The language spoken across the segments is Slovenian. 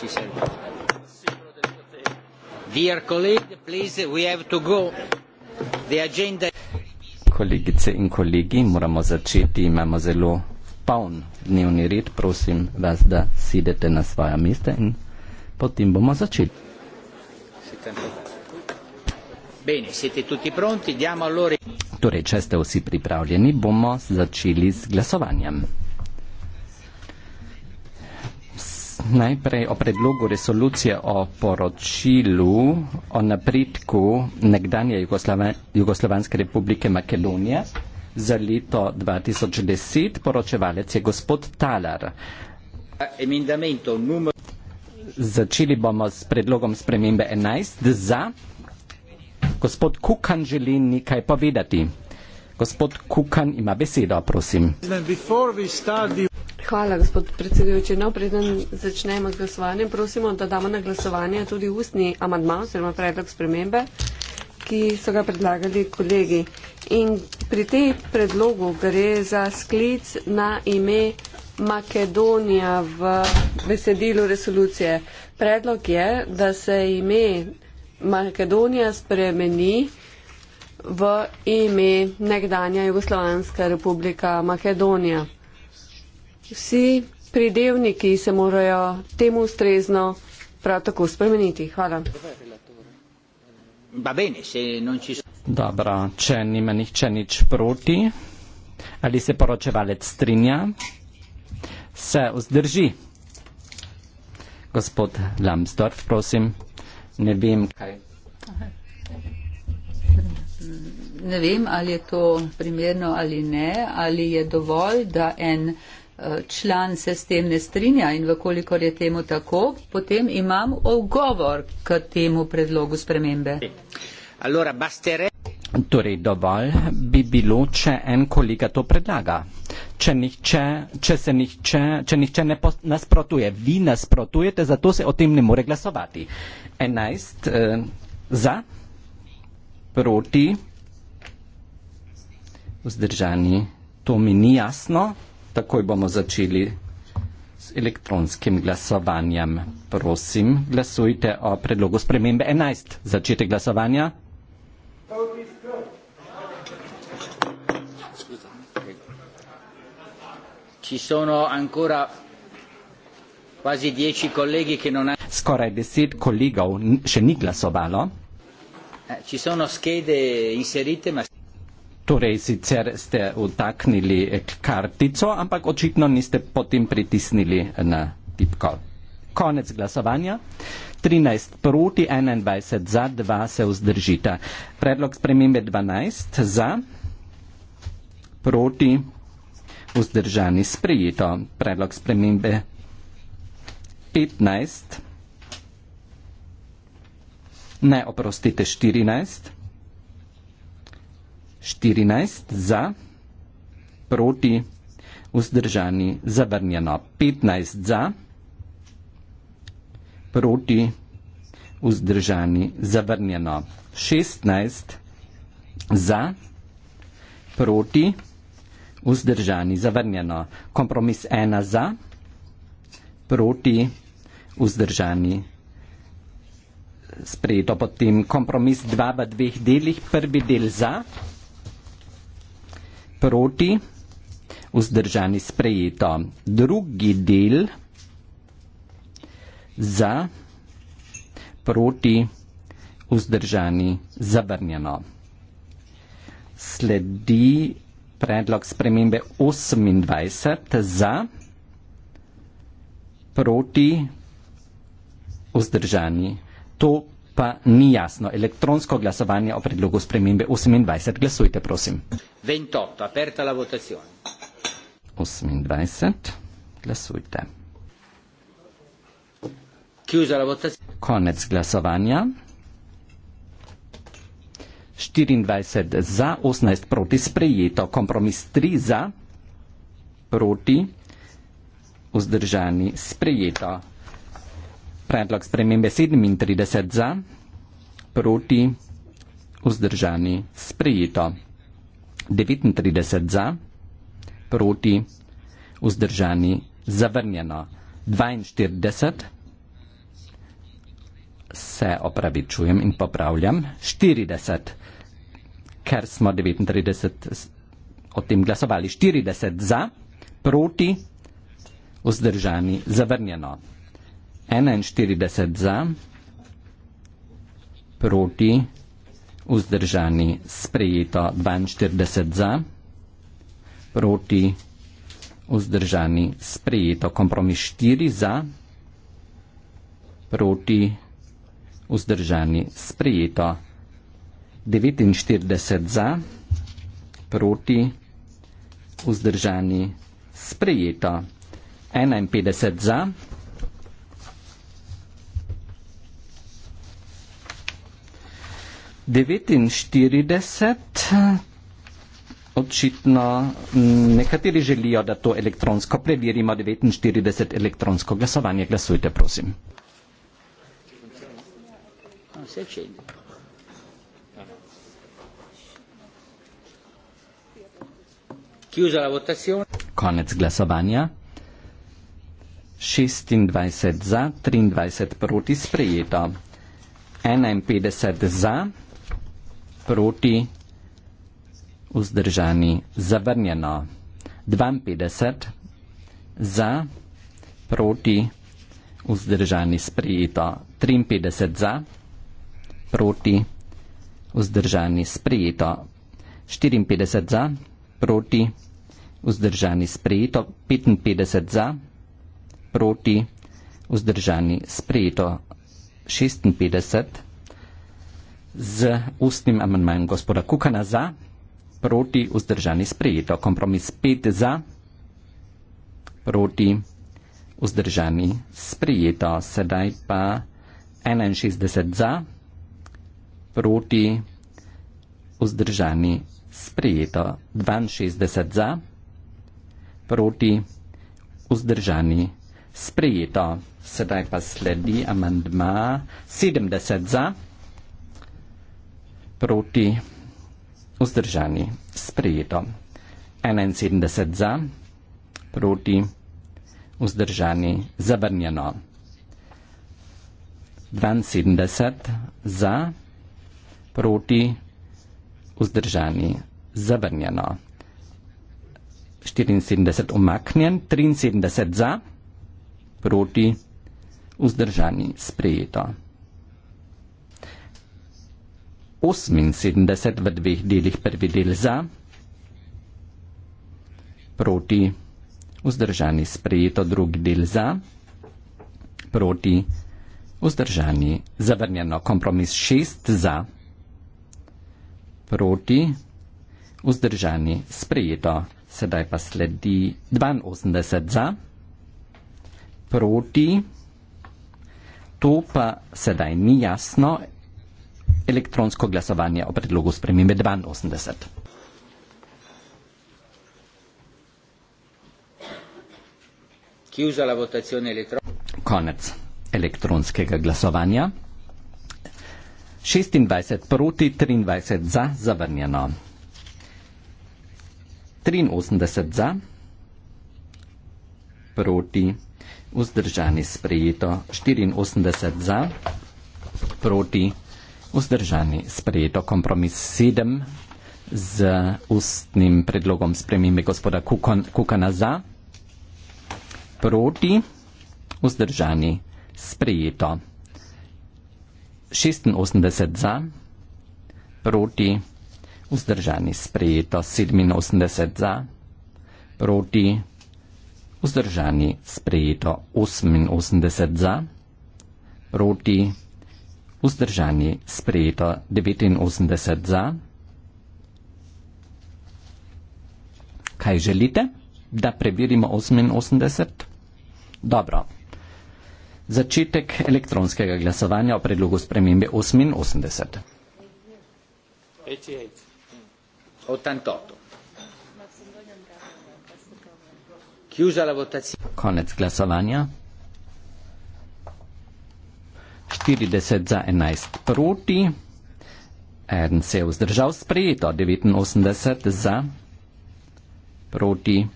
si sente. Kolegice in kolegi, moramo začeti. Imamo zelo poln dnevni red. Prosim vas, da sedete na svoje mesta in potem bomo začeli. Torej, če ste vsi pripravljeni, bomo začeli z glasovanjem. najprej o predlogu resolucije o poročilu o napredku nekdanje Jugoslova, Jugoslovanske republike Makedonija za leto 2010. Poročevalec je gospod Talar. Začeli bomo s predlogom spremembe 11 za. Gospod Kukan želi nekaj povedati. Gospod Kukan ima besedo, prosim. Hvala, gospod predsedujoči. No, preden začnemo z glasovanjem, prosimo, da damo na glasovanje tudi ustni amadma, oziroma predlog spremembe, ki so ga predlagali kolegi. In pri tej predlogu gre za sklic na ime Makedonija v besedilu resolucije. Predlog je, da se ime Makedonija spremeni v ime nekdanja Jugoslovanska republika Makedonija. Vsi pridevniki se morajo temu ustrezno prav tako spremeniti. Hvala. Dobro, če nima nihče nič proti, ali se poročevalec strinja, se vzdrži. Gospod Lambsdorff, prosim, ne vem kaj. Aha ne vem, ali je to primerno ali ne, ali je dovolj, da en eh, član se s tem ne strinja in vkolikor je temu tako, potem imam odgovor k temu predlogu spremembe. Torej, dovolj bi bilo, če en kolega to predlaga. Če, nihče, če se nihče, če nihče ne nasprotuje, vi nasprotujete, zato se o tem ne more glasovati. 11 eh, za, proti, vzdržani. To mi ni jasno. Takoj bomo začeli s elektronskim glasovanjem. Prosim, glasujte o predlogu spremembe 11. Začete glasovanja. Skoraj deset kolegov še ni glasovalo. Eh, Torej, sicer ste utaknili kartico, ampak očitno niste potem pritisnili na tipko. Konec glasovanja. 13 proti 21 za, 2 se vzdržita. Predlog spremembe 12 za, proti vzdržani sprejeto. Predlog spremembe 15, ne oprostite 14. 14 za, proti, vzdržani, zavrnjeno. 15 za, proti, vzdržani, zavrnjeno. 16 za, proti, vzdržani, zavrnjeno. Kompromis 1 za, proti, vzdržani, sprejeto. Potem kompromis 2 v dveh delih, prvi del za, proti, vzdržani, zavrnjeno proti, vzdržani sprejeto. Drugi del za, proti, vzdržani zavrnjeno. Sledi predlog spremembe 28 za, proti, vzdržani. To pa ni jasno. Elektronsko glasovanje o predlogu spremembe 28. Glasujte, prosim. 28. Aperta la votazione. 28. Glasujte. Chiusa la votazione. Konec glasovanja. 24 za, 18 proti sprejeto, kompromis 3 za, proti, vzdržani sprejeto. Predlog spremembe 37 za, proti, vzdržani, sprejeto. 39 za, proti, vzdržani, zavrnjeno. 42 se opravičujem in popravljam. 40, ker smo 39 o tem glasovali. 40 za, proti, vzdržani, zavrnjeno. 41 za, proti, vzdržani, sprejeto 42 za, proti, vzdržani, sprejeto kompromis 4 za, proti, vzdržani, sprejeto 49 za, proti, vzdržani, sprejeto 51 za, 49. Očitno nekateri želijo, da to elektronsko preverimo. 49 elektronsko glasovanje. Glasujte, prosim. Konec glasovanja. 26 za, 23 proti sprejeto. 51 za proti, vzdržani, zavrnjeno. 52 za, proti, vzdržani, sprejeto. 53 za, proti, vzdržani, sprejeto. 54 za, proti, vzdržani, sprejeto. 55 za, proti, vzdržani, sprejeto. 56 za, proti, vzdržani, sprejeto z ustnim amandmajem gospoda Kukana za, proti vzdržani sprejeto. Kompromis 5 za, proti vzdržani sprejeto. Sedaj pa 61 za, proti vzdržani sprejeto. 62 za, proti vzdržani sprejeto. Sedaj pa sledi amandma 70 za proti vzdržani sprejeto. 71 za, proti vzdržani zavrnjeno. 72 za, proti vzdržani zavrnjeno. 74 umaknjen, 73 za, proti vzdržani sprejeto. 78 v dveh delih prvi del za, proti vzdržani sprejeto drugi del za, proti vzdržani zavrnjeno kompromis 6 za, proti vzdržani sprejeto, sedaj pa sledi 82 za, proti, to pa sedaj ni jasno, elektronsko glasovanje o predlogu spremembe 82. Konec elektronskega glasovanja. 26 proti 23 za zavrnjeno. 83 za proti vzdržani sprejeto. 84 za proti Vzdržani. Sprejeto kompromis 7 z ustnim predlogom spremembe gospoda Kukon, Kukana za. Proti. Vzdržani. Sprejeto. 86 za. Proti. Vzdržani. Sprejeto. 87 za. Proti. Vzdržani. Sprejeto. 88 za. Proti vzdržani, sprejeto 89 za. Kaj želite, da preverimo 88? Dobro. Začetek elektronskega glasovanja o predlogu spremembe 88. 88. Konec glasovanja. 40 za 11 proti, en se je vzdržal sprejeto, 89 za proti,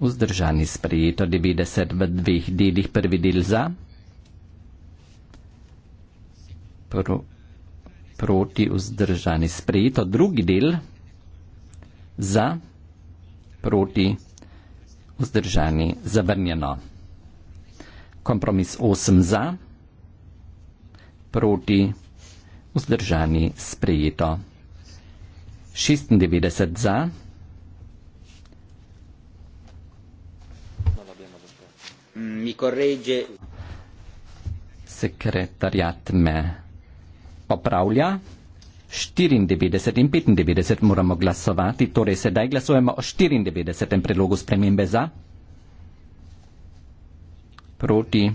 vzdržani sprejeto, 90 v dveh delih, prvi del za pro, proti, vzdržani sprejeto, drugi del za proti, vzdržani zavrnjeno. Kompromis 8 za proti, vzdržani sprejeto. 96 za. Mi korregge. Sekretariat me popravlja. 94 in 95 moramo glasovati, torej sedaj glasujemo o 94. predlogu spremembe za. Proti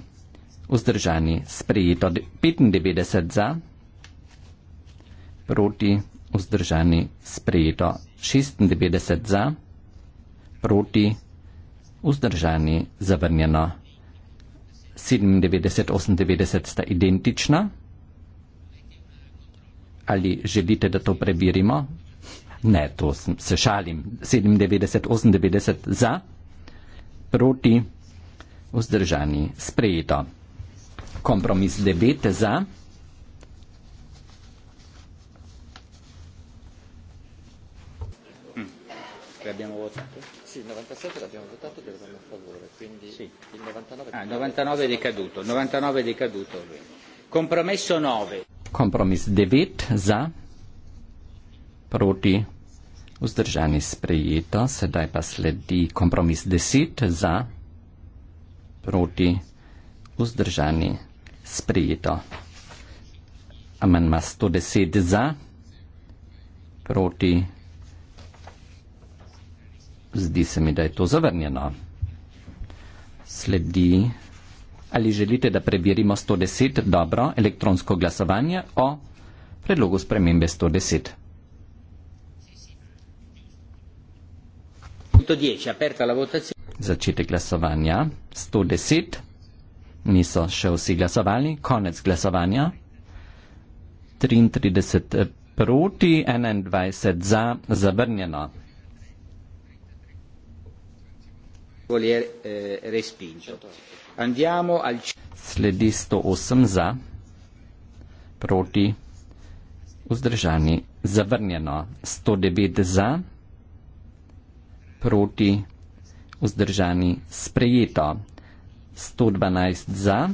vzdržani, sprejeto 95 za, proti vzdržani, sprejeto 96 za, proti vzdržani, zavrnjeno 97, 98 sta identična. Ali želite, da to preverimo? Ne, to se šalim. 97, 98 za, proti vzdržani, sprejeto kompromis 9 za. Abbiamo votato? Sì, il 97 l'abbiamo votato per a favore, quindi sì. il 99, ah, 99 è decaduto. 99 è decaduto. Compromesso 9. Compromesso 9 za. Proti. Usdržani sprejeto. Sedaj pa sledi compromesso 10 za. Proti. Usdržani sprejeto sprejeto. Amenma 110 za, proti. Zdi se mi, da je to zavrnjeno. Sledi. Ali želite, da preverimo 110 dobro elektronsko glasovanje o predlogu spremembe 110? 110, aperta la votacija. Začetek glasovanja 110 niso še vsi glasovali. Konec glasovanja. 33 eh, proti, 21 za, zavrnjeno. Eh, Sledi 108 za, proti, vzdržani, zavrnjeno. 109 za, proti, vzdržani, sprejeto. 112 za,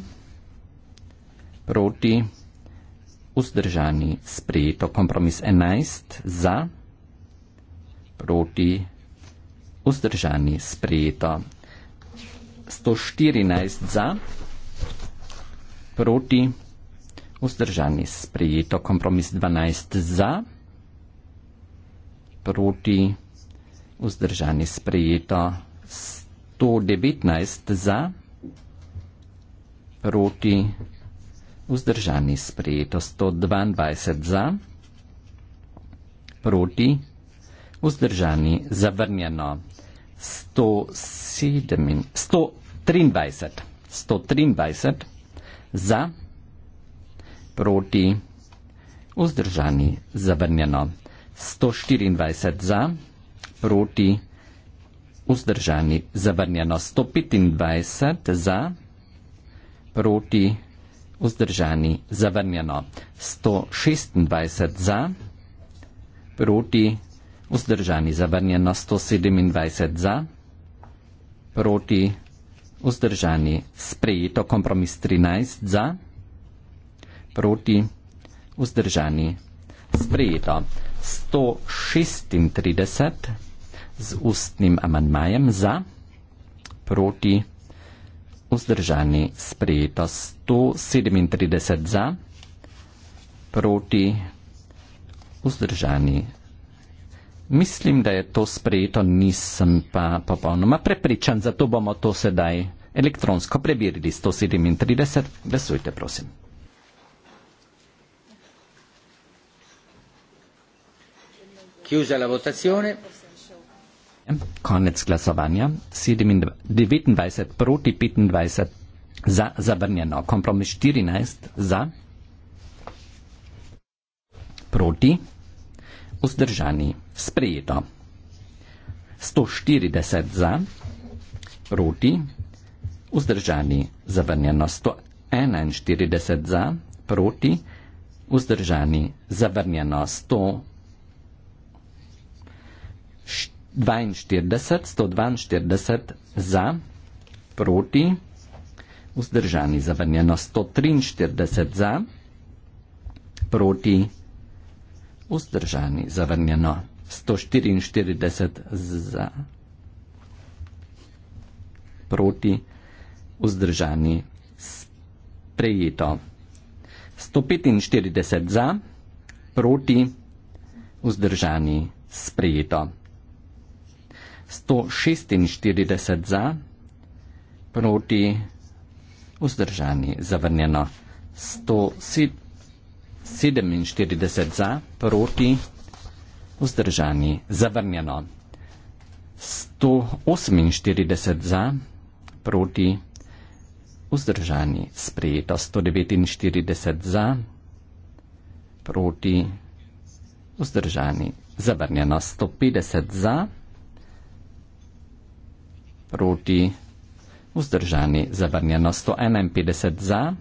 proti vzdržani sprejeto kompromis 11 za, proti vzdržani sprejeto 114 za, proti vzdržani sprejeto kompromis 12 za, proti vzdržani sprejeto 119 za, proti vzdržani sprejeto 119 za, proti, vzdržani sprejeto 122 za, proti, vzdržani zavrnjeno 107, 123, 123 za, proti, vzdržani zavrnjeno 124 za, proti, vzdržani zavrnjeno 125 za, proti, proti vzdržani zavrnjeno. 126 za, proti vzdržani zavrnjeno. 127 za, proti vzdržani sprejeto. Kompromis 13 za, proti vzdržani sprejeto. 136 z ustnim amandmajem za, proti vzdržani vzdržani, sprejeto 137 za, proti vzdržani. Mislim, da je to sprejeto, nisem pa popolnoma prepričan, zato bomo to sedaj elektronsko preverili 137. Glasujte, prosim. Chiusa la votazione konec glasovanja, 29 proti 25 za zavrnjeno, kompromis 14 za, proti, vzdržani, sprejeto. 140 za, proti, vzdržani, zavrnjeno. 141 za, proti, vzdržani, zavrnjeno. 100 42, 142 za, proti, vzdržani zavrnjeno, 143 za, proti, vzdržani zavrnjeno, 144 za, proti, vzdržani sprejeto, 145 za, proti, vzdržani sprejeto. 146 za, proti vzdržani zavrnjeno 147 za, proti vzdržani zavrnjeno 148 za, proti vzdržani sprejeto 149 za, proti vzdržani zavrnjeno 150 za, proti vzdržani zavrnjeno 150 za, proti, vzdržani, zavrnjeno 151 za,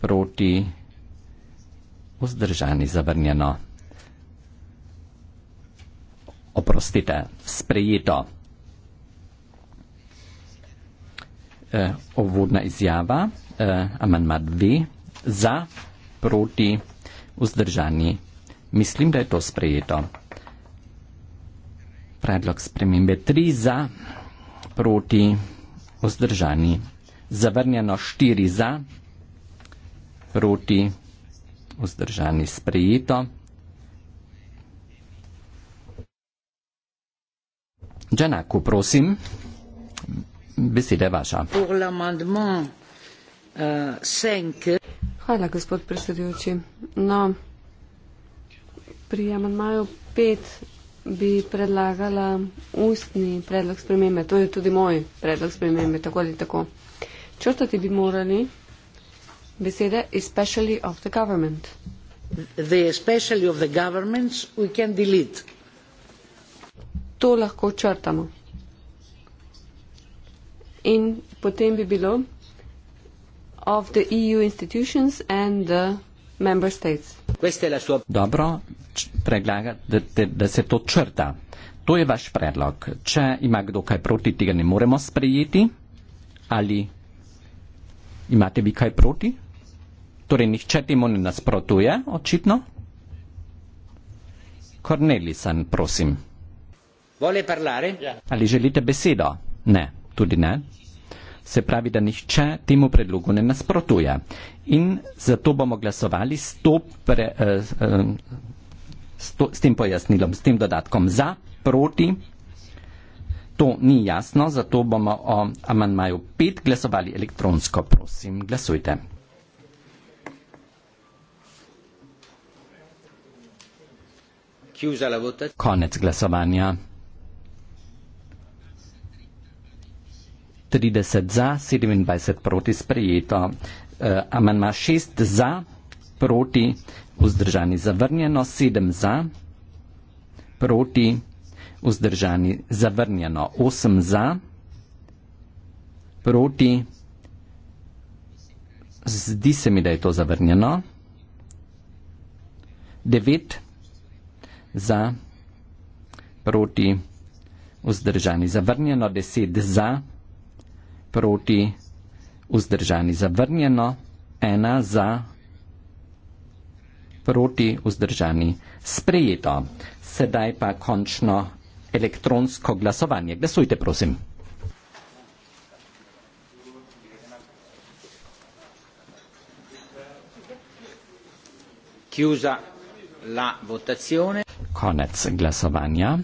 proti, vzdržani, zavrnjeno. Oprostite, sprejeto. Ovodna eh, izjava, eh, amenma 2, za, proti, vzdržani. Mislim, da je to sprejeto predlog spremembe 3 za, proti vzdržani, zavrnjeno 4 za, proti vzdržani sprejeto. Džanaku, prosim, beseda je vaša. Euh, Hvala, gospod predsedujoči. No, pri amandmaju 5 bi predlagala ustni predlog spremembe. To je tudi moj predlog spremembe, tako ali tako. Črtati bi morali besede especially of the government. The especially of the governments we can delete. To lahko črtamo. In potem bi bilo of the EU institutions and the Dobro, predlaga, da, da, da se to črta. To je vaš predlog. Če ima kdo kaj proti, tega ne moremo sprejeti. Ali imate vi kaj proti? Torej, nihče temu ne nasprotuje, očitno. Kornelisan, prosim. Ali želite besedo? Ne, tudi ne se pravi, da nihče temu predlogu ne nasprotuje. In zato bomo glasovali s, pre, eh, eh, s, to, s tem pojasnilom, s tem dodatkom za, proti. To ni jasno, zato bomo o amanmaju 5 glasovali elektronsko. Prosim, glasujte. Konec glasovanja. 30 za, 27 proti sprejeto. Uh, eh, amanma 6 za, proti, vzdržani zavrnjeno, 7 za, proti, vzdržani zavrnjeno, 8 za, proti, zdi se mi, da je to zavrnjeno, 9 za, proti, vzdržani zavrnjeno, 10 za, proti, proti, vzdržani zavrnjeno, ena za, proti, vzdržani sprejeto. Sedaj pa končno elektronsko glasovanje. Glasujte, prosim. Konec glasovanja.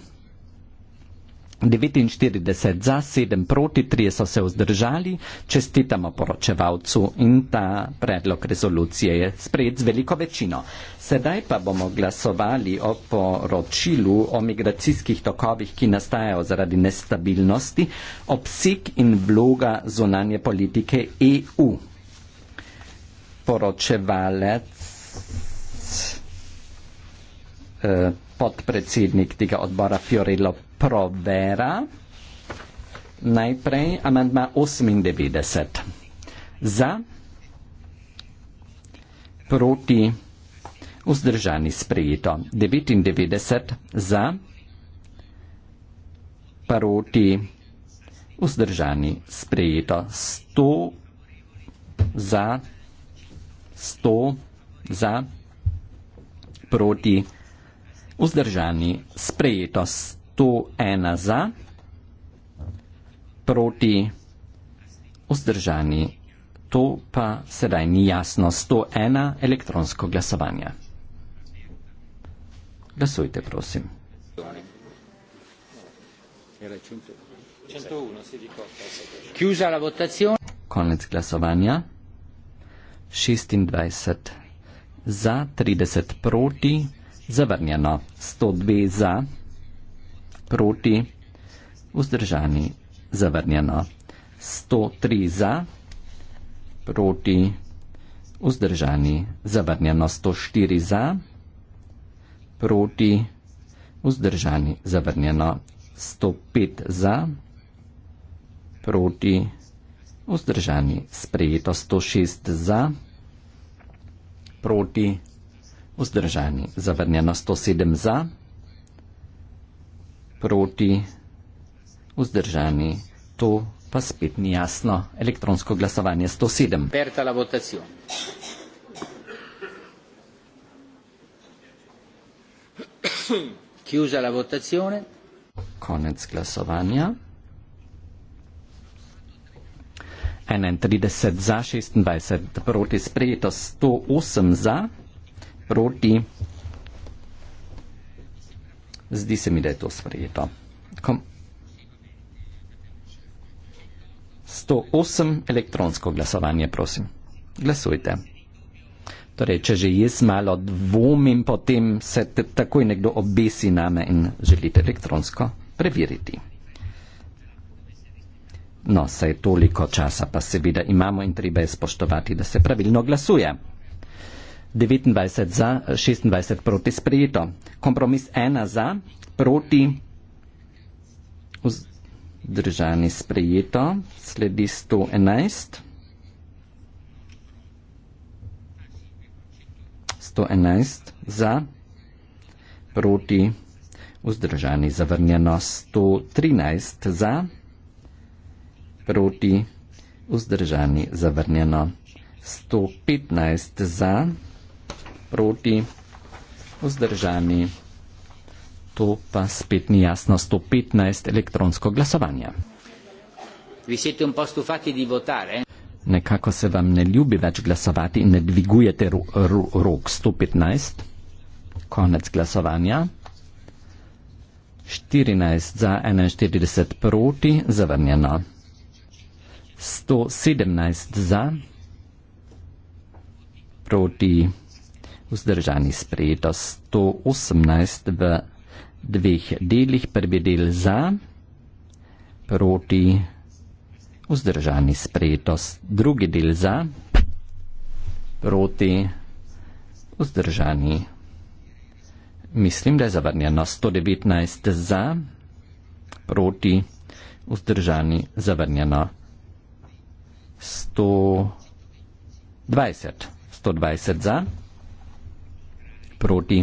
49 za, 7 proti, 3 so se vzdržali, čestitamo poročevalcu in ta predlog rezolucije je sprejet z veliko večino. Sedaj pa bomo glasovali o poročilu o migracijskih tokovih, ki nastajajo zaradi nestabilnosti, obseg in vloga zunanje politike EU. Poročevalec. Uh, podpredsednik tega odbora Fiorello Provera. Najprej amandma 98. Za, proti, vzdržani sprejeto. 99 za, proti, vzdržani sprejeto. 100 za, 100 za, proti, vzdržani sprejeto. Vzdržani sprejeto 101 za, proti vzdržani. To pa sedaj ni jasno. 101 elektronsko glasovanje. Glasujte, prosim. Konec glasovanja. 26 za, 30 proti zavrnjeno. 102 za, proti, vzdržani, zavrnjeno. 103 za, proti, vzdržani, zavrnjeno. 104 za, proti, vzdržani, zavrnjeno. 105 za, proti, vzdržani, sprejeto. 106 za, proti, vzdržani, zavrnjeno. Vzdržani. Zavrnjeno 107 za. Proti. Vzdržani. To pa spet ni jasno. Elektronsko glasovanje 107. Aperta la votazione. Chiusa la votazione. Konec glasovanja. 31 za, 26 proti, sprejeto 108 za proti. Zdi se mi, da je to sprejeto. Kom. 108 elektronsko glasovanje, prosim. Glasujte. Torej, če že jaz malo dvomim, potem se takoj nekdo obesi name in želite elektronsko preveriti. No, saj toliko časa pa seveda imamo in treba je spoštovati, da se pravilno glasuje. 29 za, 26 proti sprejeto. Kompromis 1 za, proti vzdržani sprejeto, sledi 111. 111 za, proti vzdržani zavrnjeno, 113 za, proti vzdržani zavrnjeno, 115 za, proti vzdržani zavrnjeno, proti, vzdržani. To pa spet ni jasno 115 elektronsko glasovanje. Nekako se vam ne ljubi več glasovati in ne dvigujete rok 115. Konec glasovanja. 14 za 41 proti, zavrnjeno. 117 za proti vzdržanih sprejeto 118 v dveh delih, prvi del za, proti vzdržanih sprejeto, drugi del za, proti vzdržanih. Mislim, da je zavrnjeno 119 za, proti vzdržanih zavrnjeno 120. 120 za proti.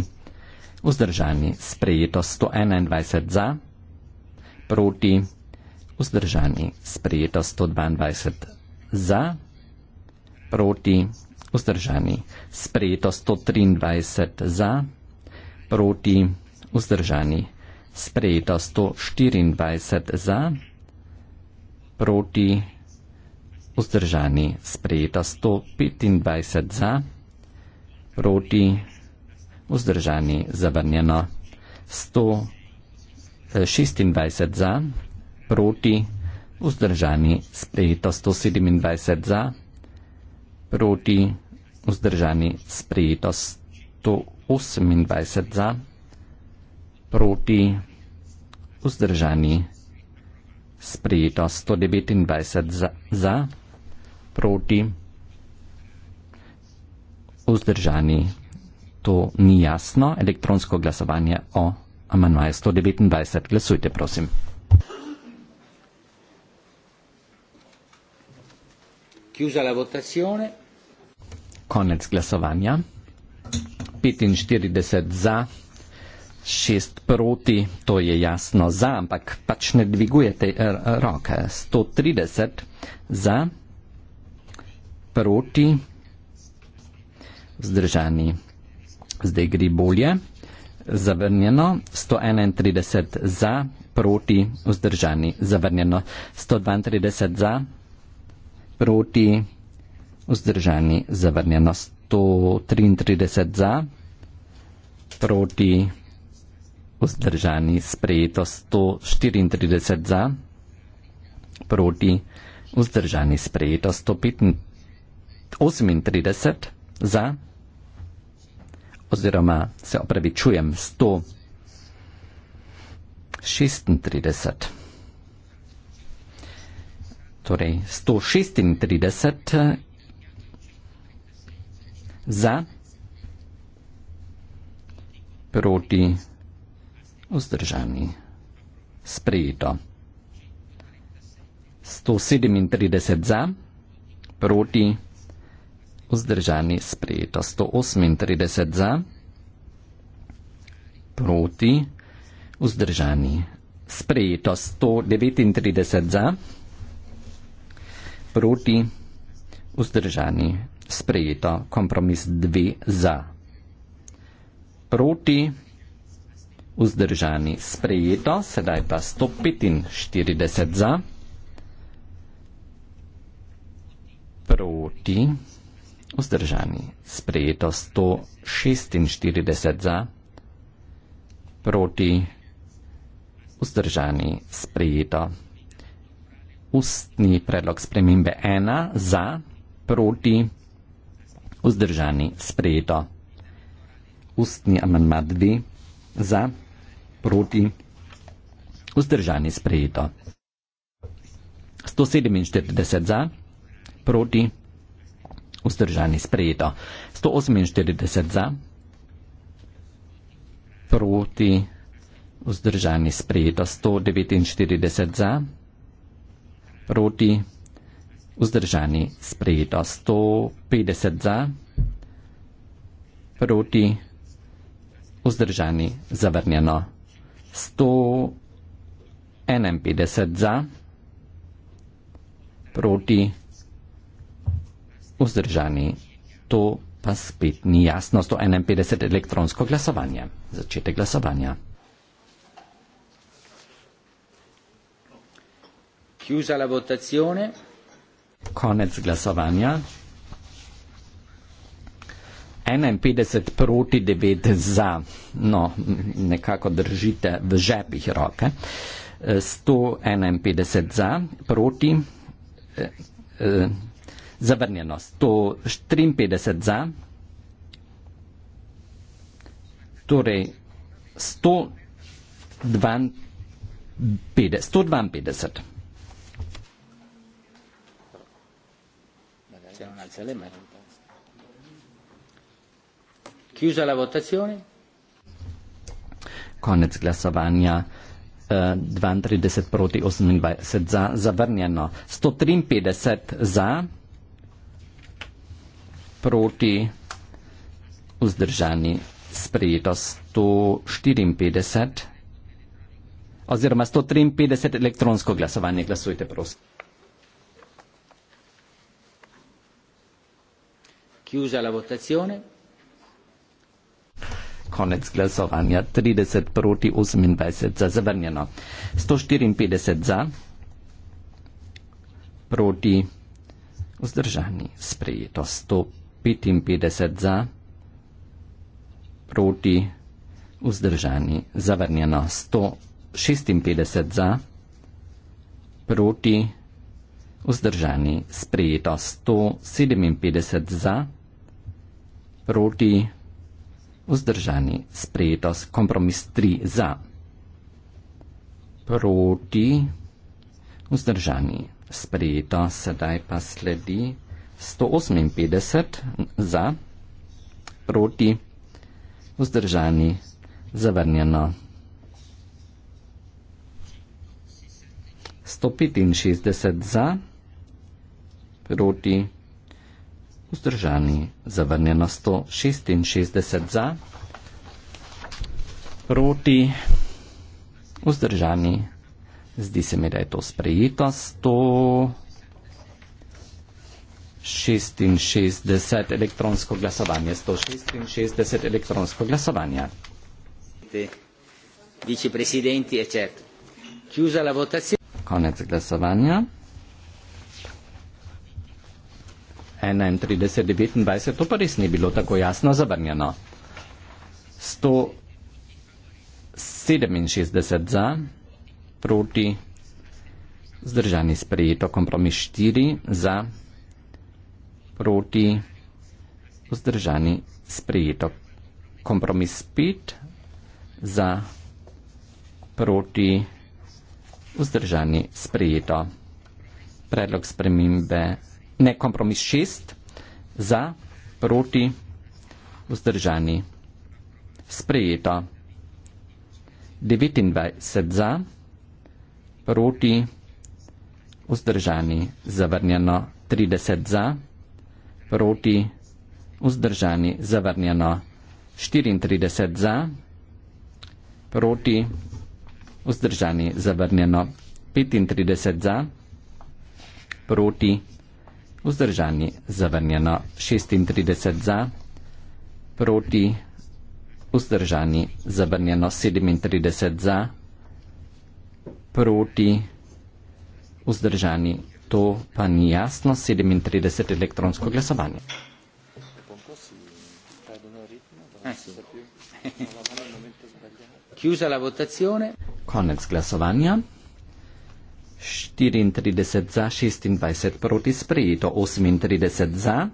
Vzdržani sprejeto 121 za, proti. Vzdržani sprejeto 122 za, proti. Vzdržani sprejeto 123 za, proti. Vzdržani sprejeto 124 za, proti. Vzdržani sprejeto 125 za, proti vzdržani zavrnjeno. 126 eh, za, proti, vzdržani sprejeto. 127 za, proti, vzdržani sprejeto. 128 za, proti, vzdržani sprejeto. 129 za, za proti, vzdržani sprejeto to ni jasno, elektronsko glasovanje o amanuaju 129. Glasujte, prosim. Konec glasovanja. 45 za, 6 proti, to je jasno za, ampak pač ne dvigujete eh, roke. 130 za, proti, vzdržani zdaj gre bolje. Zavrnjeno 131 za, proti vzdržani. Zavrnjeno 132 za, proti vzdržani. Zavrnjeno 133 za, proti vzdržani. Sprejeto 134 za, proti vzdržani. Sprejeto 135 za, proti vzdržani oziroma se opravičujem, 136. Torej 136 za, proti, vzdržani, sprejeto. 137 za, proti, vzdržani vzdržani, sprejeto 138 za, proti, vzdržani, sprejeto 139 za, proti, vzdržani, sprejeto kompromis 2 za, proti, vzdržani, sprejeto, sedaj pa 145 za, proti, vzdržani, sprejeto, vzdržani. Sprejeto 146 za, proti vzdržani sprejeto. Ustni predlog spremembe 1 za, proti vzdržani sprejeto. Ustni amandma 2 za, proti vzdržani sprejeto. 147 za, proti vzdržani sprejeto vzdržani sprejeto. 148 za, proti vzdržani sprejeto. 149 za, proti vzdržani sprejeto. 150 za, proti vzdržani zavrnjeno. 151 za, proti vzdržani sprejeto vzdržani. To pa spet ni jasno. 151 elektronsko glasovanje. Začetek glasovanja. Chiusa la votazione. Konec glasovanja. 51 proti 9 za. No, nekako držite v žepih roke. 151 za, proti. Eh, eh, zavrnjeno 153 za, torej 152. Chiusa la votazione. Konec glasovanja. 32 eh, proti 28 za, zavrnjeno. 153 za proti vzdržani sprejeto 154 oziroma 153 elektronsko glasovanje. Glasujte, prosim. Chiusa la votazione. Konec glasovanja. 30 proti 28 za zavrnjeno. 154 za proti vzdržani sprejeto 100. 55 za, proti, vzdržani, zavrnjeno 156 za, proti, vzdržani, sprejeto 157 za, proti, vzdržani, sprejeto kompromis 3 za, proti, vzdržani, sprejeto sedaj pa sledi. 158 za, proti, vzdržani, zavrnjeno. 165 za, proti, vzdržani, zavrnjeno. 166 za, proti, vzdržani, zdi se mi, da je to sprejeto. 100... 166 elektronsko glasovanje. 166 elektronsko glasovanje. Vice presidenti, je certo. Čuza la votacija. Konec glasovanja. 31.29. To pa res ni bilo tako jasno zavrnjeno. 167 za, proti, zdržani sprejeto, kompromis 4 za proti vzdržani sprejeto. Kompromis 5 za proti vzdržani sprejeto. Predlog spremembe, ne kompromis 6 za proti vzdržani sprejeto. 29 za proti vzdržani zavrnjeno 30 za proti, vzdržani, zavrnjeno. 34 za, proti, vzdržani, zavrnjeno. 35 za, proti, vzdržani, zavrnjeno. 36 za, proti, vzdržani, zavrnjeno. 37 za, proti, vzdržani, to pa ni jasno 37 elektronsko glasovanje. Konec glasovanja. 34 za, 26 proti, sprejeto 38 za,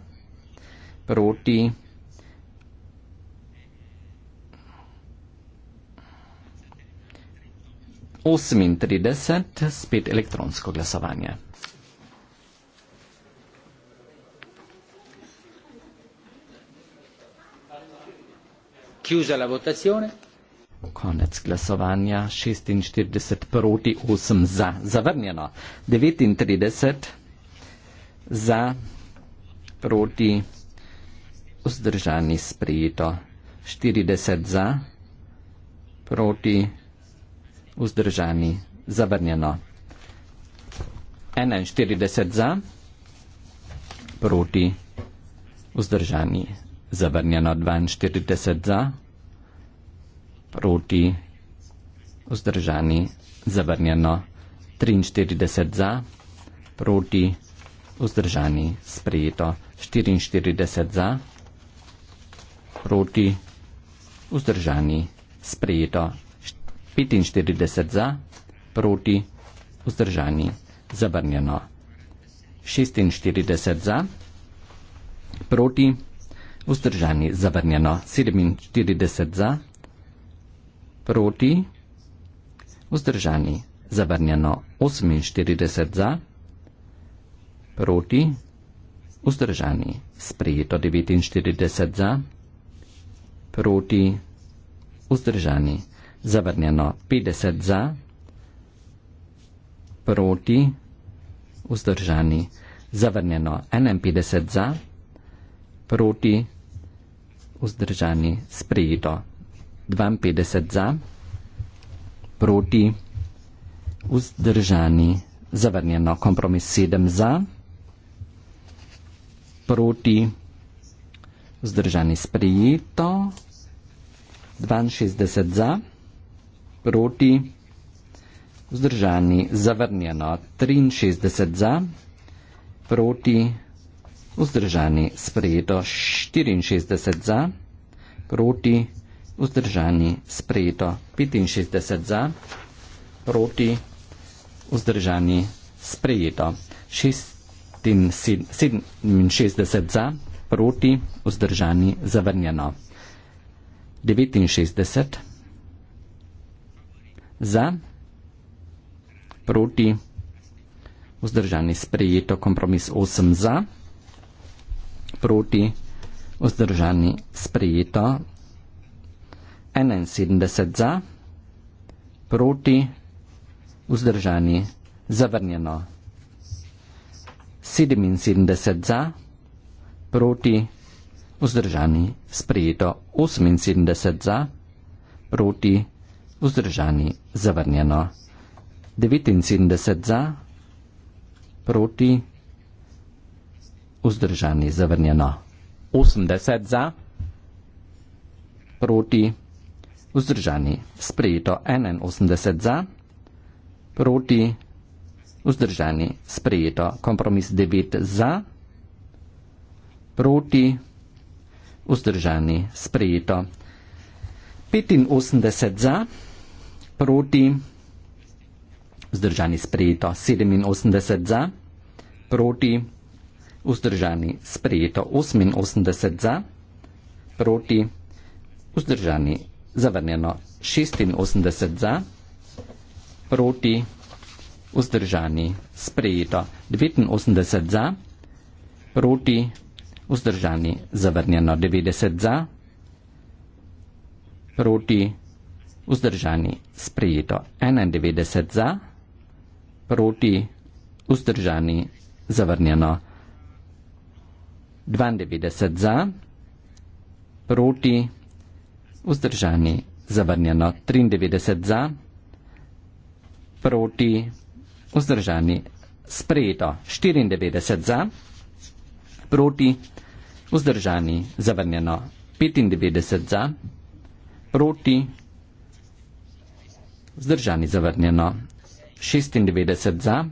proti. Osemintrideset, spet elektronsko glasovanje. chiusa la votazione. Konec glasovanja 46 proti 8 za, zavrnjeno 39 za, proti vzdržani sprejeto 40 za, proti vzdržani zavrnjeno 41 za, proti vzdržani zavrnjeno 42 za, proti vzdržani zavrnjeno 43 za, proti vzdržani sprejeto 44 za, proti vzdržani sprejeto 45 za, proti vzdržani zavrnjeno 46 za, proti vzdržani vzdržani, zavrnjeno 47 za, proti, vzdržani, zavrnjeno 48 za, proti, vzdržani, sprejeto 49 za, proti, vzdržani, zavrnjeno 50 za, proti, vzdržani, zavrnjeno 51 za, proti, proti, vzdržani, sprejeto. 52 za, proti, vzdržani, zavrnjeno. Kompromis 7 za, proti, vzdržani, sprejeto. 62 za, proti, vzdržani, zavrnjeno. 63 za, proti, vzdržani, zavrnjeno vzdržani, sprejeto 64 za, proti, vzdržani, sprejeto 65 za, proti, vzdržani, sprejeto 67 za, proti, vzdržani, zavrnjeno 69 za, proti, vzdržani, sprejeto kompromis 8 za, proti, proti, vzdržani sprejeto, 71 za, proti, vzdržani zavrnjeno, 77 za, proti, vzdržani sprejeto, 78 za, proti, vzdržani zavrnjeno, 79 za, proti, vzdržani sprejeto, vzdržani zavrnjeno. 80 za, proti, vzdržani sprejeto. 81 za, proti, vzdržani sprejeto. Kompromis 9 za, proti, vzdržani sprejeto. 85 za, proti, vzdržani sprejeto. 87 za, proti, vzdržani sprejeto vzdržani, sprejeto 88 za, proti, vzdržani, zavrnjeno 86 za, proti, vzdržani, sprejeto 89 za, proti, vzdržani, zavrnjeno 90 za, proti, vzdržani, sprejeto 91 za, proti, vzdržani, zavrnjeno 90 za, 92 za, proti, vzdržani, zavrnjeno 93 za, proti, vzdržani, sprejeto 94 za, proti, vzdržani, zavrnjeno 95 za, proti, vzdržani, zavrnjeno 96 za,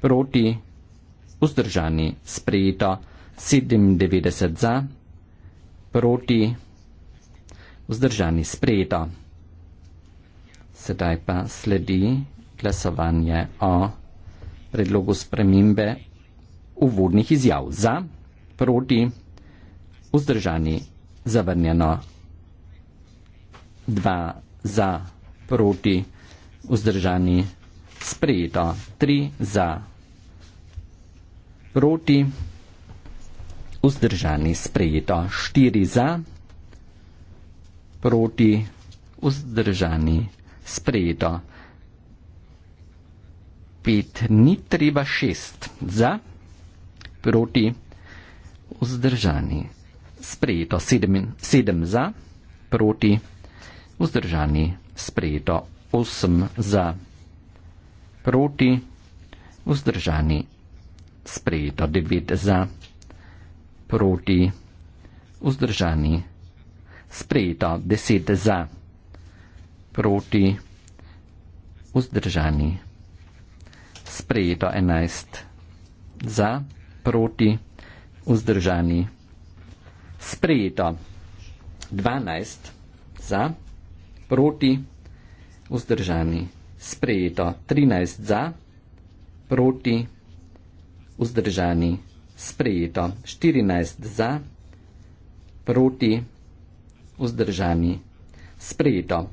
proti, vzdržani, sprejeto 94 za. 97 za, proti, vzdržani sprejeto. Sedaj pa sledi glasovanje o predlogu spremembe uvodnih izjav. Za, proti, vzdržani zavrnjeno. Dva za, proti, vzdržani sprejeto. Tri za, proti, vzdržani zavrnjeno vzdržani, sprejeto. 4 za, proti, vzdržani, sprejeto. 5 ni treba, 6 za, proti, vzdržani, sprejeto. 7 za, proti, vzdržani, sprejeto. 8 za, proti, vzdržani, sprejeto. 9 za, proti proti, vzdržani, sprejeto, deset za, proti, vzdržani, sprejeto, enajst za, proti, vzdržani, sprejeto, dvanajst za, proti, vzdržani, sprejeto, trinajst za, proti, vzdržani, sprejeto sprejeto 14 za, proti vzdržani sprejeto.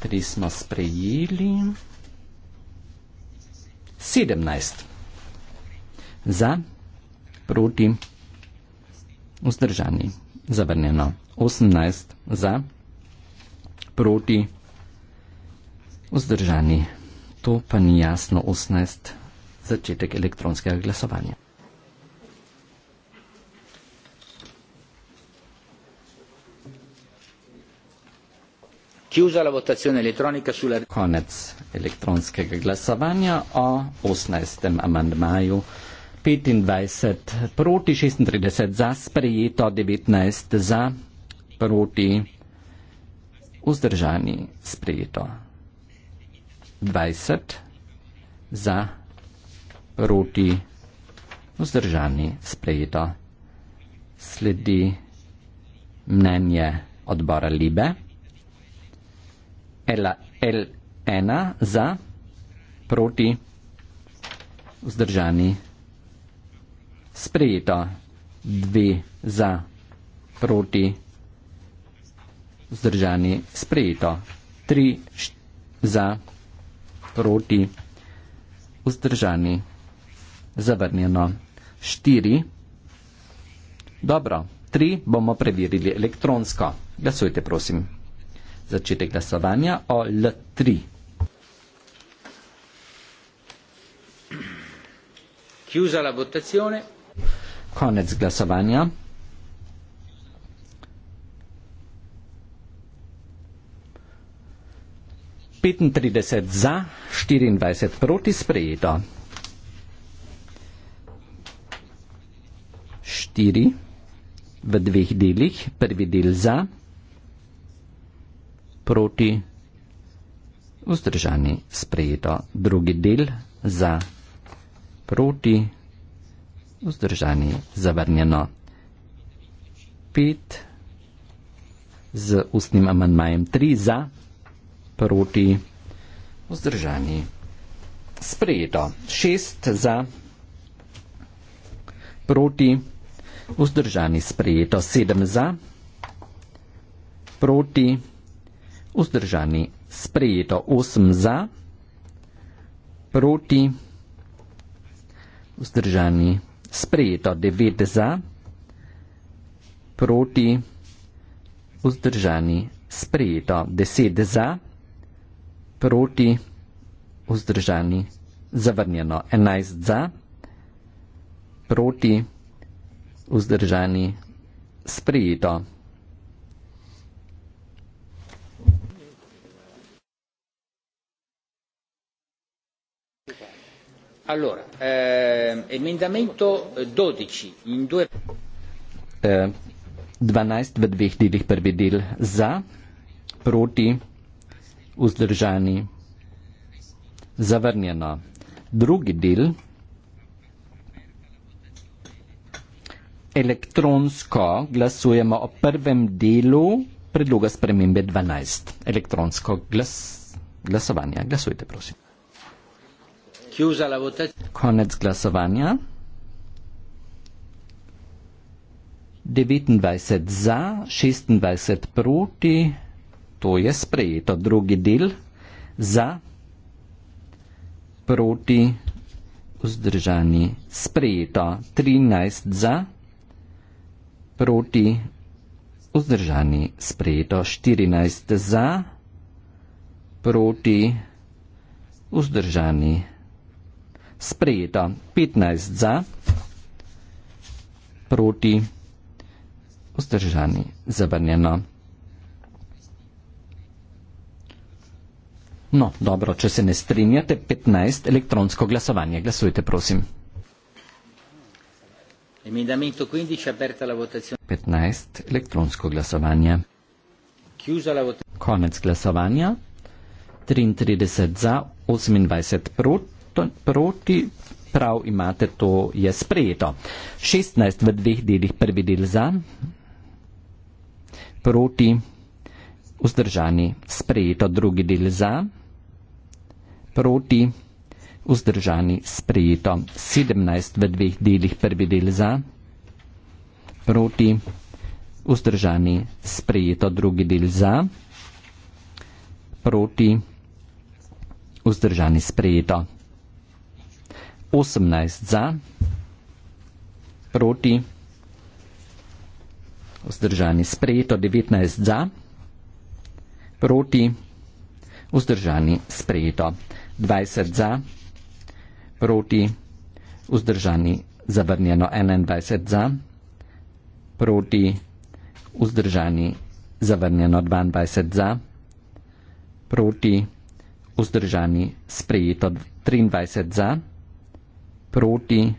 Tri smo sprejeli. 17 za, proti vzdržani zavrnjeno. 18 za, proti vzdržani zavrnjeno to pa ni jasno 18 začetek elektronskega glasovanja. Konec elektronskega glasovanja o 18. amandmaju 25 proti 36 za sprejeto 19 za proti vzdržani sprejeto. 20 za, proti, vzdržani, sprejeto. Sledi mnenje odbora Libe. L1 za, proti, vzdržani, sprejeto. 2 za, proti, vzdržani, sprejeto. 3 za, proti proti, vzdržani, zavrnjeno. 4. Dobro, 3 bomo preverili elektronsko. Glasujte, prosim. Začetek glasovanja o L3. Konec glasovanja. 35 za, 24 proti sprejeto. 4 v dveh delih, prvi del za, proti vzdržani sprejeto, drugi del za, proti vzdržani zavrnjeno. 5 z ustnim amandmajem 3 za proti vzdržani. Sprejeto. Šest za proti vzdržani. Sprejeto. Sedem za proti vzdržani. Sprejeto. Osem za proti vzdržani. Sprejeto. Devet za proti vzdržani. Sprejeto. Deset za proti vzdržani proti, vzdržani, zavrnjeno. 11 za, proti, vzdržani, sprijeto. Allora, eh, emendamento 12 in due... Eh, 12 v dveh delih prvi del za, proti, vzdržani, vzdržani. Zavrnjeno. Drugi del, elektronsko glasujemo o prvem delu predloga spremembe 12. Elektronsko glas, glasovanje. Glasujte, prosim. Konec glasovanja. 29 za, 26 proti, to je sprejeto. Drugi del za, proti, vzdržani, sprejeto. 13 za, proti, vzdržani, sprejeto. 14 za, proti, vzdržani, sprejeto. 15 za, proti, vzdržani, zabrnjeno. No, dobro, če se ne strinjate, 15 elektronsko glasovanje. Glasujte, prosim. 15 elektronsko glasovanje. Konec glasovanja. 33 za, 28 proti. Prav imate, to je sprejeto. 16 v dveh delih, prvi del za, proti, vzdržani, sprejeto, drugi del za proti, vzdržani sprejeto. 17 v dveh delih, prvi del za, proti, vzdržani sprejeto, drugi del za, proti, vzdržani sprejeto. 18 za, proti, vzdržani sprejeto, 19 za, proti, vzdržani sprejeto. 20 za, proti, vzdržani, zavrnjeno 21 za, proti, vzdržani, zavrnjeno 22 za, proti, vzdržani, sprejeto 23 za, proti,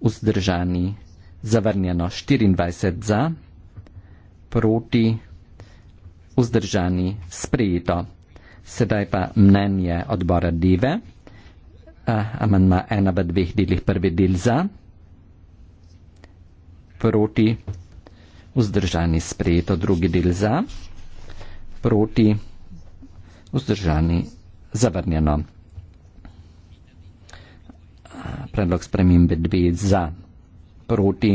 vzdržani, zavrnjeno 24 za, proti, vzdržani, sprejeto 23 za. Sedaj pa mnenje odbora Dive. Amanma ena v dveh delih, prvi del za, proti, vzdržani sprejeto, drugi del za, proti, vzdržani zavrnjeno. Predlog spremembe dve za, proti,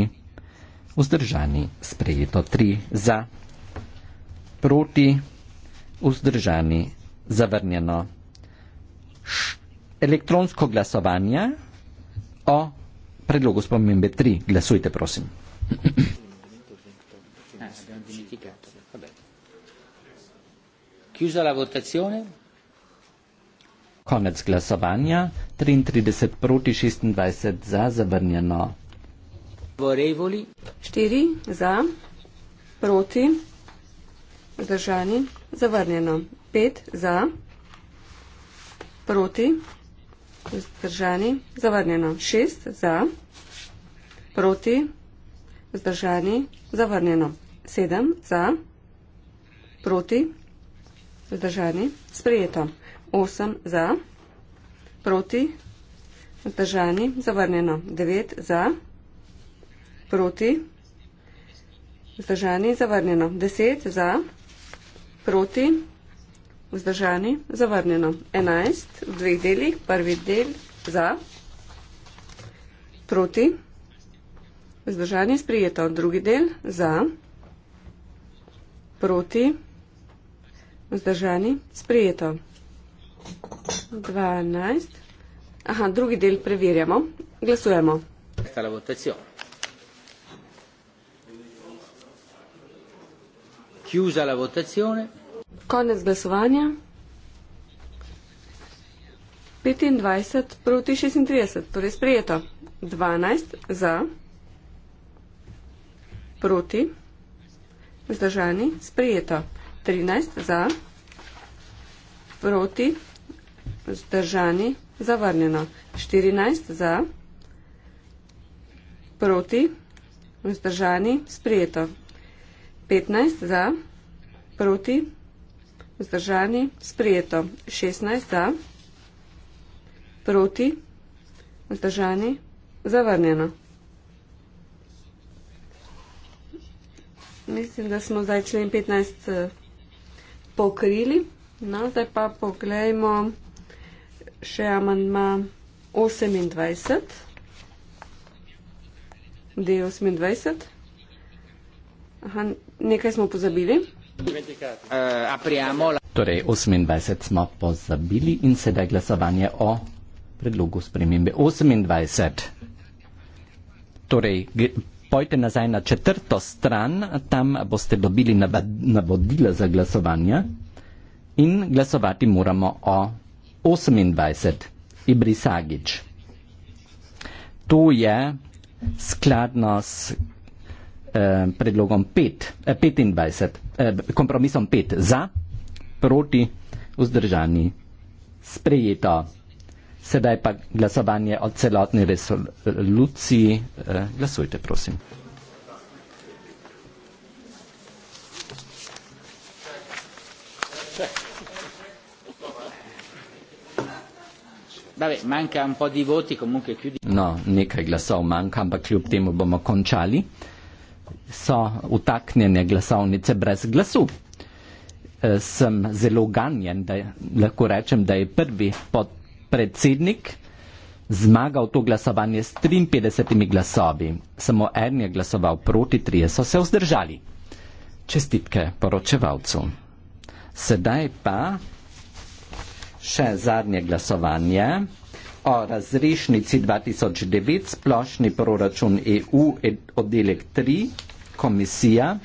vzdržani sprejeto, tri za, proti, vzdržani zavrnjeno zavrnjeno Š elektronsko glasovanje o predlogu spomembe 3. Glasujte, prosim. Chiusa la votazione. Konec glasovanja. 33 proti 26 za zavrnjeno. Vorevoli. 4 za, proti, zdržani, zavrnjeno. 5 za, proti, vzdržani, zavrnjeno. 6 za, proti, vzdržani, zavrnjeno. 7 za, proti, vzdržani, sprejeto. 8 za, proti, vzdržani, zavrnjeno. 9 za, proti, vzdržani, zavrnjeno. 10 za, proti, vzdržani, zavrnjeno. Vzdržani, zavrnjeno. 11 v dveh delih, prvi del za, proti, vzdržani, sprijeto. Drugi del za, proti, vzdržani, sprijeto. 12. Aha, drugi del preverjamo. Glasujemo. Chiusa la votazione. Konec glasovanja. 25 proti 36, torej sprejeto. 12 za, proti, vzdržani, sprejeto. 13 za, proti, vzdržani, zavrnjeno. 14 za, proti, vzdržani, sprejeto. 15 za, proti, vzdržani, sprejeto vzdržani, sprijeto, 16 za, proti, vzdržani, zavrnjeno. Mislim, da smo zdaj člen 15 eh, pokrili, no, zdaj pa pogledajmo še amandma 28, D28. Aha, nekaj smo pozabili. Eh, torej, 28 smo pozabili in sedaj glasovanje o predlogu spremembe. 28. Torej, pojte nazaj na četrto stran, tam boste dobili navodila za glasovanje in glasovati moramo o 28. Ibrisagič. To je skladno s eh, predlogom 5, eh, 25, eh, kompromisom 5 za, proti, vzdržani, sprejeto. Sedaj pa glasovanje o celotni resoluciji. Eh, glasujte, prosim. Vabbè, manca un po' di voti, comunque chiudi. No, nekaj glasov manjka, ampak kljub temu bomo končali so utaknjene glasovnice brez glasu. E, sem zelo ganjen, da lahko rečem, da je prvi podpredsednik zmagal to glasovanje s 53 glasovi. Samo en je glasoval proti, trije so se vzdržali. Čestitke poročevalcu. Sedaj pa še zadnje glasovanje o razrešnici 2009 splošni proračun EU oddelek 3 komisija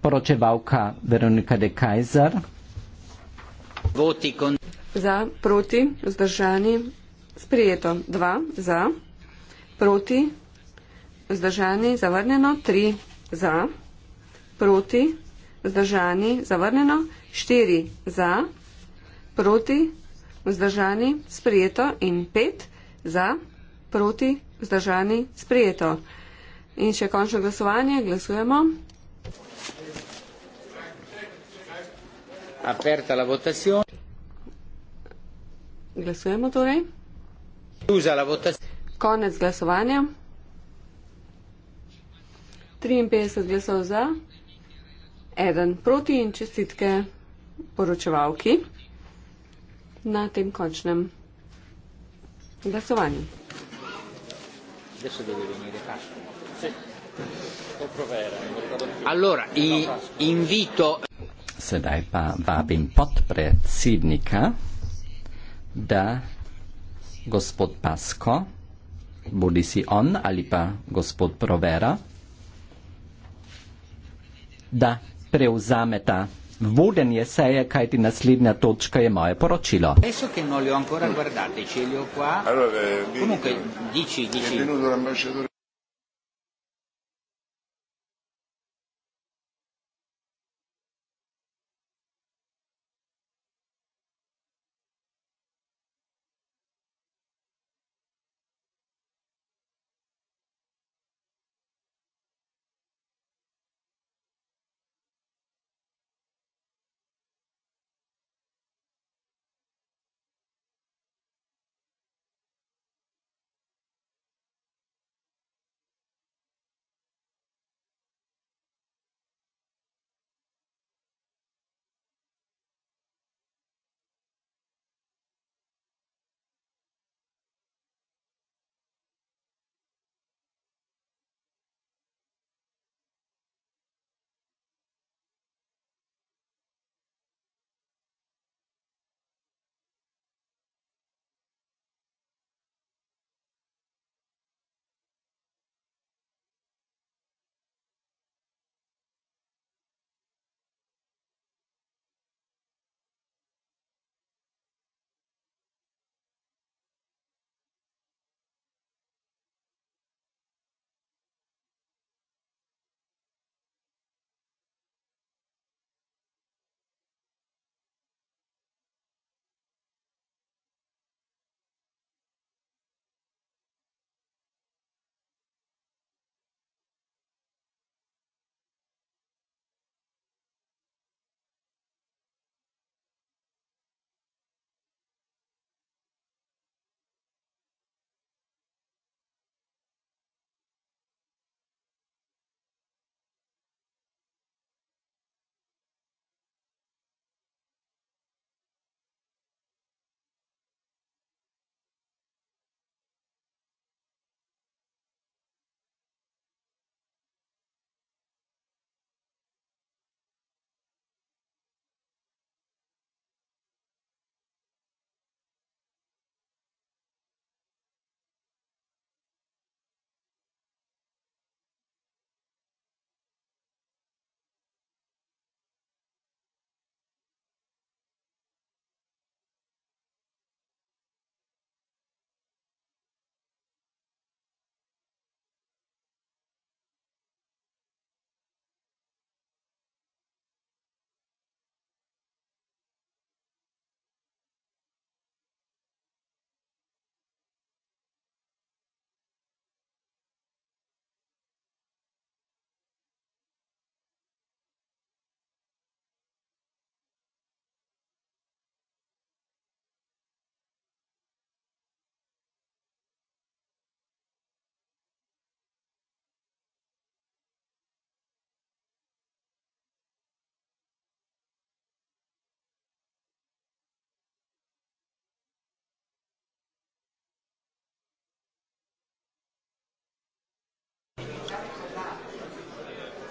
poročevalka Veronika de Kaiser. Kon... Za, proti, vzdržani, sprijeto. Dva, za, proti, vzdržani, zavrnjeno. Tri, za, proti, vzdržani, zavrnjeno. Štiri, za, proti, vzdržani, zavrnjeno vzdržani, sprijeto in pet za, proti, vzdržani, sprijeto. In še končno glasovanje, glasujemo. Aperta la votacion. Glasujemo torej. Konec glasovanja. 53 glasov za, 1 proti in čestitke poročevalki na tem končnem glasovanju. Allora, i, invito... Sedaj pa vabim podpredsednika, da gospod Pasko, bodi si on ali pa gospod Provera, da preuzame ta Vodenje seje, kaj ti naslednja točka je moje poročilo. Allora, eh, Comunque, dici, dici.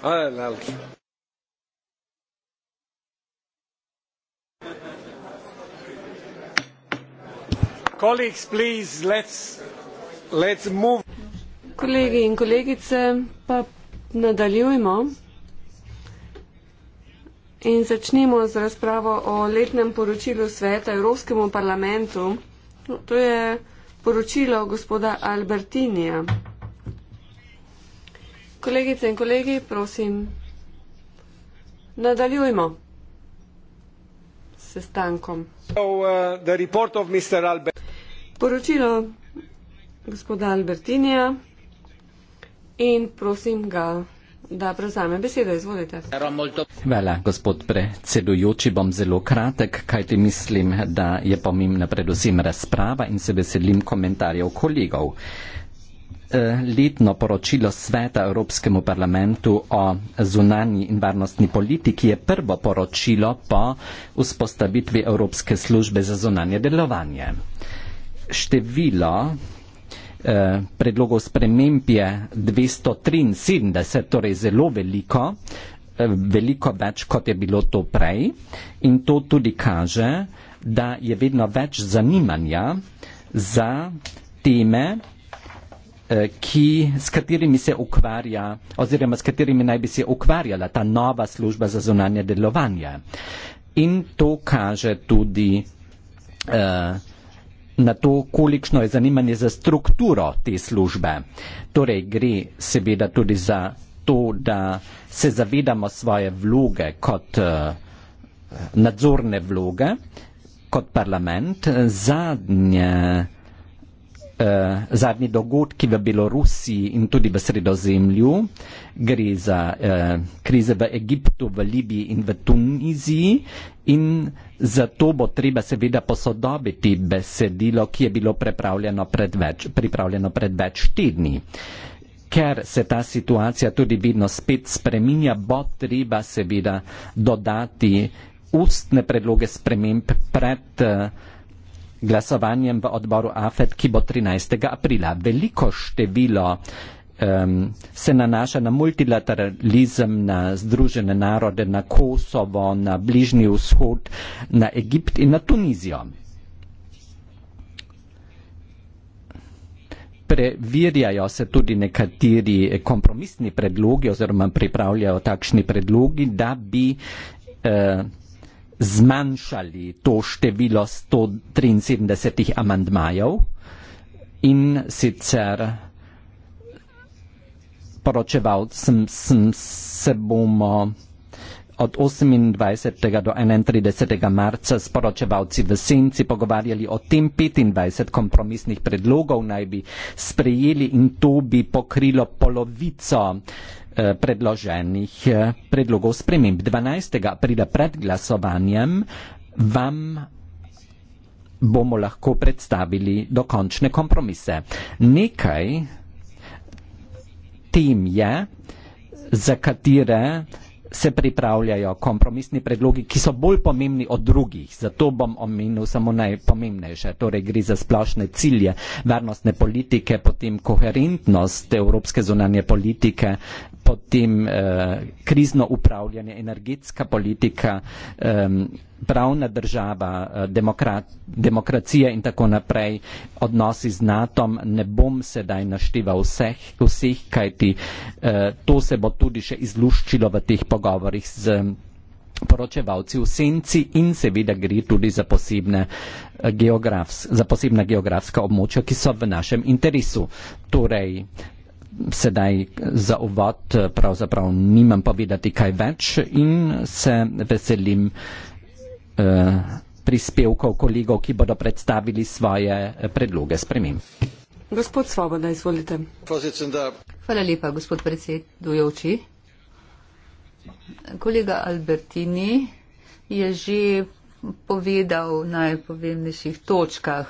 Kolegi in kolegice, pa nadaljujmo in začnimo z razpravo o letnem poročilu sveta Evropskemu parlamentu. No, to je poročilo gospoda Albertinija. Kolegice in kolegi, prosim, nadaljujmo s sestankom. Uh, Poročilo gospoda Albertinija in prosim ga, da prevzame besedo. Izvolite. Vele, gospod predsedujoči, bom zelo kratek, kaj ti mislim, da je pomembna predvsem razprava in se veselim komentarjev kolegov letno poročilo Sveta Evropskemu parlamentu o zunanji in varnostni politiki je prvo poročilo po vzpostavitvi Evropske službe za zunanje delovanje. Število eh, predlogov sprememb je 273, torej zelo veliko, eh, veliko več, kot je bilo to prej. In to tudi kaže, da je vedno več zanimanja za teme, Eh, ki, s katerimi se ukvarja oziroma s katerimi naj bi se ukvarjala ta nova služba za zunanje delovanje. In to kaže tudi eh, na to, kolikšno je zanimanje za strukturo te službe. Torej gre seveda tudi za to, da se zavedamo svoje vloge kot eh, nadzorne vloge, kot parlament. Zadnje. Eh, eh, zadnji dogodki v Belorusiji in tudi v sredozemlju, gre za eh, krize v Egiptu, v Libiji in v Tuniziji in zato bo treba seveda posodobiti besedilo, ki je bilo pred več, pripravljeno pred več tedni. Ker se ta situacija tudi vedno spet spreminja, bo treba seveda dodati ustne predloge sprememb pred. Eh, glasovanjem v odboru AFED, ki bo 13. aprila. Veliko število um, se nanaša na multilateralizem, na Združene narode, na Kosovo, na Bližnji vzhod, na Egipt in na Tunizijo. Preverjajo se tudi nekateri kompromisni predlogi oziroma pripravljajo takšni predlogi, da bi eh, zmanjšali to število 173 amandmajev in sicer poročeval sem, sem se bomo od 28. do 31. marca s poročevalci v Senci pogovarjali o tem 25 kompromisnih predlogov naj bi sprejeli in to bi pokrilo polovico uh, predloženih eh, predlogov sprememb. 12. aprila pred glasovanjem vam bomo lahko predstavili dokončne kompromise. Nekaj tem je, za katere se pripravljajo kompromisni predlogi, ki so bolj pomembni od drugih. Zato bom omenil samo najpomembnejše. Torej gre za splošne cilje varnostne politike, potem koherentnost evropske zunanje politike, potem eh, krizno upravljanje, energetska politika. Eh, pravna država, eh, demokrat, demokracija in tako naprej, odnosi z NATO, ne bom sedaj naštival vseh, vseh kajti eh, to se bo tudi še izluščilo v teh pogovorih z poročevalci v senci in seveda gre tudi za, eh, geografs, za posebna geografska območja, ki so v našem interesu. Torej, sedaj za uvod eh, pravzaprav nimam povedati kaj več in se veselim. Eh, prispevkov kolegov, ki bodo predstavili svoje eh, predloge spremem. Gospod Svoboda, izvolite. Hvala lepa, gospod predsedujoči. Kolega Albertini je že povedal v najpovemnejših točkah,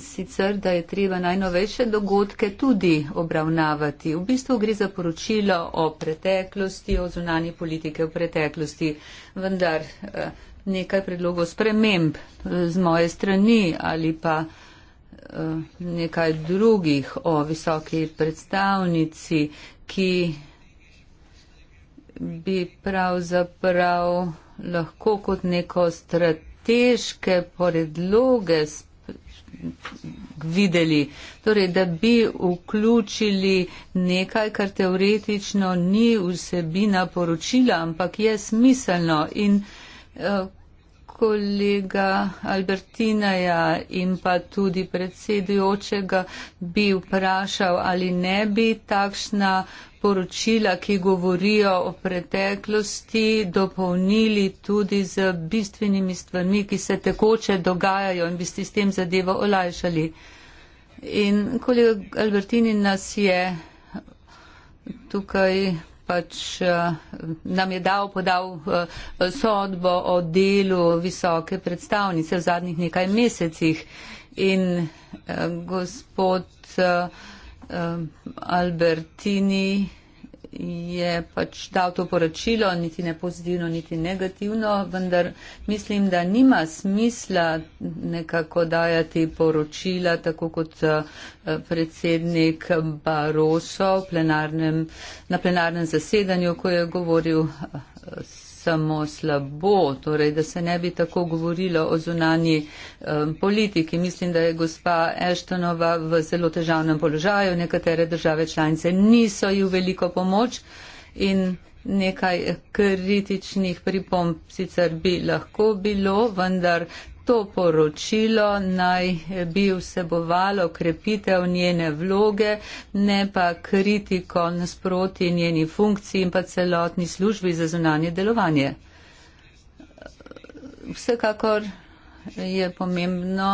sicer da je treba najnovejše dogodke tudi obravnavati. V bistvu gre za poročilo o preteklosti, o zunani politike v preteklosti, vendar eh, nekaj predlogov sprememb z moje strani ali pa eh, nekaj drugih o visoki predstavnici, ki bi pravzaprav lahko kot neko strateške predloge videli. Torej, da bi vključili nekaj, kar teoretično ni vsebina poročila, ampak je smiselno in eh, kolega Albertineja in pa tudi predsedujočega bi vprašal, ali ne bi takšna poročila, ki govorijo o preteklosti, dopolnili tudi z bistvenimi stvarmi, ki se tekoče dogajajo in bi ste s tem zadevo olajšali. In kolega Albertini nas je tukaj pač eh, nam je dal, podal eh, sodbo o delu visoke predstavnice v zadnjih nekaj mesecih. In eh, gospod Albertini je pač dal to poročilo, niti ne pozitivno, niti negativno, vendar mislim, da nima smisla nekako dajati poročila, tako kot eh, predsednik Baroso plenarnem, na plenarnem zasedanju, ko je govoril eh, s samo slabo, torej, da se ne bi tako govorilo o zunanji um, politiki. Mislim, da je gospa Eštonova v zelo težavnem položaju, nekatere države članice niso ji v veliko pomoč in nekaj kritičnih pripomb sicer bi lahko bilo, vendar to poročilo naj bi vsebovalo krepitev njene vloge, ne pa kritiko nasproti njeni funkciji in pa celotni službi za zunanje delovanje. Vsekakor je pomembno,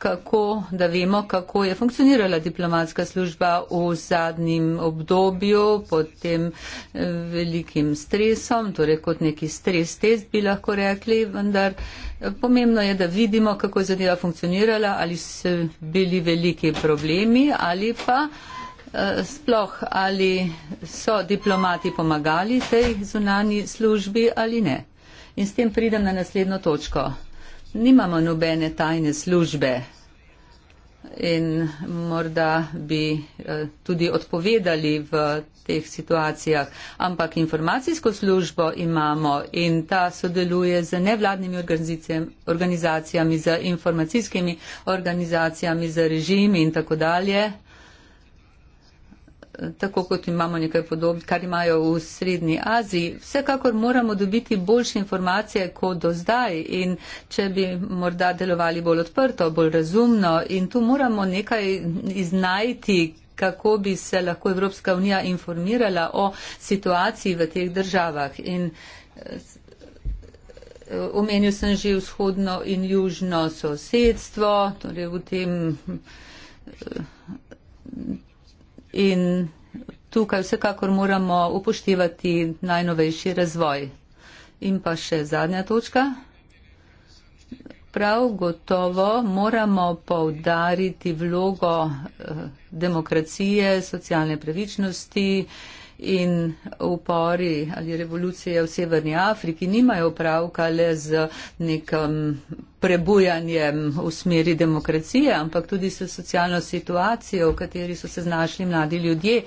kako, da vemo, kako je funkcionirala diplomatska služba v zadnjem obdobju pod tem eh, velikim stresom, torej kot neki stres test bi lahko rekli, vendar eh, pomembno je, da vidimo, kako je zadeva funkcionirala, ali so bili veliki problemi ali pa eh, sploh, ali so diplomati pomagali tej zunani službi ali ne. In s tem pridem na naslednjo točko nimamo nobene tajne službe in morda bi eh, tudi odpovedali v teh situacijah, ampak informacijsko službo imamo in ta sodeluje z nevladnimi organizacijami, z informacijskimi organizacijami, z režimi in tako dalje tako kot imamo nekaj podobnega, kar imajo v Srednji Aziji. Vsekakor moramo dobiti boljše informacije kot do zdaj in če bi morda delovali bolj odprto, bolj razumno in tu moramo nekaj iznajti kako bi se lahko Evropska unija informirala o situaciji v teh državah. In eh, omenil sem že vzhodno in južno sosedstvo, torej v tem eh, In tukaj vsekakor moramo upoštevati najnovejši razvoj. In pa še zadnja točka. Prav gotovo moramo povdariti vlogo eh, demokracije, socialne pravičnosti, in upori ali revolucije v Severni Afriki nimajo pravka le z nekim prebujanjem v smeri demokracije, ampak tudi s socialno situacijo, v kateri so se znašli mladi ljudje.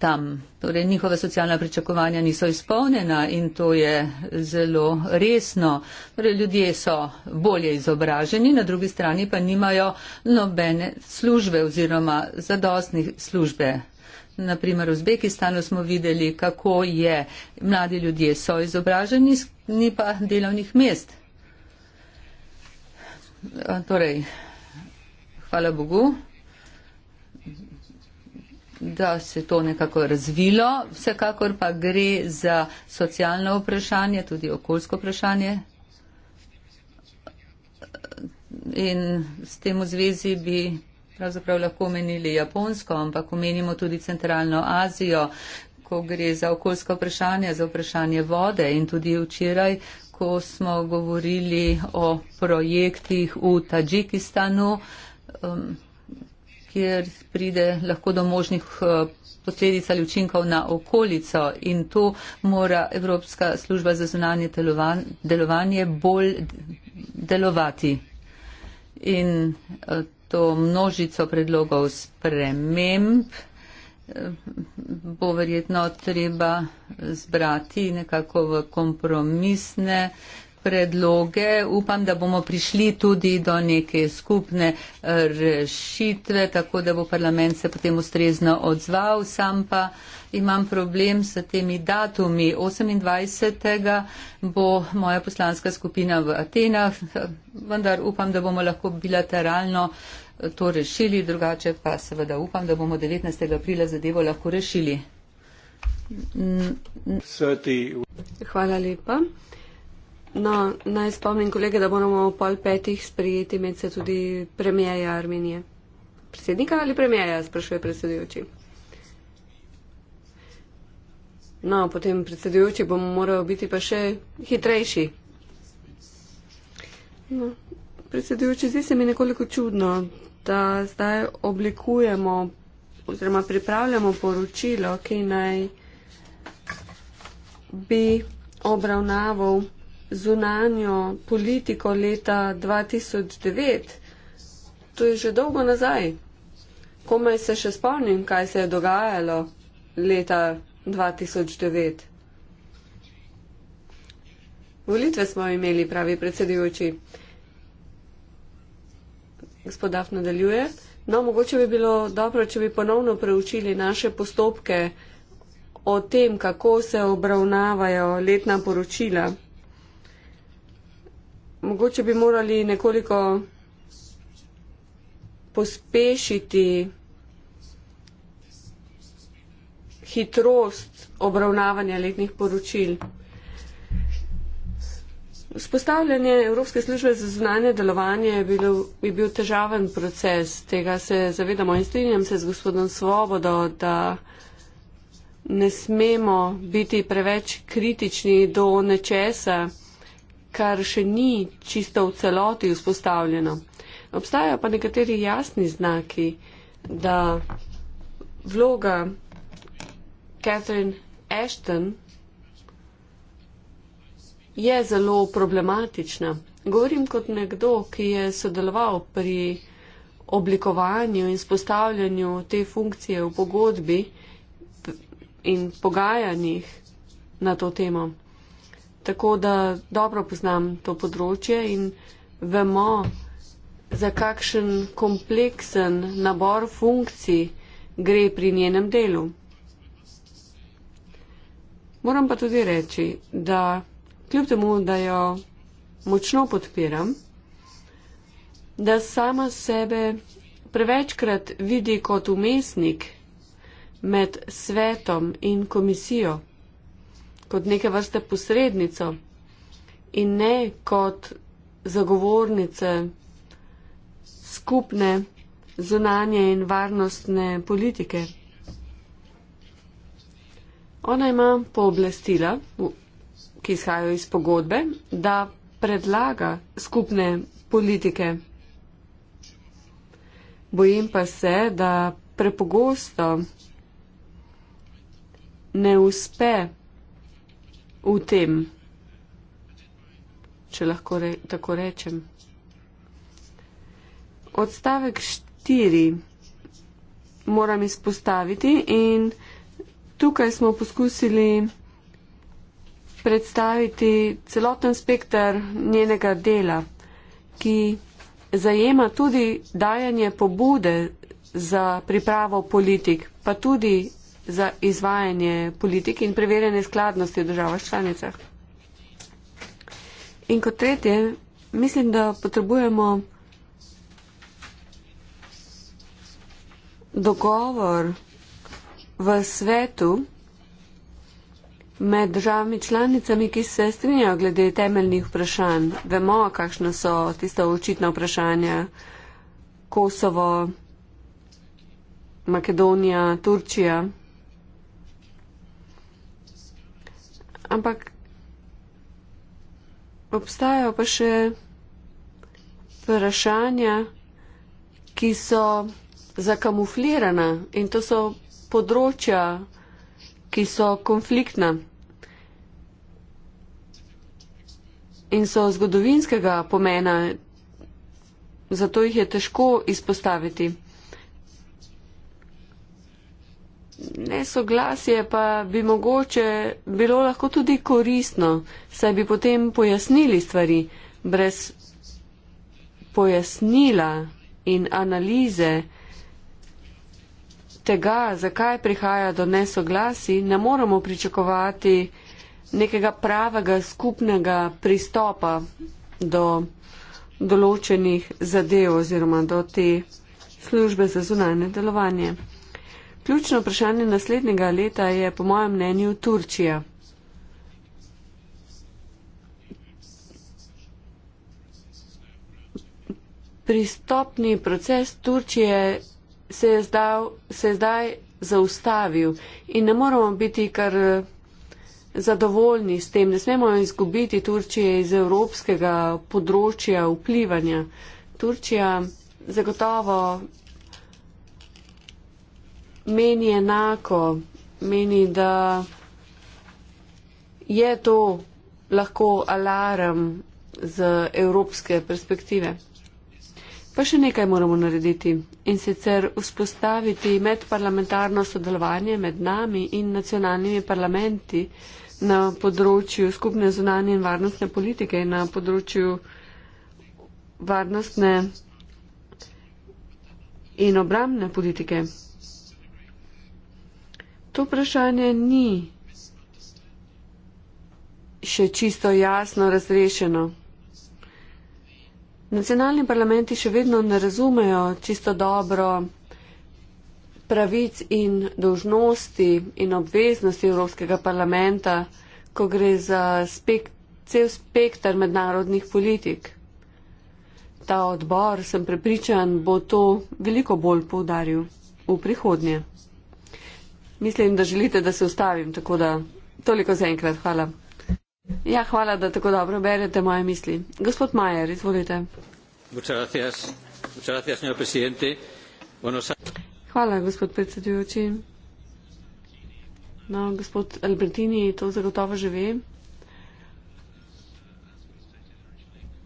Tam. Torej, njihova socialna pričakovanja niso izpolnjena in to je zelo resno. Torej, ljudje so bolje izobraženi, na drugi strani pa nimajo nobene službe oziroma zadostnih službe naprimer v Uzbekistanu smo videli, kako je, mladi ljudje so izobraženi, ni pa delovnih mest. Torej, hvala Bogu, da se to nekako razvilo, vsekakor pa gre za socialno vprašanje, tudi okoljsko vprašanje. In s tem v zvezi bi pravzaprav lahko omenili Japonsko, ampak omenimo tudi Centralno Azijo, ko gre za okoljska vprašanja, za vprašanje vode in tudi včeraj, ko smo govorili o projektih v Tadžikistanu, um, kjer pride lahko do možnih uh, posledic ali učinkov na okolico in to mora Evropska služba za zunanje delovanje bolj delovati. In uh, to množico predlogov sprememb bo verjetno treba zbrati nekako v kompromisne predloge, upam, da bomo prišli tudi do neke skupne eh, rešitve, tako da bo parlament se potem ustrezno odzval. Sam pa imam problem s temi datumi. 28. bo moja poslanska skupina v Atenah, vendar upam, da bomo lahko bilateralno eh, to rešili, drugače pa seveda upam, da bomo 19. aprila zadevo lahko rešili. Hvala lepa. No, naj spomnim kolege, da moramo v pol petih sprijeti med se tudi premijeja Armenije. Predsednika ali premijeja, sprašuje predsedujoči. No, potem predsedujoči bomo morali biti pa še hitrejši. No, predsedujoči, zdi se mi nekoliko čudno, da zdaj oblikujemo oziroma pripravljamo poročilo, ki naj bi obravnaval zunanjo politiko leta 2009, to je že dolgo nazaj. Komaj se še spomnim, kaj se je dogajalo leta 2009. Volitve smo imeli, pravi predsedujoči. Gospod Daf nadaljuje. No, mogoče bi bilo dobro, če bi ponovno preučili naše postopke o tem, kako se obravnavajo letna poročila mogoče bi morali nekoliko pospešiti hitrost obravnavanja letnih poročil. Spostavljanje Evropske službe za zunanje delovanje je bil, je bil težaven proces, tega se zavedamo in strinjam se z gospodom Svobodo, da ne smemo biti preveč kritični do nečesa kar še ni čisto v celoti vzpostavljeno. Obstajajo pa nekateri jasni znaki, da vloga Catherine Ashton je zelo problematična. Govorim kot nekdo, ki je sodeloval pri oblikovanju in spostavljanju te funkcije v pogodbi in pogajanjih na to temo. Tako da dobro poznam to področje in vemo, za kakšen kompleksen nabor funkcij gre pri njenem delu. Moram pa tudi reči, da kljub temu, da jo močno podpiram, da sama sebe prevečkrat vidi kot umestnik med svetom in komisijo kot neke vrste posrednico in ne kot zagovornice skupne zunanje in varnostne politike. Ona ima pooblastila, ki izhajajo iz pogodbe, da predlaga skupne politike. Bojim pa se, da prepogosto ne uspe v tem, če lahko re, tako rečem. Odstavek 4 moram izpostaviti in tukaj smo poskusili predstaviti celoten spektr njenega dela, ki zajema tudi dajanje pobude za pripravo politik, pa tudi za izvajanje politike in preverjanje skladnosti v državah članicah. In kot tretje, mislim, da potrebujemo dogovor v svetu med državami članicami, ki se strinjajo glede temeljnih vprašanj. Vemo, kakšno so tisto očitno vprašanje Kosovo, Makedonija, Turčija. ampak obstajajo pa še vprašanja, ki so zakamuflirana in to so področja, ki so konfliktna in so zgodovinskega pomena, zato jih je težko izpostaviti. nesoglasje pa bi mogoče bilo lahko tudi koristno, saj bi potem pojasnili stvari. Brez pojasnila in analize tega, zakaj prihaja do nesoglasi, ne moramo pričakovati nekega pravega skupnega pristopa do določenih zadev oziroma do te službe za zunanje delovanje. Ključno vprašanje naslednjega leta je po mojem mnenju Turčija. Pristopni proces Turčije se je, zdal, se je zdaj zaustavil in ne moramo biti kar eh, zadovoljni s tem. Ne smemo izgubiti Turčije iz evropskega področja vplivanja. Turčija zagotovo meni enako, meni, da je to lahko alarm z evropske perspektive. Pa še nekaj moramo narediti in sicer vzpostaviti medparlamentarno sodelovanje med nami in nacionalnimi parlamenti na področju skupne zunanje in varnostne politike in na področju varnostne in obramne politike. To vprašanje ni še čisto jasno razrešeno. Nacionalni parlamenti še vedno ne razumejo čisto dobro pravic in dožnosti in obveznosti Evropskega parlamenta, ko gre za spek cel spektr mednarodnih politik. Ta odbor, sem prepričan, bo to veliko bolj poudaril v prihodnje. Mislim, da želite, da se ustavim, tako da toliko za enkrat. Hvala. Ja, hvala, da tako dobro berete moje misli. Gospod Majer, izvolite. Hvala, gospod predsedujoči. No, gospod Albertini to zagotovo že ve,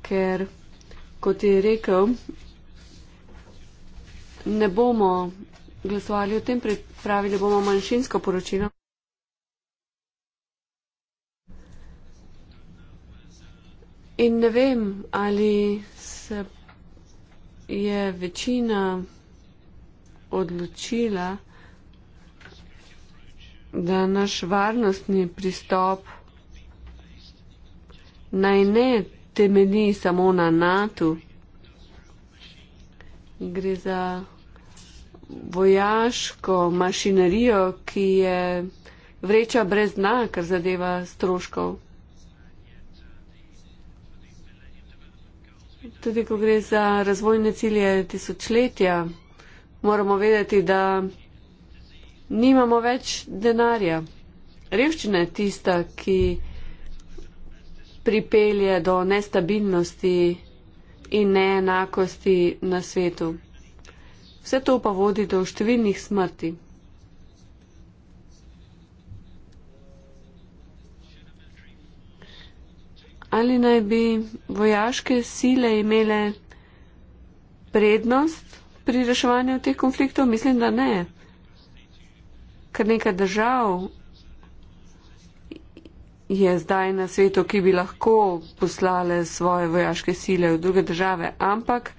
ker, kot je rekel, ne bomo glasovali o tem, pripravili bomo manjšinsko poročilo. In ne vem, ali se je večina odločila, da naš varnostni pristop naj ne temeli samo na NATO. Gre za vojaško mašinerijo, ki je vreča brez dna, kar zadeva stroškov. Tudi, ko gre za razvojne cilje tisočletja, moramo vedeti, da nimamo več denarja. Revščina je tista, ki pripelje do nestabilnosti in neenakosti na svetu. Vse to pa vodi do številnih smrti. Ali naj bi vojaške sile imele prednost pri reševanju teh konfliktov? Mislim, da ne. Ker nekaj držav je zdaj na svetu, ki bi lahko poslale svoje vojaške sile v druge države, ampak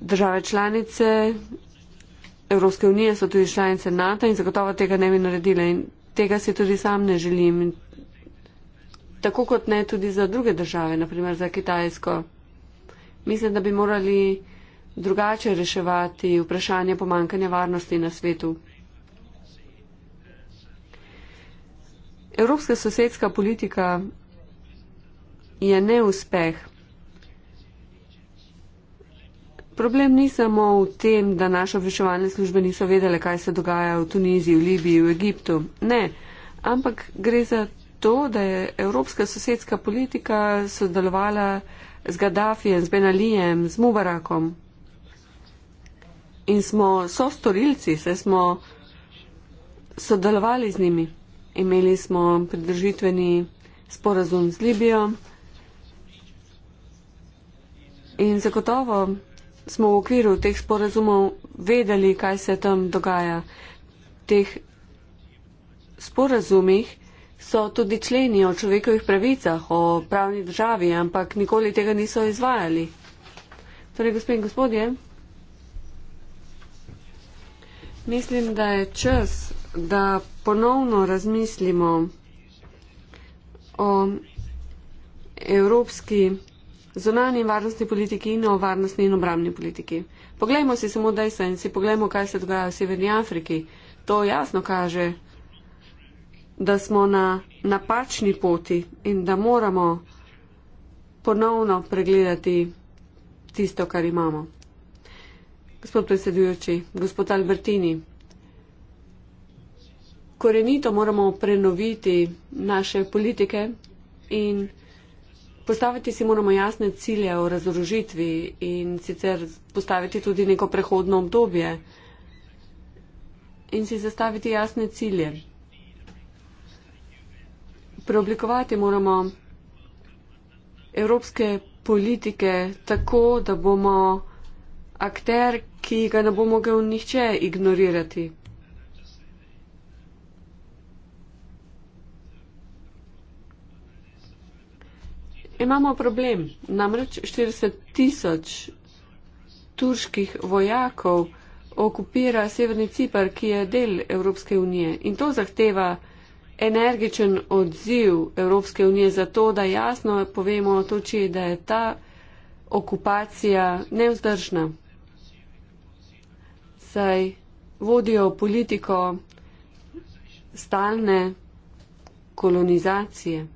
države članice Evropske unije so tudi članice NATO in zagotovo tega ne bi naredile in tega si tudi sam ne želim. Tako kot ne tudi za druge države, naprimer za Kitajsko. Mislim, da bi morali drugače reševati vprašanje pomankanja varnosti na svetu. Evropska sosedska politika je neuspeh Problem ni samo v tem, da naše obveščevalne službe niso vedele, kaj se dogaja v Tuniziji, v Libiji, v Egiptu. Ne, ampak gre za to, da je evropska sosedska politika sodelovala z Gaddafijem, z Benalijem, z Mubarakom. In smo sostorilci, se smo sodelovali z njimi. Imeli smo pridržitveni sporazum z Libijo. In zagotovo smo v okviru teh sporazumov vedeli, kaj se tam dogaja. Teh sporazumih so tudi členi o človekovih pravicah, o pravni državi, ampak nikoli tega niso izvajali. Torej, gospod in gospodje, mislim, da je čas, da ponovno razmislimo o evropski zunanji varnostni politiki in o varnostni in obramni politiki. Poglejmo si samo dejstva in si poglejmo, kaj se dogaja v Severni Afriki. To jasno kaže, da smo na napačni poti in da moramo ponovno pregledati tisto, kar imamo. Gospod predsedujoči, gospod Albertini, korenito moramo prenoviti naše politike in Postaviti si moramo jasne cilje o razorožitvi in sicer postaviti tudi neko prehodno obdobje in si zastaviti jasne cilje. Preoblikovati moramo evropske politike tako, da bomo akter, ki ga ne bo mogel nihče ignorirati. imamo problem. Namreč 40 tisoč turških vojakov okupira Severni Cipar, ki je del Evropske unije. In to zahteva energičen odziv Evropske unije za to, da jasno povemo toči, da je ta okupacija nevzdržna. Saj vodijo politiko stalne kolonizacije.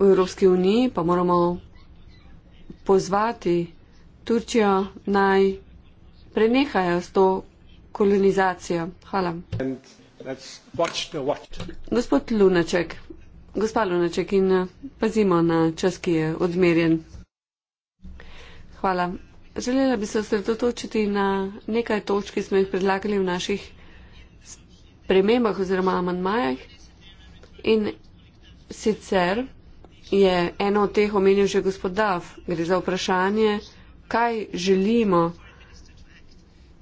v Evropski uniji pa moramo pozvati Turčijo naj prenehajo s to kolonizacijo. Hvala. Gospod Lunaček, gospa Lunaček in eh, pazimo na čas, ki je odmerjen. Hvala. Želela bi se osredotočiti na nekaj točk, ki smo jih predlagali v naših spremembah oziroma amandmajah. In sicer je eno od teh omenil že gospod Dav. Gre za vprašanje, kaj želimo,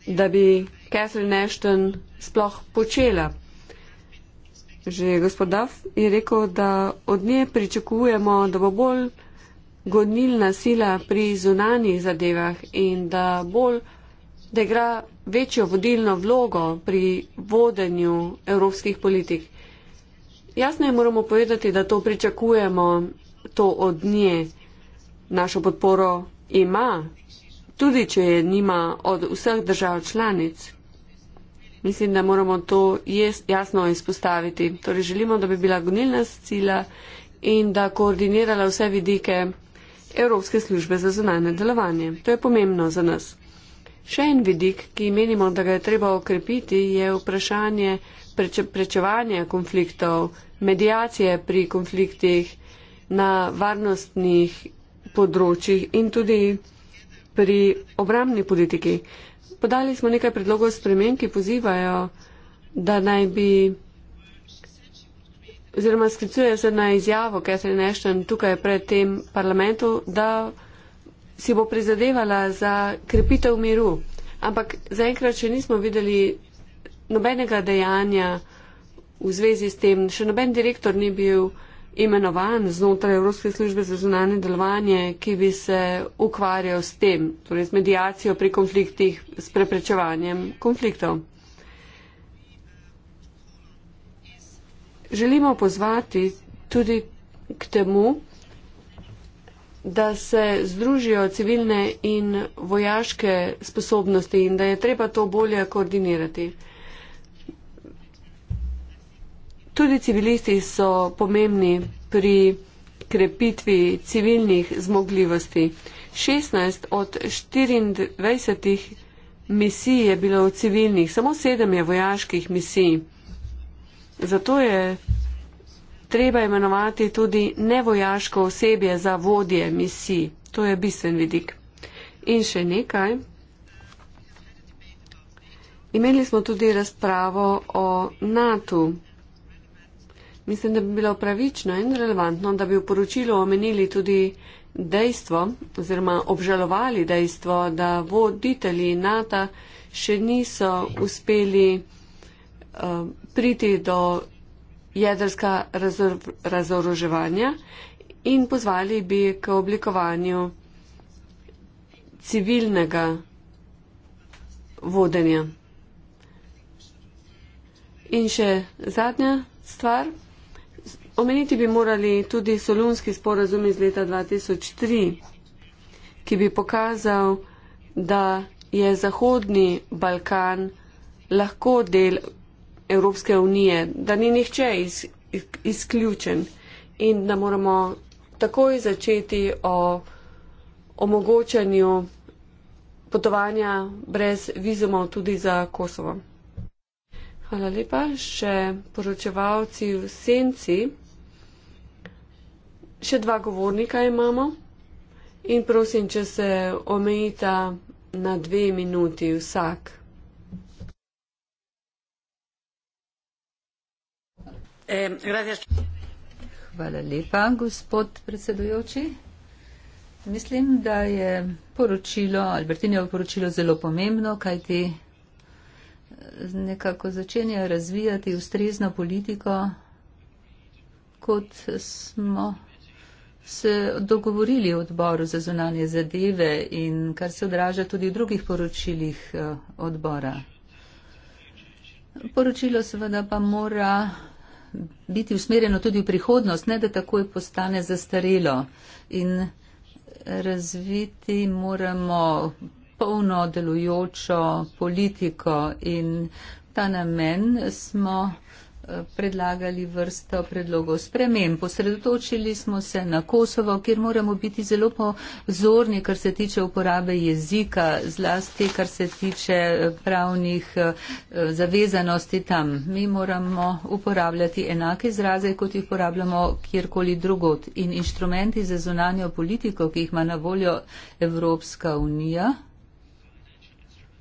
da bi Catherine Ashton sploh počela. Že gospod Dav je rekel, da od nje pričakujemo, da bo bolj gonilna sila pri zunanjih zadevah in da bolj, da igra večjo vodilno vlogo pri vodenju evropskih politik. Jasno je, moramo povedati, da to pričakujemo, to od nje. Našo podporo ima, tudi če je nima od vseh držav članic. Mislim, da moramo to jasno izpostaviti. Torej želimo, da bi bila gonilna sila in da koordinirala vse vidike Evropske službe za zunanje delovanje. To je pomembno za nas. Še en vidik, ki menimo, da ga je treba okrepiti, je vprašanje, preprečevanje konfliktov, medijacije pri konfliktih na varnostnih področjih in tudi pri obramni politiki. Podali smo nekaj predlogov spremen, ki pozivajo, da naj bi oziroma sklicuje se na izjavo Catherine Ashton tukaj pred tem parlamentu, da si bo prizadevala za krepitev miru. Ampak zaenkrat še nismo videli nobenega dejanja v zvezi s tem, še noben direktor ni bil imenovan znotraj Evropske službe za zunanje delovanje, ki bi se ukvarjal s tem, torej s medijacijo pri konfliktih, s preprečevanjem konfliktov. Želimo pozvati tudi k temu, da se združijo civilne in vojaške sposobnosti in da je treba to bolje koordinirati. Tudi civilisti so pomembni pri krepitvi civilnih zmogljivosti. 16 od 24 misij je bilo civilnih, samo 7 je vojaških misij. Zato je treba imenovati tudi nevojaško osebje za vodje misij. To je bistven vidik. In še nekaj. Imeli smo tudi razpravo o NATO. Mislim, da bi bilo pravično in relevantno, da bi v poročilu omenili tudi dejstvo oziroma obžalovali dejstvo, da voditelji NATO še niso uspeli uh, priti do jedrska razor razoroževanja in pozvali bi k oblikovanju civilnega vodenja. In še zadnja stvar. Omeniti bi morali tudi solunski sporazum iz leta 2003, ki bi pokazal, da je Zahodni Balkan lahko del Evropske unije, da ni nihče iz, izključen in da moramo takoj začeti o omogočanju potovanja brez vizumov tudi za Kosovo. Hvala lepa še poročevalci v Senci še dva govornika imamo in prosim, če se omejita na dve minuti vsak. Hvala lepa, gospod predsedujoči. Mislim, da je poročilo, Albertinjevo poročilo zelo pomembno, kajti eh, nekako začenja razvijati ustrezno politiko, kot smo se dogovorili v odboru za zunanje zadeve in kar se odraža tudi v drugih poročilih eh, odbora. Poročilo seveda pa mora biti usmerjeno tudi v prihodnost, ne da takoj postane zastarelo in razviti moramo polno delujočo politiko in ta namen smo predlagali vrsto predlogov sprememb. Posredotočili smo se na Kosovo, kjer moramo biti zelo pozorni, kar se tiče uporabe jezika, zlasti kar se tiče eh, pravnih eh, zavezanosti tam. Mi moramo uporabljati enake izraze, kot jih uporabljamo kjerkoli drugot. In inštrumenti za zunanjo politiko, ki jih ima na voljo Evropska unija,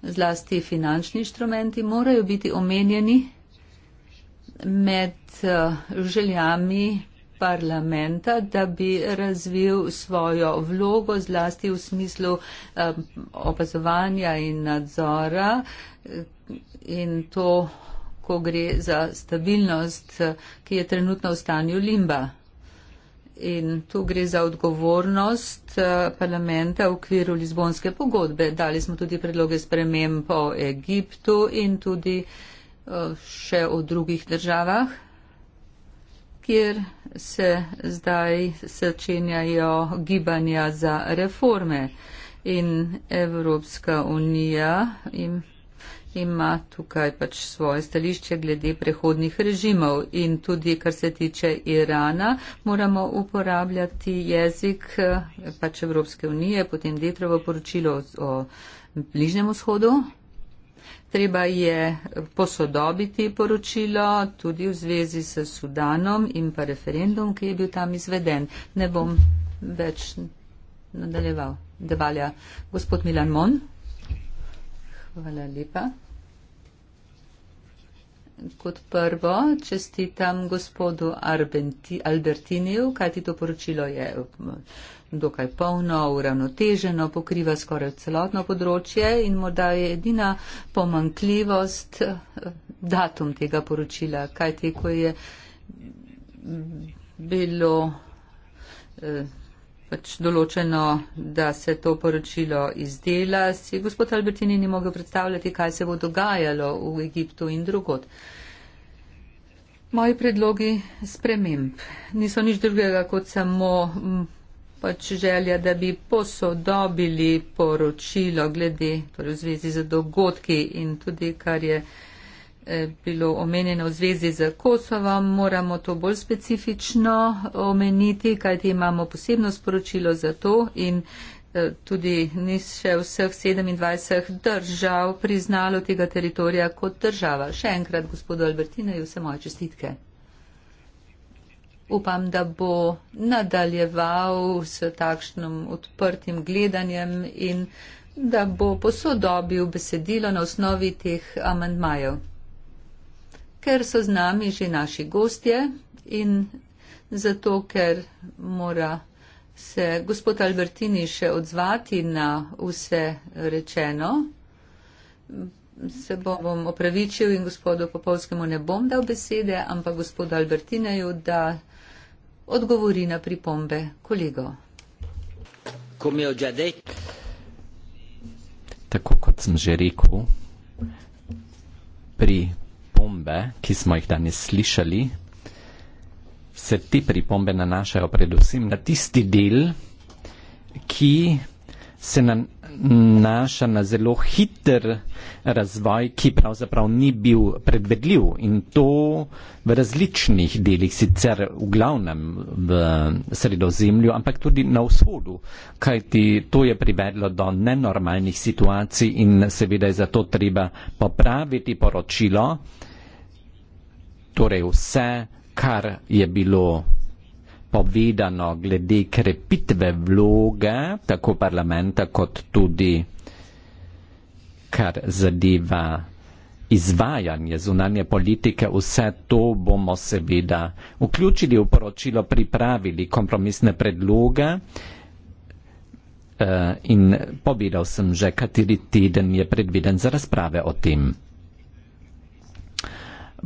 zlasti finančni inštrumenti, morajo biti omenjeni med eh, željami parlamenta, da bi razvil svojo vlogo zlasti v smislu eh, opazovanja in nadzora eh, in to, ko gre za stabilnost, ki je trenutno v stanju limba. In tu gre za odgovornost parlamenta v okviru Lizbonske pogodbe. Dali smo tudi predloge sprememb po Egiptu in tudi uh, še o drugih državah, kjer se zdaj začenjajo gibanja za reforme in Evropska unija in ima tukaj pač svoje stališče glede prehodnih režimov in tudi, kar se tiče Irana, moramo uporabljati jezik eh, pač Evropske unije, potem Detrovo poročilo o Bližnjem vzhodu treba je posodobiti poročilo tudi v zvezi s Sudanom in pa referendum, ki je bil tam izveden. Ne bom več nadaljeval. Devalja. Gospod Milan Mon. Hvala lepa. Kot prvo čestitam gospodu Albertiniju, kajti to poročilo je mm, dokaj polno, uravnoteženo, pokriva skoraj celotno področje in morda je edina pomankljivost eh, datum tega poročila, kajti ko je mm, bilo. Eh, pač določeno, da se to poročilo izdela, si gospod Albertini ni mogel predstavljati, kaj se bo dogajalo v Egiptu in drugot. Moji predlogi sprememb niso nič drugega kot samo mm, pač želja, da bi posodobili poročilo glede, torej v zvezi z dogodki in tudi, kar je. Eh, bilo omenjeno v zvezi z Kosovom, moramo to bolj specifično omeniti, kajti imamo posebno sporočilo za to in eh, tudi ni še vseh 27 držav priznalo tega teritorija kot država. Še enkrat, gospodu Albertine, in vse moje čestitke. Upam, da bo nadaljeval s takšnim odprtim gledanjem in da bo posodobil besedilo na osnovi teh amantmajev ker so z nami že naši gostje in zato, ker mora se gospod Albertini še odzvati na vse rečeno. Se bom opravičil in gospodu Popovskemu ne bom dal besede, ampak gospodu Albertineju, da odgovori na pripombe kolego. Tako kot sem že rekel, pri pripombe, ki smo jih danes slišali, se te pripombe nanašajo predvsem na tisti del, ki se nanaša na zelo hiter razvoj, ki pravzaprav ni bil predvedljiv in to v različnih delih, sicer v glavnem v sredozemlju, ampak tudi na vzhodu, kajti to je privedlo do nenormalnih situacij in seveda je zato treba popraviti poročilo, torej vse, kar je bilo povedano glede krepitve vloge tako parlamenta, kot tudi kar zadeva izvajanje zunanje politike, vse to bomo seveda vključili v poročilo, pripravili kompromisne predloge eh, in povedal sem že, kateri teden je predviden za razprave o tem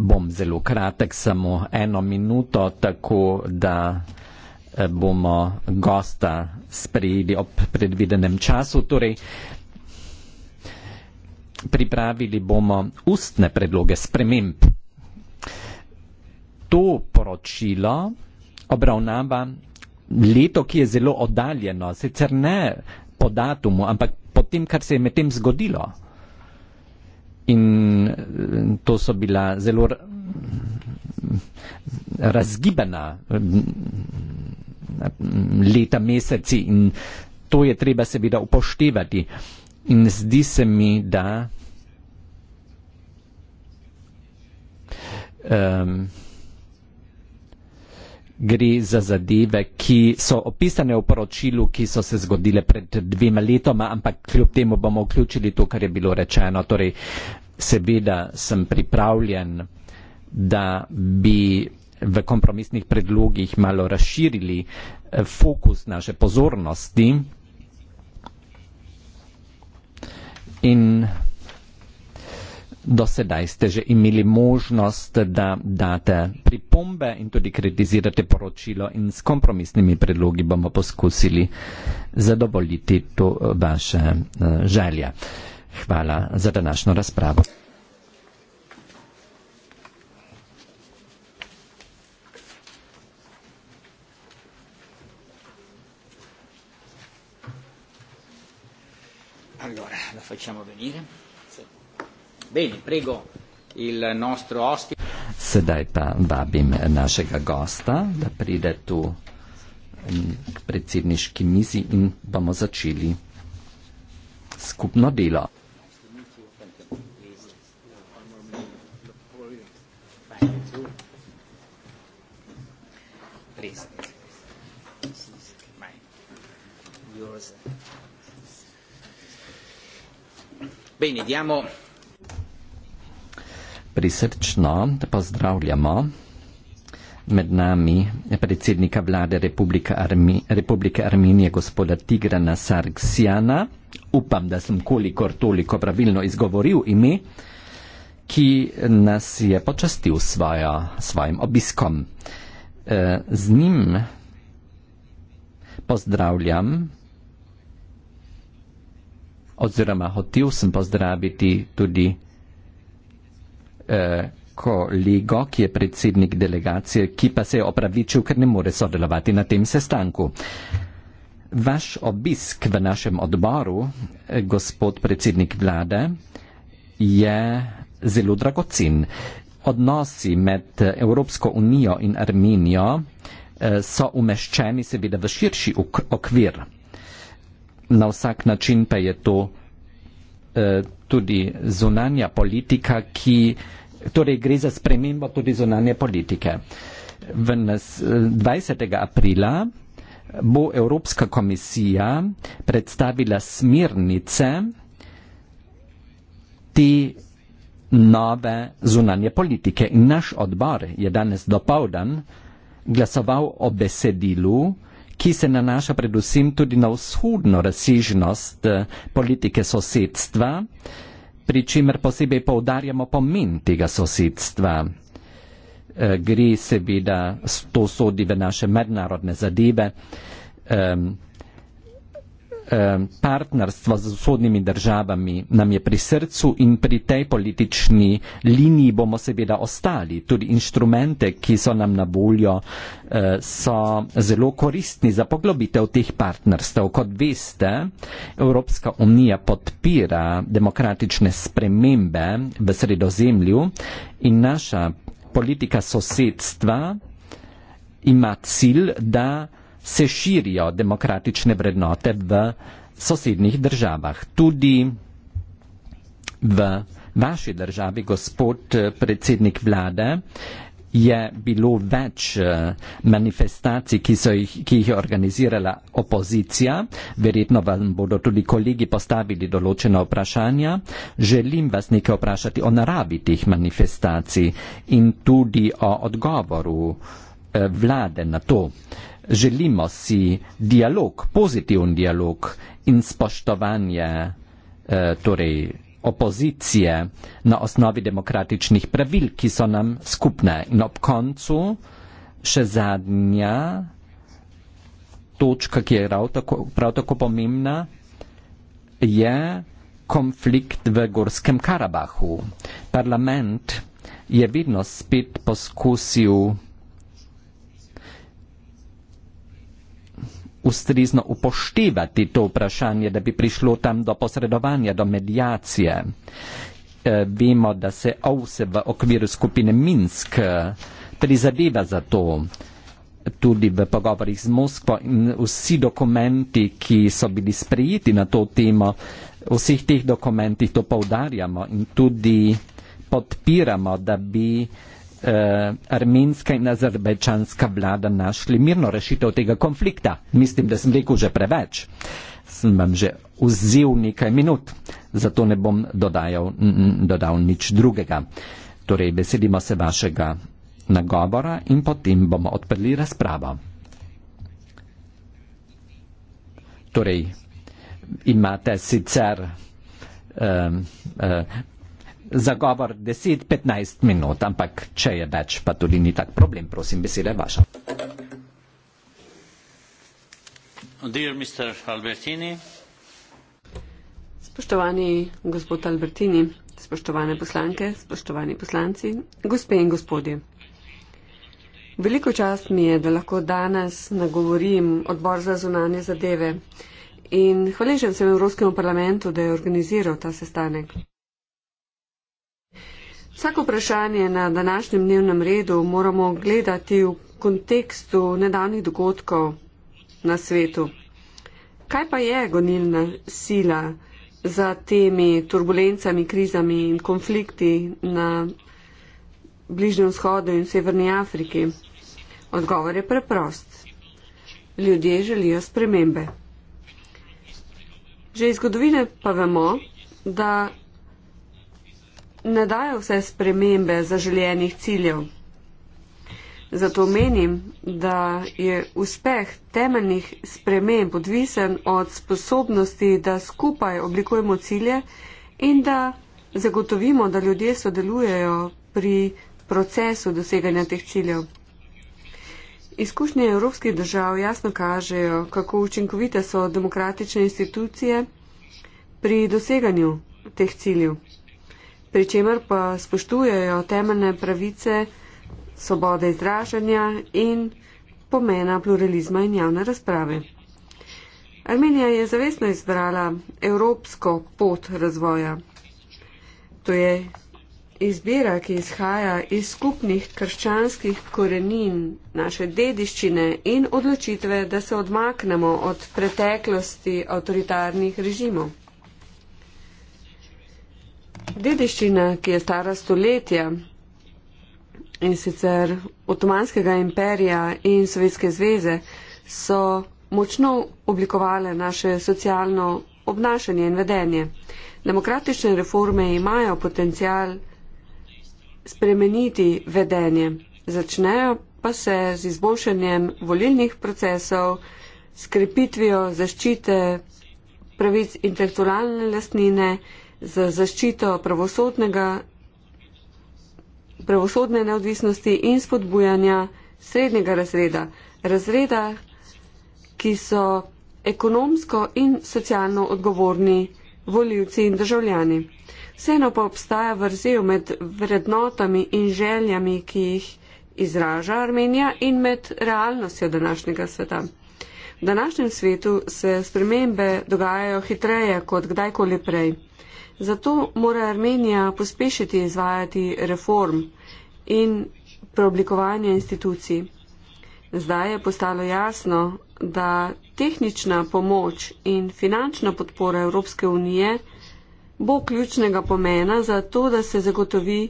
bom zelo kratek, samo eno minuto, tako da eh, bomo gosta sprejeli ob predvidenem času. Torej, pripravili bomo ustne predloge sprememb. To poročilo obravnava leto, ki je zelo oddaljeno, sicer ne po datumu, ampak po tem, kar se je med tem zgodilo in eh, to so bila zelo razgibana eh, leta, meseci in to je treba seveda upoštevati. In zdi se mi, da um, gre za zadeve, ki so opisane v poročilu, ki so se zgodile pred dvema letoma, ampak kljub temu bomo vključili to, kar je bilo rečeno. Torej, seveda sem pripravljen, da bi v kompromisnih predlogih malo razširili eh, fokus naše pozornosti in do sedaj ste že imeli možnost, da date pripombe in tudi kritizirate poročilo in s kompromisnimi predlogi bomo poskusili zadovoljiti to eh, vaše eh, želje. Hvala za današnjo razpravo. Allora, la facciamo venire. Bene, prego il nostro ospite. Sedaj pa vabim našega gosta, da pride tu mm, k predsedniški mizi in bomo začeli skupno delo. Bene, diamo prisrčno pozdravljamo med nami predsednika vlade Republike, Armi, Republike Armenije gospoda Tigrana Sargsjana, upam, da sem kolikor toliko pravilno izgovoril ime, ki nas je počastil svojo, svojim obiskom. E, z njim pozdravljam oziroma hotel sem pozdraviti tudi Eh, kolego, ki je predsednik delegacije, ki pa se je opravičil, ker ne more sodelovati na tem sestanku. Vaš obisk v našem odboru, eh, gospod predsednik vlade, je zelo dragocen. Odnosi med Evropsko unijo in Armenijo eh, so umeščeni seveda v širši okvir. Na vsak način pa je to tudi zunanja politika, ki torej gre za spremembo tudi zunanje politike. V nas 20. aprila bo Evropska komisija predstavila smirnice te nove zunanje politike. In naš odbor je danes dopovdan glasoval o besedilu, ki se nanaša predvsem tudi na vzhodno razsežnost eh, politike sosedstva, pri čemer posebej poudarjamo pomen tega sosedstva. Eh, gre seveda, to sodi v naše mednarodne zadeve, partnerstvo z vzhodnimi državami nam je pri srcu in pri tej politični liniji bomo seveda ostali. Tudi inštrumente, ki so nam na voljo, eh, so zelo koristni za poglobitev teh partnerstev. Kot veste, Evropska unija podpira demokratične spremembe v sredozemlju in naša politika sosedstva ima cilj, da se širijo demokratične vrednote v sosednjih državah. Tudi v vaši državi, gospod predsednik vlade, je bilo več eh, manifestacij, ki, so jih, ki jih je organizirala opozicija. Verjetno vam bodo tudi kolegi postavili določena vprašanja. Želim vas nekaj vprašati o naravi teh manifestacij in tudi o odgovoru eh, vlade na to želimo si dialog, pozitivni dialog in spoštovanje eh, torej opozicije na osnovi demokratičnih pravil, ki so nam skupne. In ob koncu še zadnja točka, ki je prav tako, prav tako pomembna, je konflikt v Gorskem Karabahu. Parlament je vedno spet poskusil ustrezno upoštevati to vprašanje, da bi prišlo tam do posredovanja, do medijacije. E, eh, vemo, da se OVSE v okviru skupine Minsk eh, prizadeva za to tudi v pogovorih z Moskvo in vsi dokumenti, ki so bili sprejeti na to temo, vseh teh dokumentih to poudarjamo in tudi podpiramo, da bi uh, armenska in azerbajčanska vlada našli mirno rešitev tega konflikta. Mislim, da sem rekel že preveč. Sem vam že vzel nekaj minut, zato ne bom dodajal, n -n, dodal nič drugega. Torej, besedimo se vašega nagovora in potem bomo odprli razpravo. Torej, imate sicer uh, uh, zagovor 10-15 minut, ampak če je več, pa tudi ni tak problem. Prosim, beseda je vaša. Dear Mr. Albertini. Spoštovani gospod Albertini, spoštovane poslanke, spoštovani poslanci, gospe in gospodje. Veliko čast mi je, da lahko danes nagovorim odbor za zunanje zadeve in hvaležen sem Evropskemu parlamentu, da je organiziral ta sestanek. Vsako vprašanje na današnjem dnevnem redu moramo gledati v kontekstu nedavnih dogodkov na svetu. Kaj pa je gonilna sila za temi turbulencami, krizami in konflikti na Bližnjem vzhodu in Severni Afriki? Odgovor je preprost. Ljudje želijo spremembe. Že iz zgodovine pa vemo, da ne dajo vse spremembe zaželjenih ciljev. Zato menim, da je uspeh temeljnih sprememb odvisen od sposobnosti, da skupaj oblikujemo cilje in da zagotovimo, da ljudje sodelujejo pri procesu doseganja teh ciljev. Izkušnje evropskih držav jasno kažejo, kako učinkovite so demokratične institucije pri doseganju teh ciljev pri čemer pa spoštujejo temeljne pravice, svobode izražanja in pomena pluralizma in javne razprave. Armenija je zavestno izbrala evropsko pot razvoja. To je izbira, ki izhaja iz skupnih krščanskih korenin naše dediščine in odločitve, da se odmaknemo od preteklosti avtoritarnih režimov dediščina, ki je stara stoletja in sicer Otomanskega imperija in Sovjetske zveze, so močno oblikovale naše socialno obnašanje in vedenje. Demokratične reforme imajo potencial spremeniti vedenje. Začnejo pa se z izboljšanjem volilnih procesov, skrepitvijo zaščite pravic intelektualne lastnine, za zaščito pravosodnega, pravosodne neodvisnosti in spodbujanja srednjega razreda, razreda, ki so ekonomsko in socialno odgovorni voljivci in državljani. Vseeno pa obstaja vrzel med vrednotami in željami, ki jih izraža Armenija in med realnostjo današnjega sveta. V današnjem svetu se spremembe dogajajo hitreje kot kdajkoli prej. Zato mora Armenija pospešiti izvajati reform in preoblikovanje institucij. Zdaj je postalo jasno, da tehnična pomoč in finančna podpora Evropske unije bo ključnega pomena za to, da se zagotovi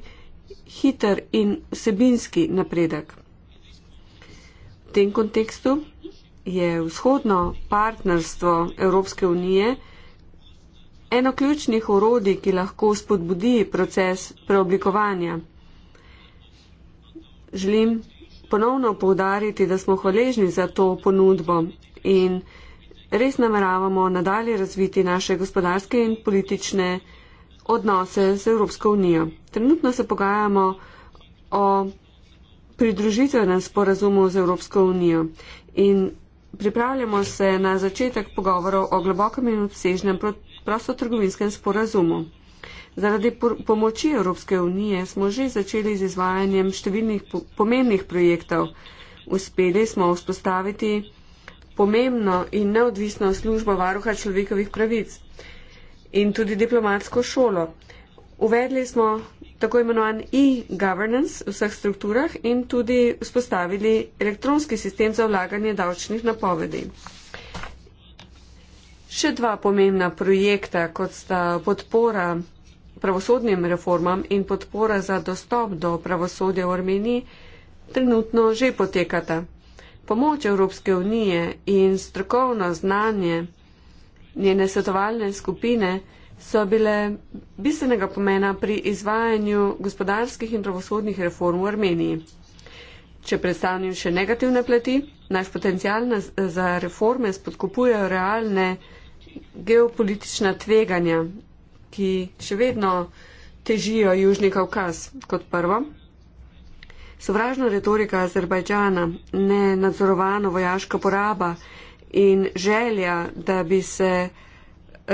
hiter in vsebinski napredek. V tem kontekstu je vzhodno partnerstvo Evropske unije eno ključnih orodij, ki lahko spodbudi proces preoblikovanja. Želim ponovno poudariti, da smo hvaležni za to ponudbo in res nameravamo nadalje razviti naše gospodarske in politične odnose z Evropsko unijo. Trenutno se pogajamo o pridružitvenem sporazumu z Evropsko unijo in pripravljamo se na začetek pogovorov o globokem in obsežnem protestu prostotrgovinskem sporazumu. Zaradi pomoči Evropske unije smo že začeli z izvajanjem številnih pomembnih projektov. Uspeli smo vzpostaviti pomembno in neodvisno službo varuha človekovih pravic in tudi diplomatsko šolo. Uvedli smo tako imenovan e-governance v vseh strukturah in tudi vzpostavili elektronski sistem za vlaganje davčnih napovedi še dva pomembna projekta, kot sta podpora pravosodnim reformam in podpora za dostop do pravosodja v Armeniji, trenutno že potekata. Pomoč Evropske unije in strokovno znanje njene svetovalne skupine so bile bistvenega pomena pri izvajanju gospodarskih in pravosodnih reform v Armeniji. Če predstavljam še negativne plati, naš potencial za reforme spodkupujejo realne geopolitična tveganja, ki še vedno težijo Južni Kaukaz kot prvo. Sovražna retorika Azerbajdžana, nenadzorovano vojaška poraba in želja, da bi se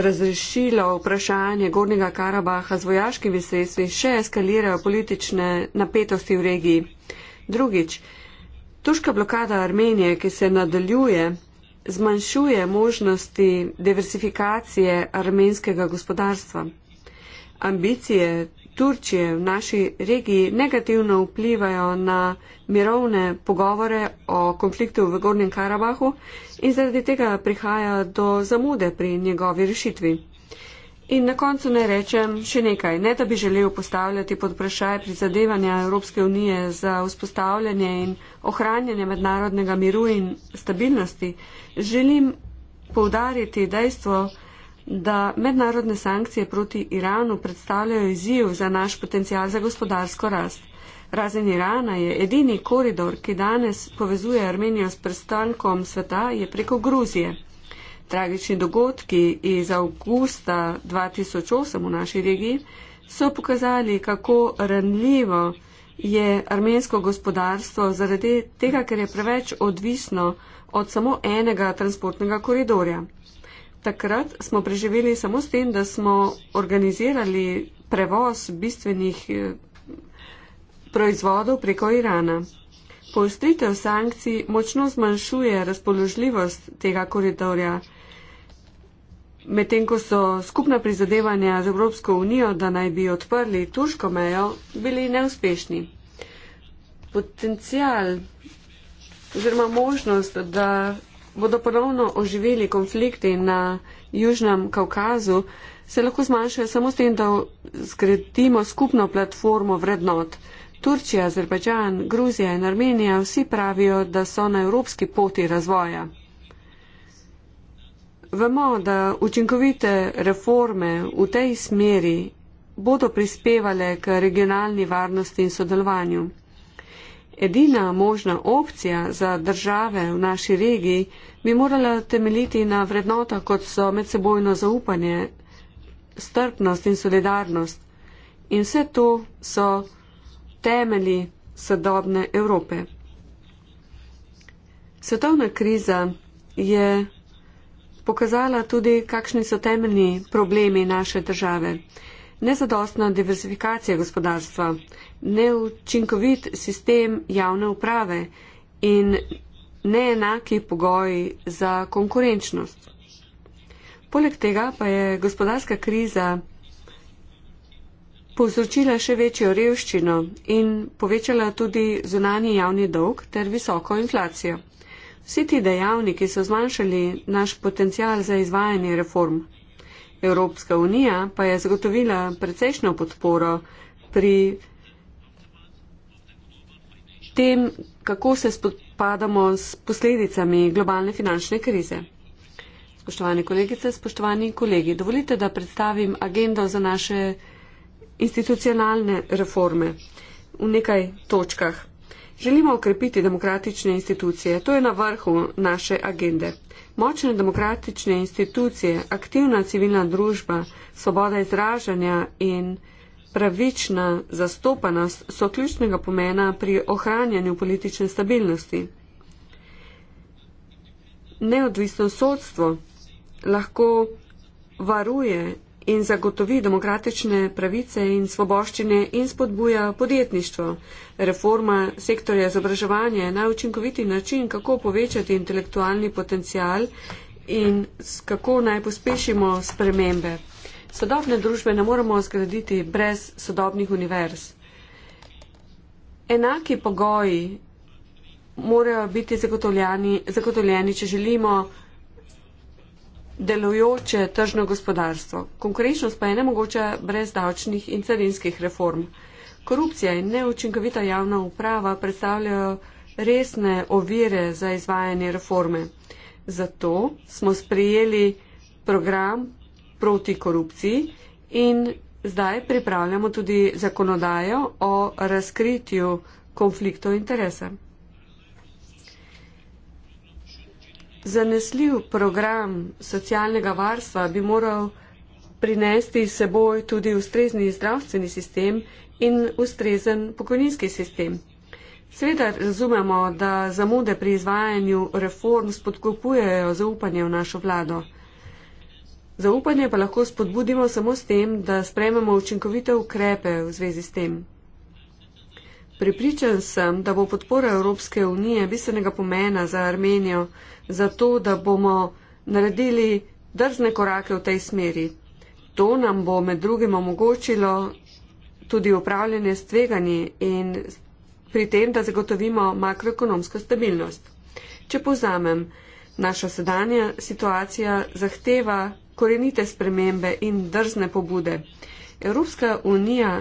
razrešilo vprašanje Gornjega Karabaha z vojaškimi sredstvi, še eskalirajo politične napetosti v regiji. Drugič, tuška blokada Armenije, ki se nadaljuje, zmanjšuje možnosti diversifikacije armenskega gospodarstva. Ambicije Turčije v naši regiji negativno vplivajo na mirovne pogovore o konfliktu v Gornjem Karabahu in zaradi tega prihaja do zamude pri njegovi rešitvi. In na koncu naj rečem še nekaj. Ne, da bi želel postavljati pod vprašaj prizadevanja Evropske unije za vzpostavljanje in ohranjanje mednarodnega miru in stabilnosti, želim poudariti dejstvo, da mednarodne sankcije proti Iranu predstavljajo izziv za naš potencial za gospodarsko rast. Razen Irana je edini koridor, ki danes povezuje Armenijo s prstankom sveta, je preko Gruzije. Tragični dogodki iz avgusta 2008 v naši regiji so pokazali, kako ranljivo je armensko gospodarstvo zaradi tega, ker je preveč odvisno od samo enega transportnega koridorja. Takrat smo preživeli samo s tem, da smo organizirali prevoz bistvenih eh, proizvodov preko Irana. Poostritev sankcij močno zmanjšuje razpoložljivost tega koridorja. Medtem ko so skupna prizadevanja z Evropsko unijo, da naj bi odprli turško mejo, bili neuspešni. Potencijal oziroma možnost, da bodo ponovno oživili konflikti na Južnem Kaukazu, se lahko zmanjša samo s tem, da skredimo skupno platformo vrednot. Turčija, Azerbajdžan, Gruzija in Armenija vsi pravijo, da so na evropski poti razvoja. Vemo, da učinkovite reforme v tej smeri bodo prispevale k regionalni varnosti in sodelovanju. Edina možna opcija za države v naši regiji bi morala temeljiti na vrednotah, kot so medsebojno zaupanje, strpnost in solidarnost. In vse to so temeli sodobne Evrope. Svetovna kriza je pokazala tudi, kakšni so temeljni problemi naše države. Nezadostna diversifikacija gospodarstva, neučinkovit sistem javne uprave in neenaki pogoji za konkurenčnost. Poleg tega pa je gospodarska kriza povzročila še večjo revščino in povečala tudi zunani javni dolg ter visoko inflacijo. Vsi ti dejavniki so zmanjšali naš potencial za izvajanje reform. Evropska unija pa je zagotovila precejšno podporo pri tem, kako se spopadamo s posledicami globalne finančne krize. Spoštovane kolegice, spoštovani kolegi, dovolite, da predstavim agendo za naše institucionalne reforme v nekaj točkah. Želimo ukrepiti demokratične institucije, to je na vrhu naše agende. Močne demokratične institucije, aktivna civilna družba, svoboda izražanja in pravična zastopanost so ključnega pomena pri ohranjanju politične stabilnosti. Neodvisno sodstvo lahko varuje in zagotovi demokratične pravice in svoboščine in spodbuja podjetništvo. Reforma sektorja izobraževanja je najučinkoviti način, kako povečati intelektualni potencial in kako naj pospešimo spremembe. Sodobne družbe ne moremo zgraditi brez sodobnih univerz. Enaki pogoji morajo biti zagotovljeni, zagotovljeni če želimo delujoče tržno gospodarstvo. Konkurenčnost pa je nemogoča brez davčnih in carinskih reform. Korupcija in neučinkovita javna uprava predstavljajo resne ovire za izvajanje reforme. Zato smo sprejeli program proti korupciji in zdaj pripravljamo tudi zakonodajo o razkritju konfliktov interesa. Zanesljiv program socialnega varstva bi moral prinesti s seboj tudi ustrezni zdravstveni sistem in ustrezen pokojninski sistem. Sveda razumemo, da zamude pri izvajanju reform spodkupujejo zaupanje v našo vlado. Zaupanje pa lahko spodbudimo samo s tem, da sprememo učinkovite ukrepe v zvezi s tem. Pripričan sem, da bo podpora Evropske unije bistvenega pomena za Armenijo, zato da bomo naredili drzne korake v tej smeri. To nam bo med drugim omogočilo tudi upravljanje s tveganji in pri tem, da zagotovimo makroekonomsko stabilnost. Če povzamem, naša sedanja situacija zahteva korenite spremembe in drzne pobude. Evropska unija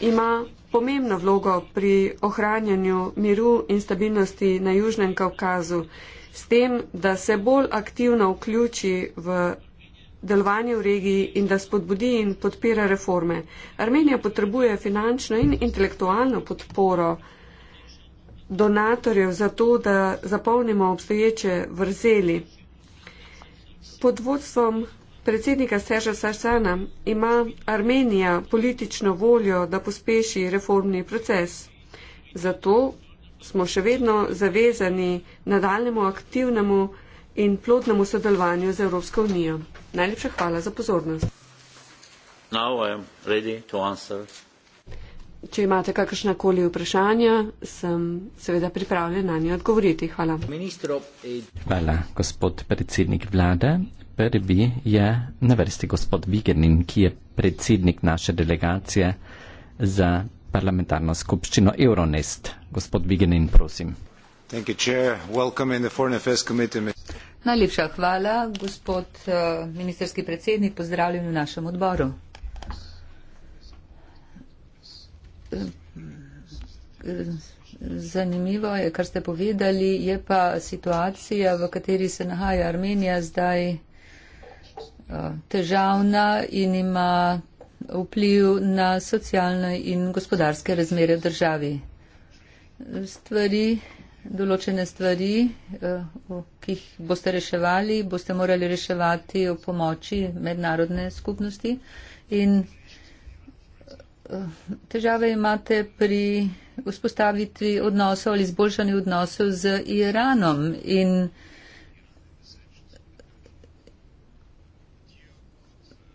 ima pomembno vlogo pri ohranjanju miru in stabilnosti na Južnem Kaukazu, s tem, da se bolj aktivno vključi v delovanje v regiji in da spodbudi in podpira reforme. Armenija potrebuje finančno in intelektualno podporo donatorjev za to, da zapolnimo obstoječe vrzeli. Pod vodstvom predsednika Serža Sarsana ima Armenija politično voljo, da pospeši reformni proces. Zato smo še vedno zavezani nadaljemu aktivnemu in plodnemu sodelovanju z Evropsko unijo. Najlepša hvala za pozornost. Če imate kakršna koli vprašanja, sem seveda pripravljen na njo odgovoriti. Hvala. Eh, hvala, gospod predsednik vlade prvi je na vrsti gospod Vigenin, ki je predsednik naše delegacije za parlamentarno skupščino Euronest. Gospod Vigenin, prosim. Najlepša hvala, gospod eh, ministerski predsednik, pozdravljen v našem odboru. Zanimivo je, kar ste povedali, je pa situacija, v kateri se nahaja Armenija zdaj. Eh, težavna in ima vpliv na socialne in gospodarske razmere v državi. Stvari, določene stvari, eh, ki jih boste reševali, boste morali reševati v pomoči mednarodne skupnosti in eh, težave imate pri vzpostavitvi odnosov ali izboljšanju odnosov z Iranom in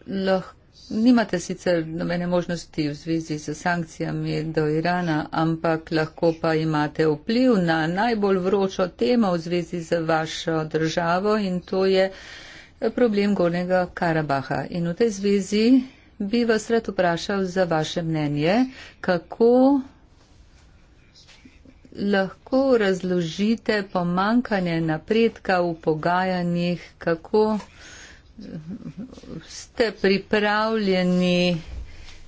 lahko, nimate sicer nobene možnosti v zvezi s sankcijami do Irana, ampak lahko pa imate vpliv na najbolj vročo temo v zvezi z vašo državo in to je problem Gornjega Karabaha. In v tej zvezi bi vas rad vprašal za vaše mnenje, kako lahko razložite pomankanje napredka v pogajanjih, kako Ste pripravljeni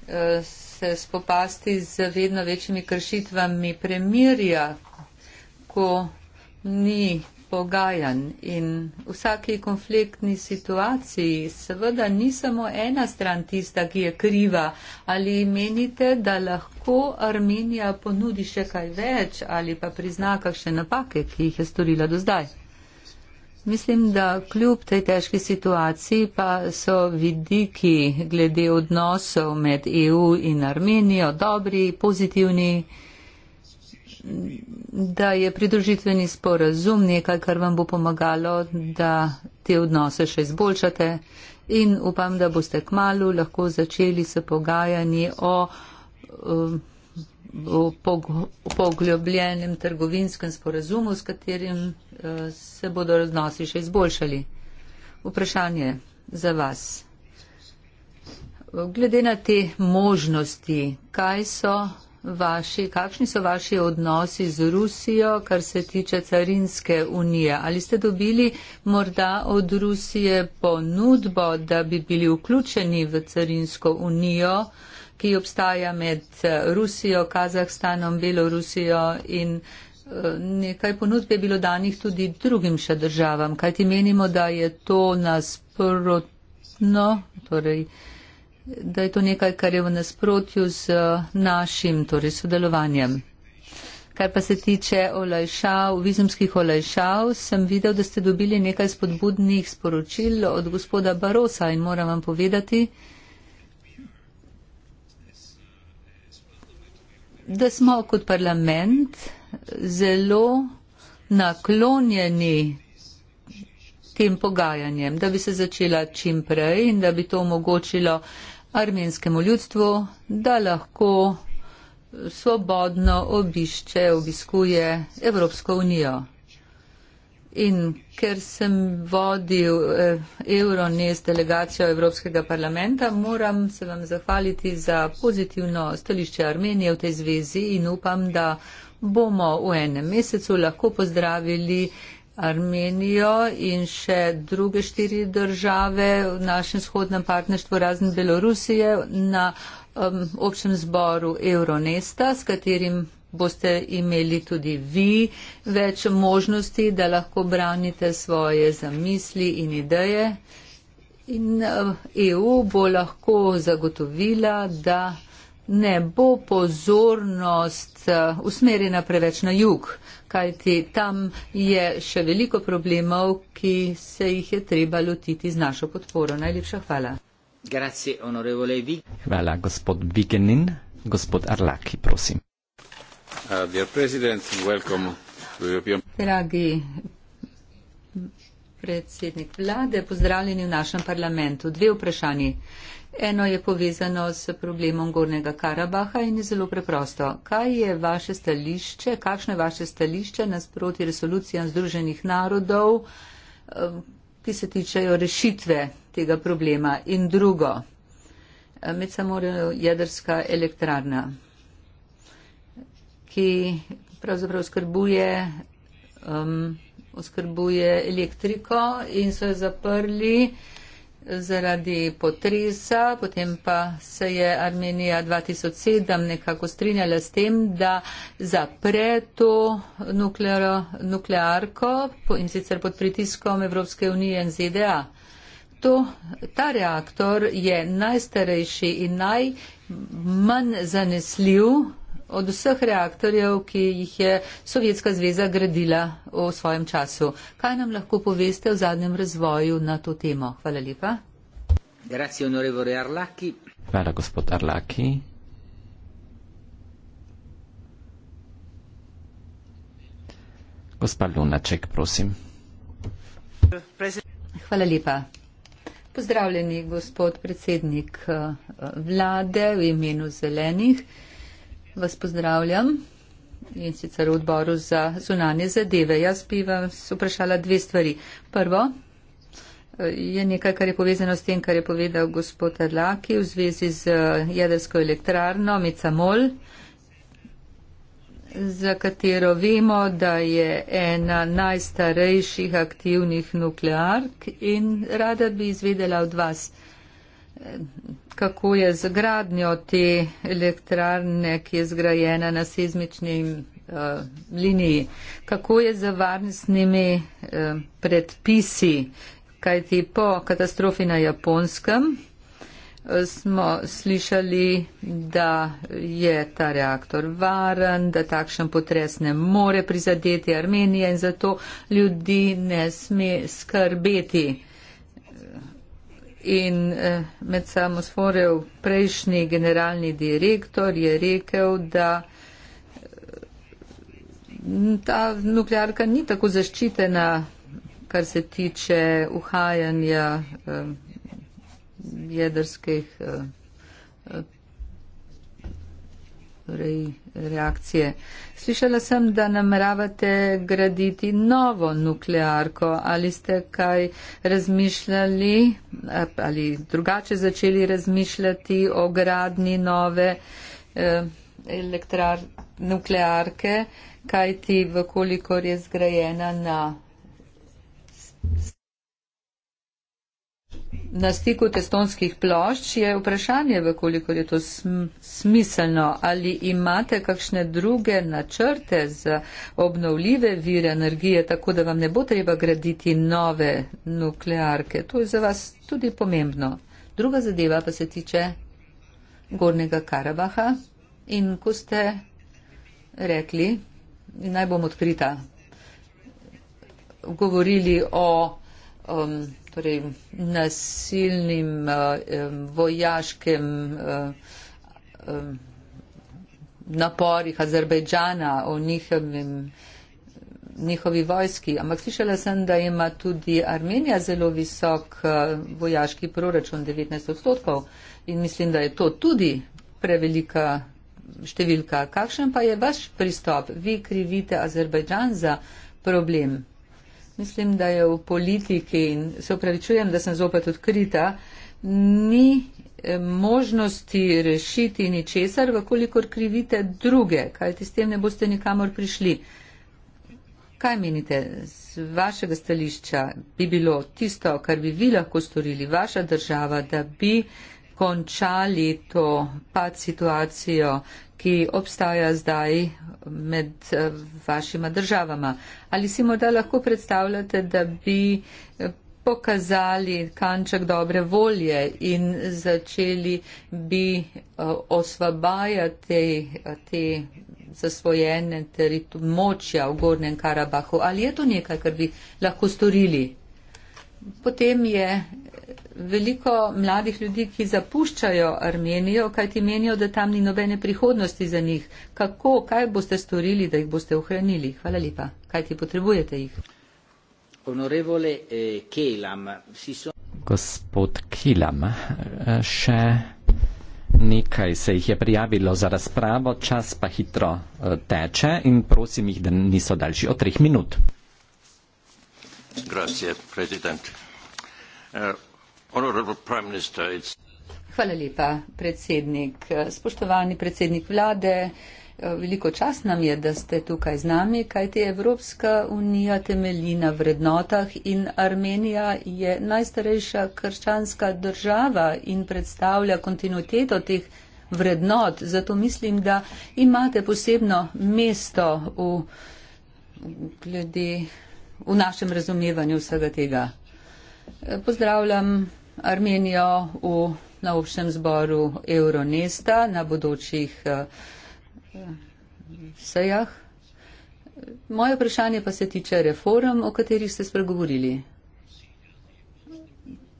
eh, se spopasti z vedno večjimi kršitvami premirja, ko ni pogajan in v vsaki konfliktni situaciji seveda ni samo ena stran tista, ki je kriva. Ali menite, da lahko Armenija ponudi še kaj več ali pa prizna kakšne napake, ki jih je storila do zdaj? Mislim, da kljub tej težki situaciji pa so vidiki glede odnosov med EU in Armenijo dobri, pozitivni, da je pridružitveni sporazum nekaj, kar vam bo pomagalo, da te odnose še izboljšate in upam, da boste kmalo lahko začeli se pogajanje o. Uh, poglobljenem trgovinskem sporazumu, s katerim eh, se bodo raznosi še izboljšali. Vprašanje za vas. Glede na te možnosti, kaj so vaši, kakšni so vaši odnosi z Rusijo, kar se tiče carinske unije? Ali ste dobili morda od Rusije ponudbo, da bi bili vključeni v carinsko unijo? Uh, ki obstaja med eh, Rusijo, Kazahstanom, Belorusijo in eh, nekaj ponudb je bilo danih tudi drugim še državam, kajti menimo, da je to nasprotno, torej, da je to nekaj, kar je v nasprotju z eh, našim torej, sodelovanjem. Kar pa se tiče olajšav, vizumskih olajšav, sem videl, da ste dobili nekaj spodbudnih sporočil od gospoda Barosa in moram vam povedati, da smo kot parlament zelo naklonjeni tem pogajanjem, da bi se začela čim prej in da bi to omogočilo armenskemu ljudstvu, da lahko svobodno obišče, obiskuje Evropsko unijo. In ker sem vodil eh, Euronest delegacijo Evropskega parlamenta, moram se vam zahvaliti za pozitivno stališče Armenije v tej zvezi in upam, da bomo v enem mesecu lahko pozdravili Armenijo in še druge štiri države v našem shodnem partnerstvu razen Belorusije na um, občem zboru Euronesta, s katerim boste imeli tudi vi več možnosti, da lahko branite svoje zamisli in ideje. In EU eh, e bo lahko zagotovila, da ne bo pozornost eh, usmerjena preveč na jug, kajti tam je še veliko problemov, ki se jih je treba lotiti z našo podporo. Najlepša hvala. Grazie, hvala, gospod Vigenin. Gospod Arlaki, prosim. Uh, Dragi predsednik vlade, pozdravljeni v našem parlamentu. Dve vprašanji. Eno je povezano s problemom Gornjega Karabaha in je zelo preprosto. Kaj je vaše stališče, kakšno je vaše stališče nasproti resolucijam Združenih narodov, um, ki se tičejo rešitve tega problema? In drugo, eh, med samo jedrska elektrarna ki pravzaprav oskrbuje, um, oskrbuje elektriko in so jo zaprli zaradi potresa, potem pa se je Armenija 2007 nekako strinjala s tem, da zapre to nuklearko in sicer pod pritiskom Evropske unije in ZDA. To, ta reaktor je najstarejši in najmanj zanesljiv od vseh reaktorjev, ki jih je Sovjetska zveza gradila v svojem času. Kaj nam lahko poveste v zadnjem razvoju na to temo? Hvala lepa. Hvala, gospod Arlaki. Gospa Lunaček, prosim. Hvala lepa. Pozdravljeni, gospod predsednik eh, vlade v imenu zelenih vas pozdravljam in sicer v odboru za zunanje zadeve. Jaz bi vas vprašala dve stvari. Prvo, je nekaj, kar je povezano s tem, kar je povedal gospod Erlaki v zvezi z jedrsko elektrarno Micamol, za katero vemo, da je ena najstarejših aktivnih nukleark in rada bi izvedela od vas, kako je z gradnjo te elektrarne, ki je zgrajena na seizmični uh, liniji, kako je z varnostnimi uh, predpisi, kajti po katastrofi na Japonskem eh, smo slišali, da je ta reaktor varen, da takšen potres ne more prizadeti Armenije in zato ljudi ne sme skrbeti in eh, med samosforev prejšnji generalni direktor je rekel, da eh, ta nuklearka ni tako zaščitena, kar se tiče uhajanja eh, jedrskih torej reakcije. Slišala sem, da nameravate graditi novo nuklearko. Ali ste kaj razmišljali eh, ali drugače začeli razmišljati o gradni nove eh, elektrar, nuklearke, kaj ti, vkolikor je zgrajena na na stiku testonskih plošč je vprašanje, koliko je to smiselno. Ali imate kakšne druge načrte za obnovljive vire energije, tako da vam ne bo treba graditi nove nuklearke? To je za vas tudi pomembno. Druga zadeva pa se tiče Gornjega Karabaha in ko ste rekli, naj bom odkrita, govorili o. Um, torej, nasilnim eh, vojaškem eh, eh, naporih Azerbejdžana o njihovim, njihovi vojski. Ampak slišala sem, da ima tudi Armenija zelo visok eh, vojaški proračun 19 odstotkov in mislim, da je to tudi prevelika. Številka. Kakšen pa je vaš pristop? Vi krivite Azerbajdžan za problem. Mislim, da je v politiki, in se upravičujem, da sem zopet odkrita, ni eh, možnosti rešiti ničesar, vkolikor krivite druge, kajti s tem ne boste nikamor prišli. Kaj menite, z vašega stališča bi bilo tisto, kar bi vi lahko storili, vaša država, da bi končali to pad situacijo, ki obstaja zdaj med eh, vašima državama. Ali si morda lahko predstavljate, da bi eh, pokazali kanček dobre volje in začeli bi eh, osvabajati te zasvojene teritorija v Gornjem Karabahu? Ali je to nekaj, kar bi lahko storili? Potem je veliko mladih ljudi, ki zapuščajo Armenijo, kaj ti menijo, da tam ni nobene prihodnosti za njih. Kako, kaj boste storili, da jih boste ohranili? Hvala lepa. Kaj ti potrebujete jih? Eh, Gospod Kilam, eh, še nekaj se jih je prijavilo za razpravo, čas pa hitro eh, teče in prosim jih, da niso daljši od treh minut. Grazie, predsednik. Hvala lepa, predsednik. Spoštovani predsednik vlade, veliko čas nam je, da ste tukaj z nami, kajte Evropska unija temelji na vrednotah in Armenija je najstarejša krščanska država in predstavlja kontinuiteto teh vrednot. Zato mislim, da imate posebno mesto v, glede, v našem razumevanju vsega tega. Pozdravljam Armenijo v novšem zboru Euronesta na bodočih eh, sejah. Moje vprašanje pa se tiče reform, o katerih ste spregovorili.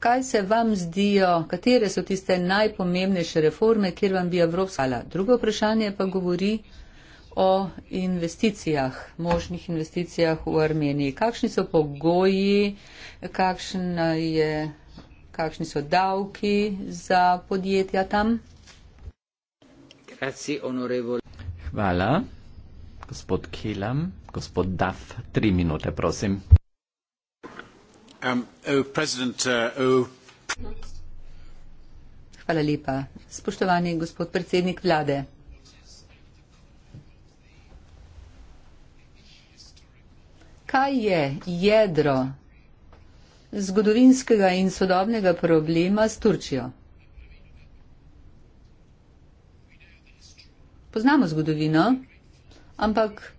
Kaj se vam zdijo, katere so tiste najpomembnejše reforme, kjer vam bi Evropska unija? Drugo vprašanje pa govori o investicijah, možnih investicijah v Armeniji. Kakšni so pogoji, kakšna je kakšni so davki za podjetja tam. Hvala, gospod Kelam, gospod Daf, tri minute, prosim. Um, oh, uh, oh. Hvala lepa. Spoštovani gospod predsednik vlade. Kaj je jedro zgodovinskega in sodobnega problema s Turčijo. Poznamo zgodovino, ampak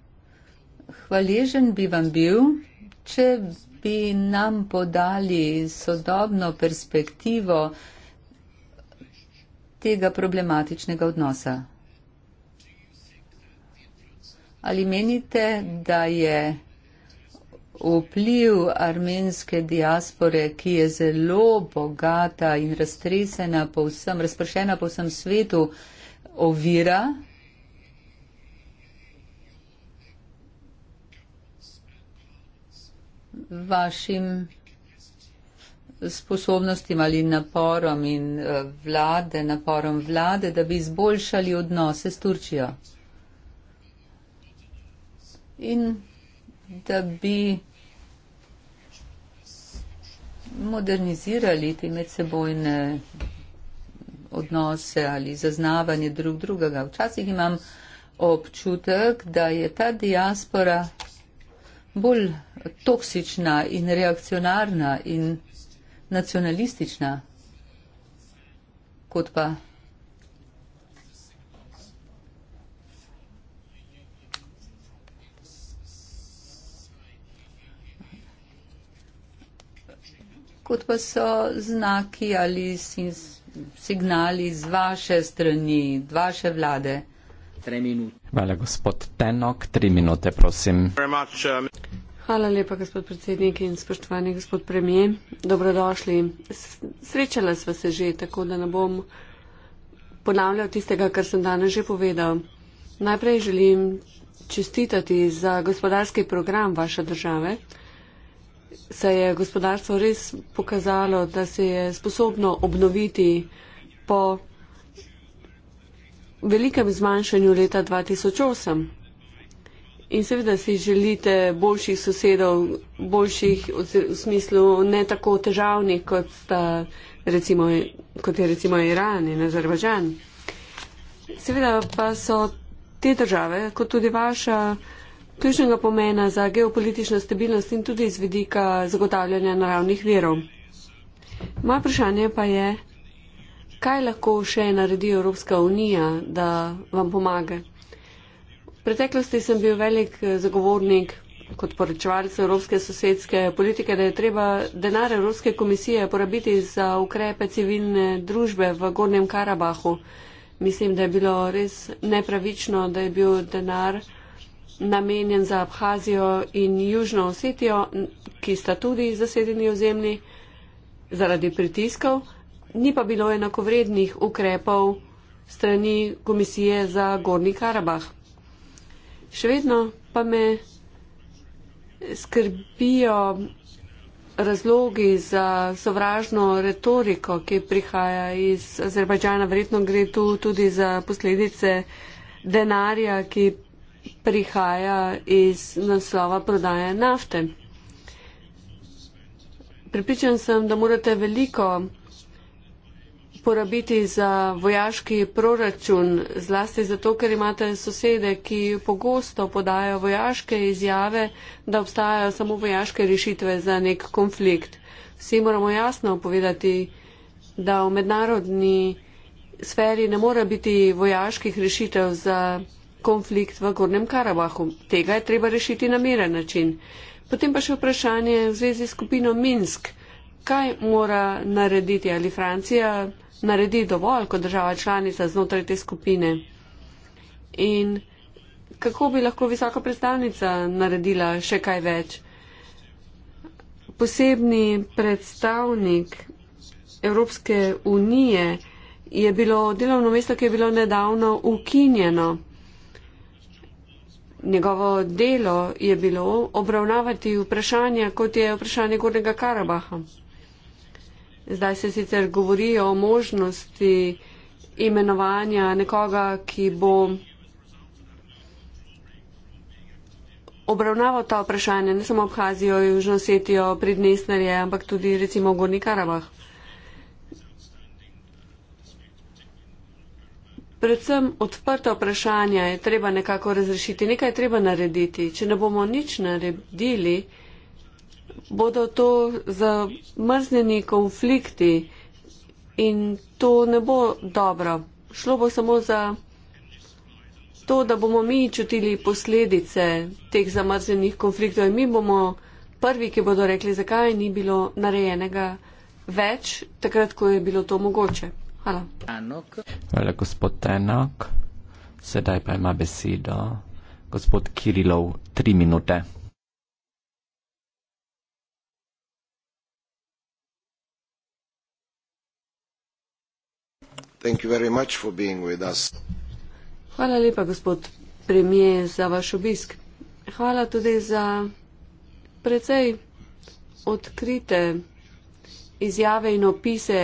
hvaležen bi vam bil, če bi nam podali sodobno perspektivo tega problematičnega odnosa. Ali menite, da je vpliv armenske diaspore, ki je zelo bogata in raztresena po vsem, razpršena po vsem svetu, ovira? vašim sposobnostim ali naporom in eh, vlade, naporom vlade, da bi izboljšali odnose s Turčijo in da bi modernizirali te medsebojne odnose ali zaznavanje drug drugega. Včasih imam občutek, da je ta diaspora bolj toksična in reakcionarna in nacionalistična kot pa kot pa so znaki ali sin, signali z vaše strani, vaše vlade. Hvala, gospod Tenok. Tri minute, prosim. Um, Hvala lepa, gospod predsednik in spoštovani gospod premije. Dobrodošli. Srečala sva se že, tako da ne bom ponavljal tistega, kar sem danes že povedal. Najprej želim čestitati za gospodarski program vaše države se je gospodarstvo res pokazalo, da se je sposobno obnoviti po velikem zmanjšanju leta 2008. In seveda si želite boljših sosedov, boljših v smislu ne tako težavnih, kot, sta, recimo, kot je recimo Iran in Azerbažan. Seveda pa so te države, kot tudi vaša, ključnega pomena za geopolitično stabilnost in tudi z vidika zagotavljanja naravnih verov. Moje vprašanje pa je, kaj lahko še naredi Evropska unija, da vam pomaga? V preteklosti sem bil velik eh, zagovornik kot poročevalce Evropske sosedske politike, da je treba denar Evropske komisije porabiti za ukrepe civilne družbe v Gornjem Karabahu. Mislim, da je bilo res nepravično, da je bil denar namenjen za Abhazijo in Južno Ositijo, ki sta tudi zasedeni ozemlji zaradi pritiskov, ni pa bilo enakovrednih ukrepov strani Komisije za Gorni Karabah. Še vedno pa me skrbijo razlogi za sovražno retoriko, ki prihaja iz Azerbajdžana. Verjetno gre tu tudi za posledice denarja, ki prihaja iz naslova prodaje nafte. Pripričan sem, da morate veliko porabiti za vojaški proračun, zlasti zato, ker imate sosede, ki pogosto podajo vojaške izjave, da obstajajo samo vojaške rešitve za nek konflikt. Vsi moramo jasno povedati, da v mednarodni sferi ne mora biti vojaških rešitev za konflikt konflikt v Gornjem Karabahu. Tega je treba rešiti na miren način. Potem pa še vprašanje v zvezi s skupino Minsk. Kaj mora narediti ali Francija naredi dovolj kot država članica znotraj te skupine? In kako bi lahko visoka predstavnica naredila še kaj več? Posebni predstavnik Evropske unije je bilo delovno mesto, ki je bilo nedavno ukinjeno. Njegovo delo je bilo obravnavati vprašanja, kot je vprašanje Gornega Karabaha. Zdaj se sicer govori o možnosti imenovanja nekoga, ki bo obravnaval ta vprašanja, ne samo Abhazijo, Južno Osetijo, Prednestnerje, ampak tudi recimo Gorni Karabah. predvsem odprta vprašanja je treba nekako razrešiti, nekaj je treba narediti. Če ne bomo nič naredili, bodo to zamrznjeni konflikti in to ne bo dobro. Šlo bo samo za to, da bomo mi čutili posledice teh zamrznjenih konfliktov in mi bomo prvi, ki bodo rekli, zakaj ni bilo narejenega več, takrat, ko je bilo to mogoče. Hvala. Hvala, gospod Tenak. Sedaj pa ima besedo gospod Kirilov, tri minute. Hvala lepa, gospod premijer, za vaš obisk. Hvala tudi za precej odkrite izjave in opise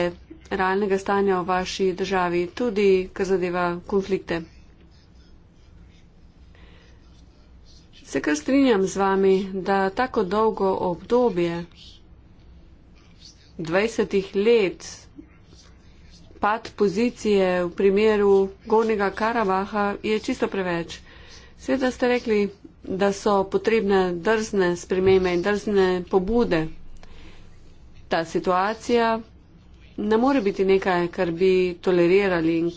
realnega stanja v vaši državi, tudi kar zadeva konflikte. Se kar strinjam z vami, da tako dolgo obdobje 20 let pad pozicije v primeru Gornjega Karabaha je čisto preveč. Sveda ste rekli, da so potrebne drzne spremembe in drzne pobude. Ta situacija ne more biti nekaj, kar bi tolerirali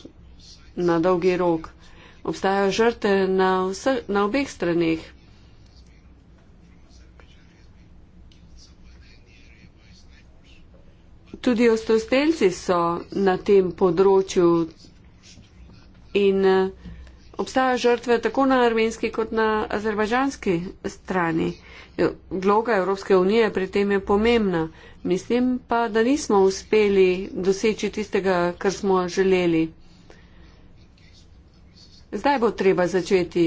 na dolgi rok. Obstajajo žrte na, vse, na obeh straneh. Tudi ostrostelci so na tem področju in eh, obstajajo žrtve tako na armenski kot na azerbajžanski strani. Vloga Evropske unije pri tem je pomembna. Mislim pa, da nismo uspeli doseči tistega, kar smo želeli. Zdaj bo treba začeti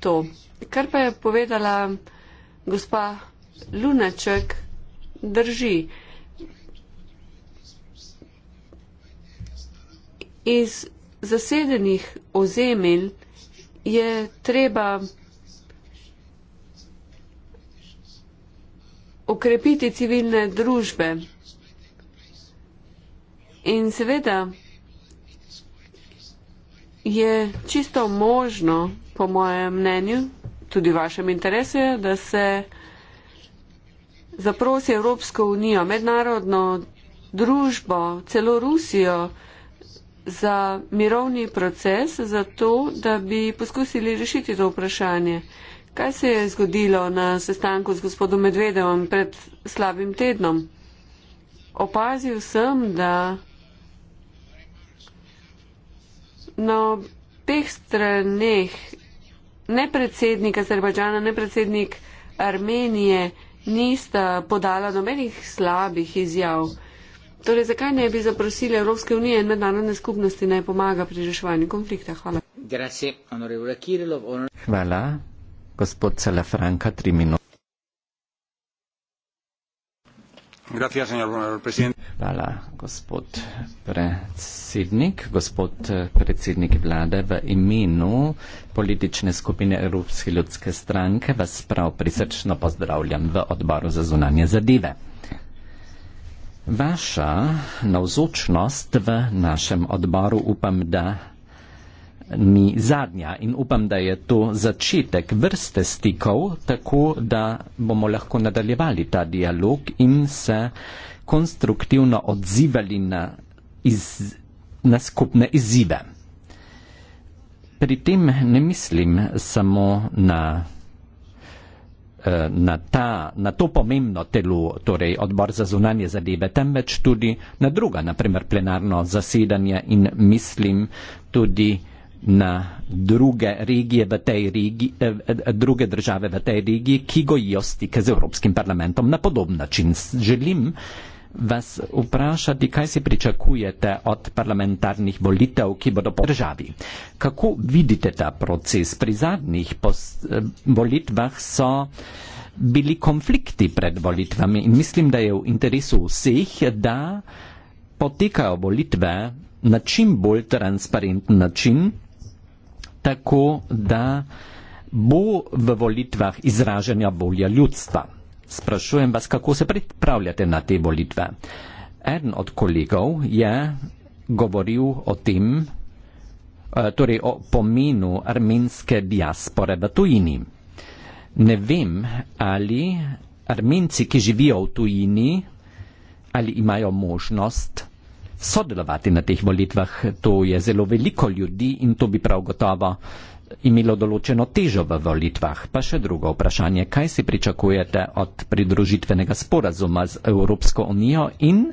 to. Kar pa je povedala gospa Lunaček, drži. Iz zasedenih ozemelj je treba ukrepiti civilne družbe. In seveda je čisto možno, po mojem mnenju, tudi vašem interesu, da se zaprosi Evropsko unijo, mednarodno družbo, celo Rusijo za mirovni proces, za to, da bi poskusili rešiti to vprašanje. Kaj se je zgodilo na sestanku z gospodom Medvedevom pred slabim tednom? Opazil sem, da na obeh straneh ne predsednik Azerbajdžana, ne predsednik Armenije nista podala nobenih slabih izjav. Torej, zakaj ne bi zaprosili Evropske unije in mednarodne skupnosti, naj pomaga pri reševanju konflikta? Hvala. Hvala gospod Celefranca, tri minute. Hvala, gospod predsednik. Gospod eh, predsednik vlade, v imenu politične skupine Evropske ljudske stranke vas prav prisrčno pozdravljam v odboru za zunanje zadeve. Vaša navzočnost v našem odboru upam, da ni zadnja in upam, da je to začetek vrste stikov, tako da bomo lahko nadaljevali ta dialog in se konstruktivno odzivali na, iz, na skupne izzive. Pri tem ne mislim samo na, eh, na, ta, na to pomembno telo, torej odbor za zunanje zadeve, temveč tudi na druga, naprimer plenarno zasedanje in mislim tudi na druge regije v tej regiji, eh, eh, druge države v tej regiji, ki gojijo stike z Evropskim parlamentom na podoben način. Želim vas vprašati, kaj si pričakujete od parlamentarnih volitev, ki bodo po državi. Kako vidite ta proces? Pri zadnjih eh, volitvah so bili konflikti pred volitvami in mislim, da je v interesu vseh, da potekajo volitve na čim bolj transparenten način, tako, da bo v volitvah izražena volja ljudstva. Sprašujem vas, kako se pripravljate na te volitve. En od kolegov je govoril o tem, eh, torej o pomenu armenske diaspore v tujini. Ne vem, ali armenci, ki živijo v tujini, ali imajo možnost sodelovati na teh volitvah. To je zelo veliko ljudi in to bi prav gotovo imelo določeno težo v volitvah. Pa še drugo vprašanje, kaj si pričakujete od pridružitvenega sporazuma z Evropsko unijo in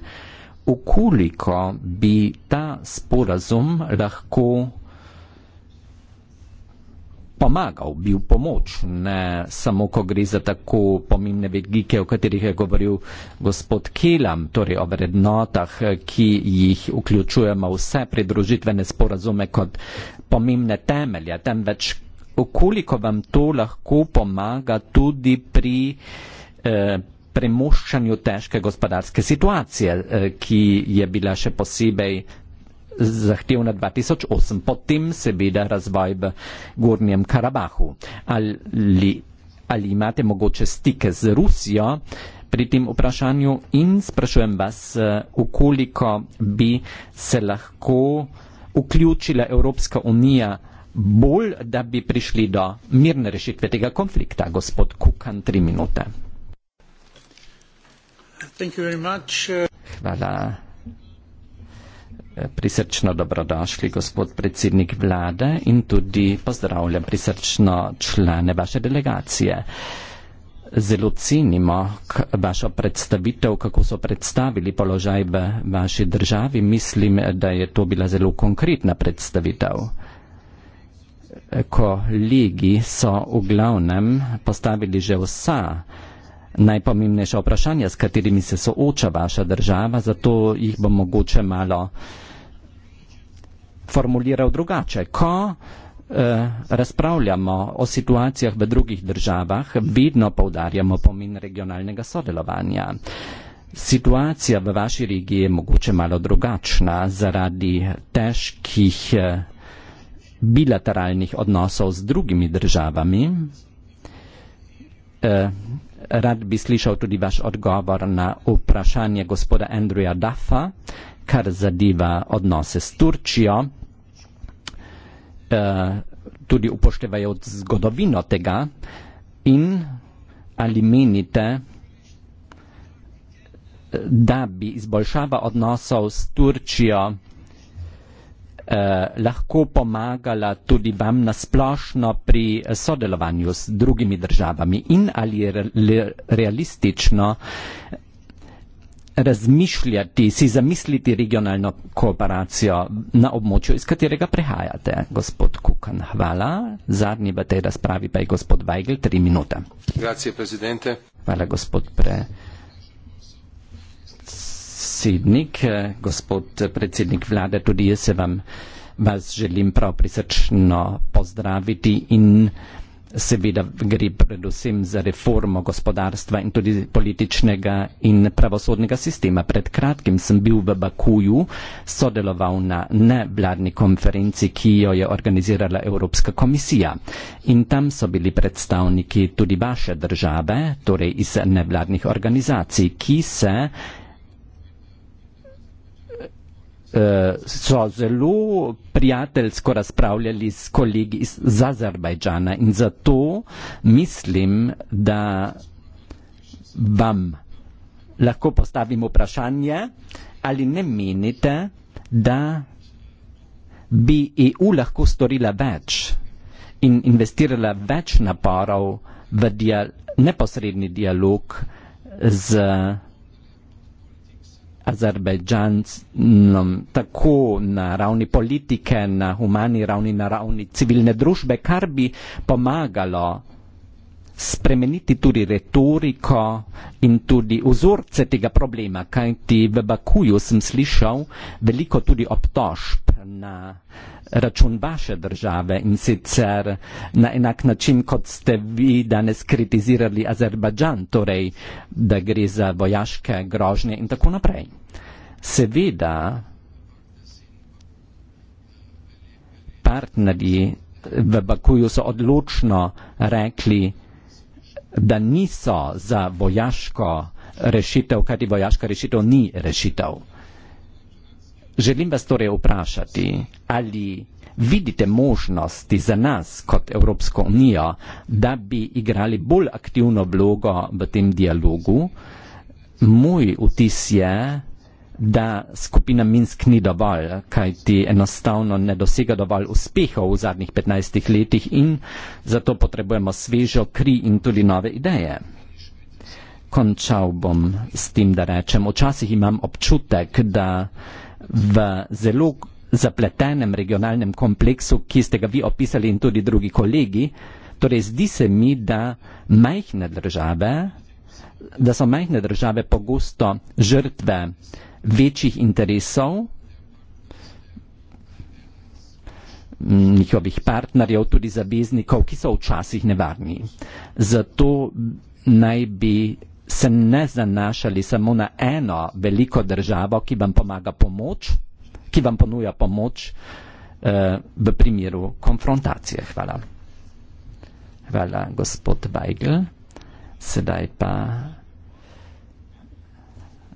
ukoliko bi ta sporazum lahko pomagal, bil pomoč, ne samo, ko gre za tako pomembne vedgike, o katerih je govoril gospod Kelam, torej o vrednotah, ki jih vključujemo vse pridružitvene sporazume kot pomembne temelje, temveč, koliko vam to lahko pomaga tudi pri eh, premoščanju težke gospodarske situacije, eh, ki je bila še posebej zahtevna 2008. Potem seveda razvoj v Gornjem Karabahu. Ali, ali imate mogoče stike z Rusijo pri tem vprašanju in sprašujem vas, ukoliko eh, bi se lahko vključila Evropska unija bolj, da bi prišli do mirne rešitve tega konflikta. Gospod Kukan, tri minute. Thank you very much. Hvala prisrčno dobrodošli, gospod predsednik vlade, in tudi pozdravljam prisrčno člane vaše delegacije. Zelo cenimo vašo predstavitev, kako so predstavili položaj v vaši državi. Mislim, da je to bila zelo konkretna predstavitev. Kolegi so v glavnem postavili že vsa najpomembnejša vprašanja, s katerimi se sooča vaša država, zato jih bom mogoče malo formuliral drugače. Ko eh, razpravljamo o situacijah v drugih državah, vidno poudarjamo pomin regionalnega sodelovanja. Situacija v vaši regiji je mogoče malo drugačna zaradi težkih eh, bilateralnih odnosov z drugimi državami. Eh, rad bi slišal tudi vaš odgovor na vprašanje gospoda Andreja Duffa, kar zadeva odnose s Turčijo, eh, tudi upoštevajoč zgodovino tega in ali menite, da bi izboljšava odnosov s Turčijo eh, lahko pomagala tudi vam na splošno pri sodelovanju s drugimi državami in ali je realistično, razmišljati, si zamisliti regionalno kooperacijo na območju, iz katerega prihajate. Gospod Kukan, hvala. Zadnji v tej razpravi pa je gospod Weigl, tri minute. Grazie, prezidente. Hvala, gospod pre. Sednik, gospod predsednik vlade, tudi jaz se vam vas želim prav prisrčno pozdraviti in seveda gre predvsem za reformo gospodarstva in tudi političnega in pravosodnega sistema. Pred kratkim sem bil v Bakuju, sodeloval na nevladni konferenci, ki jo je organizirala Evropska komisija. In tam so bili predstavniki tudi vaše države, torej iz nevladnih organizacij, ki se Eh, so zelo prijateljsko razpravljali s kolegi iz Azerbajdžana in zato mislim, da vam lahko postavim vprašanje, ali ne menite, da bi EU lahko storila več in investirala več naporov v dial neposredni dialog z uh, Azerbajdžanom, tako na ravni politike, na humani ravni, na ravni civilne družbe, kar bi pomagalo spremeniti tudi retoriko in tudi vzorce tega problema, kajti v Bakuju sem slišal veliko tudi obtožb na račun vaše države in sicer na enak način, kot ste vi danes kritizirali Azerbajdžan, torej, da gre za vojaške grožnje in tako naprej. Seveda partnerji v Bakuju so odločno rekli, da niso za vojaško rešitev, kajti vojaška rešitev ni rešitev. Želim vas torej vprašati, ali vidite možnosti za nas kot Evropsko unijo, da bi igrali bolj aktivno vlogo v tem dialogu. Moj vtis je, da skupina Minsk ni dovolj, kajti enostavno ne dosega dovolj uspehov v zadnjih 15 letih in zato potrebujemo svežo kri in tudi nove ideje. Končal bom s tem, da rečem, včasih imam občutek, da v zelo zapletenem regionalnem kompleksu, ki ste ga vi opisali in tudi drugi kolegi. Torej, zdi se mi, da majhne države, da so majhne države pogosto žrtve večjih interesov, njihovih partnerjev, tudi zaveznikov, ki so včasih nevarni. Zato naj bi se ne zanašali samo na eno veliko državo, ki vam pomaga pomoč, ki vam ponuja pomoč eh, v primeru konfrontacije. Hvala. Hvala, gospod Weigl. Sedaj pa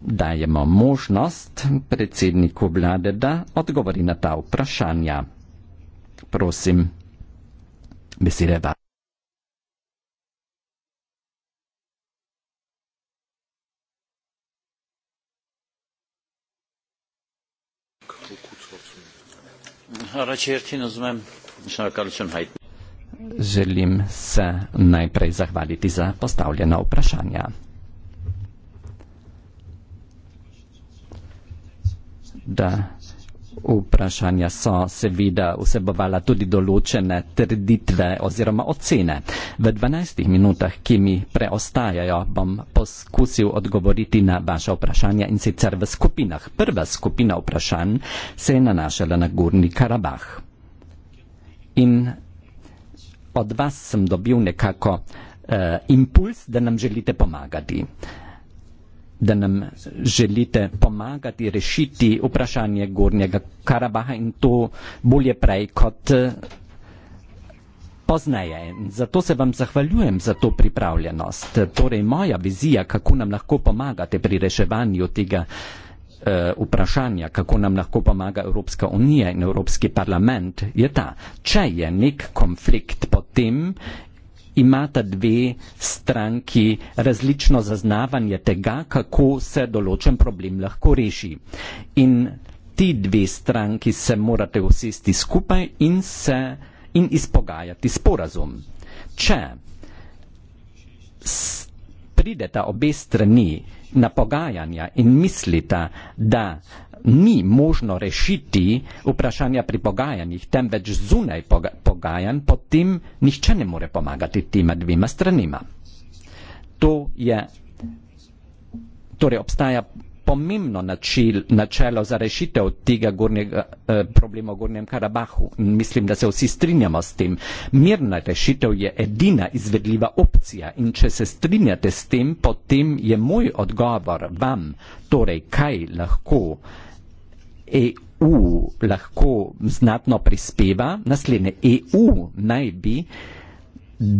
dajemo možnost predsedniku vlade, da odgovori na ta vprašanja. Prosim, besede vam. Želim se najprej zahvaliti za postavljena vprašanja. Da vprašanja so seveda vsebovala tudi določene trditve oziroma ocene. V 12 minutah, ki mi preostajajo, bom poskusil odgovoriti na vaše vprašanja in sicer v skupinah. Prva skupina vprašanj se je nanašala na Gurni Karabah. In od vas sem dobil nekako uh, impuls, da nam želite pomagati. Uh, da nam želite pomagati rešiti vprašanje Gornjega Karabaha in to bolje prej kot eh, poznaje. Zato se vam zahvaljujem za to pripravljenost. Torej, moja vizija, kako nam lahko pomagate pri reševanju tega eh, vprašanja, kako nam lahko pomaga Evropska unija in Evropski parlament, je ta, če je nek konflikt, potem imata dve stranki različno zaznavanje tega, kako se določen problem lahko reši. In ti dve stranki se morate usesti skupaj in, se, in izpogajati sporazum. Če prideta obe strani na pogajanja in mislita, da ni možno rešiti vprašanja pri pogajanjih, temveč zunaj poga pogajanj, potem nihče ne more pomagati tima dvima stranima. To je, torej obstaja pomembno načil, načelo za rešitev tega gornjega, eh, problema v Gornjem Karabahu. Mislim, da se vsi strinjamo s tem. Mirna rešitev je edina izvedljiva opcija in če se strinjate s tem, potem je moj odgovor vam, torej kaj lahko EU lahko znatno prispeva, naslednje, EU naj bi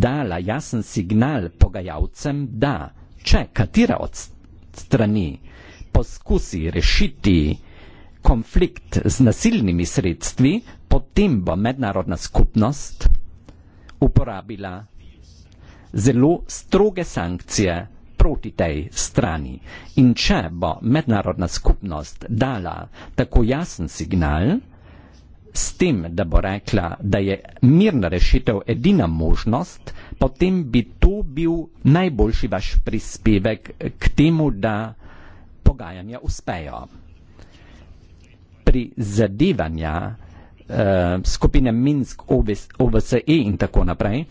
dala jasen signal pogajalcem, da če katera od strani poskusi rešiti konflikt z nasilnimi sredstvi, potem bo mednarodna skupnost uporabila zelo stroge sankcije proti tej strani. In če bo mednarodna skupnost dala tako jasen signal, s tem, da bo rekla, da je mirna rešitev edina možnost, potem bi to bil najboljši vaš prispevek k temu, da pogajanja uspejo. Pri zadevanja eh, skupine Minsk, OVSE in tako naprej,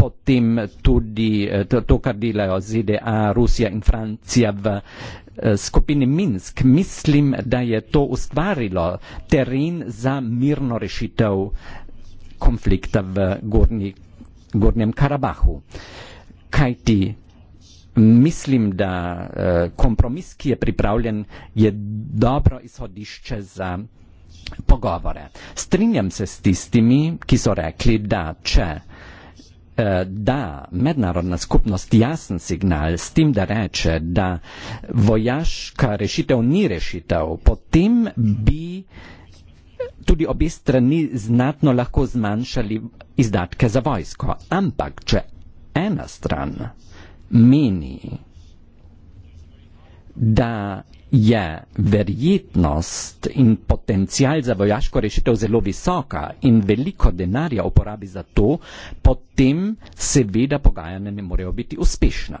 potem tudi eh, to, to kar delajo ZDA, Rusija in Francija v eh, skupini Minsk. Mislim, da je to ustvarilo teren za mirno rešitev konflikta v gorni, Gornjem Karabahu. Kaj ti? Mislim, da uh, kompromis, ki je pripravljen, je dobro izhodišče za pogovore. Strinjam se s tistimi, ki so rekli, da če uh, Eh, da mednarodna skupnost jasen signal s tem, da reče, da vojaška rešitev ni rešitev, potem bi tudi obe strani znatno lahko zmanjšali izdatke za vojsko. Ampak, če ena stran meni, da je verjetnost in potencial za vojaško rešitev zelo visoka in veliko denarja uporabi za to, potem seveda pogajanja ne morejo biti uspešna.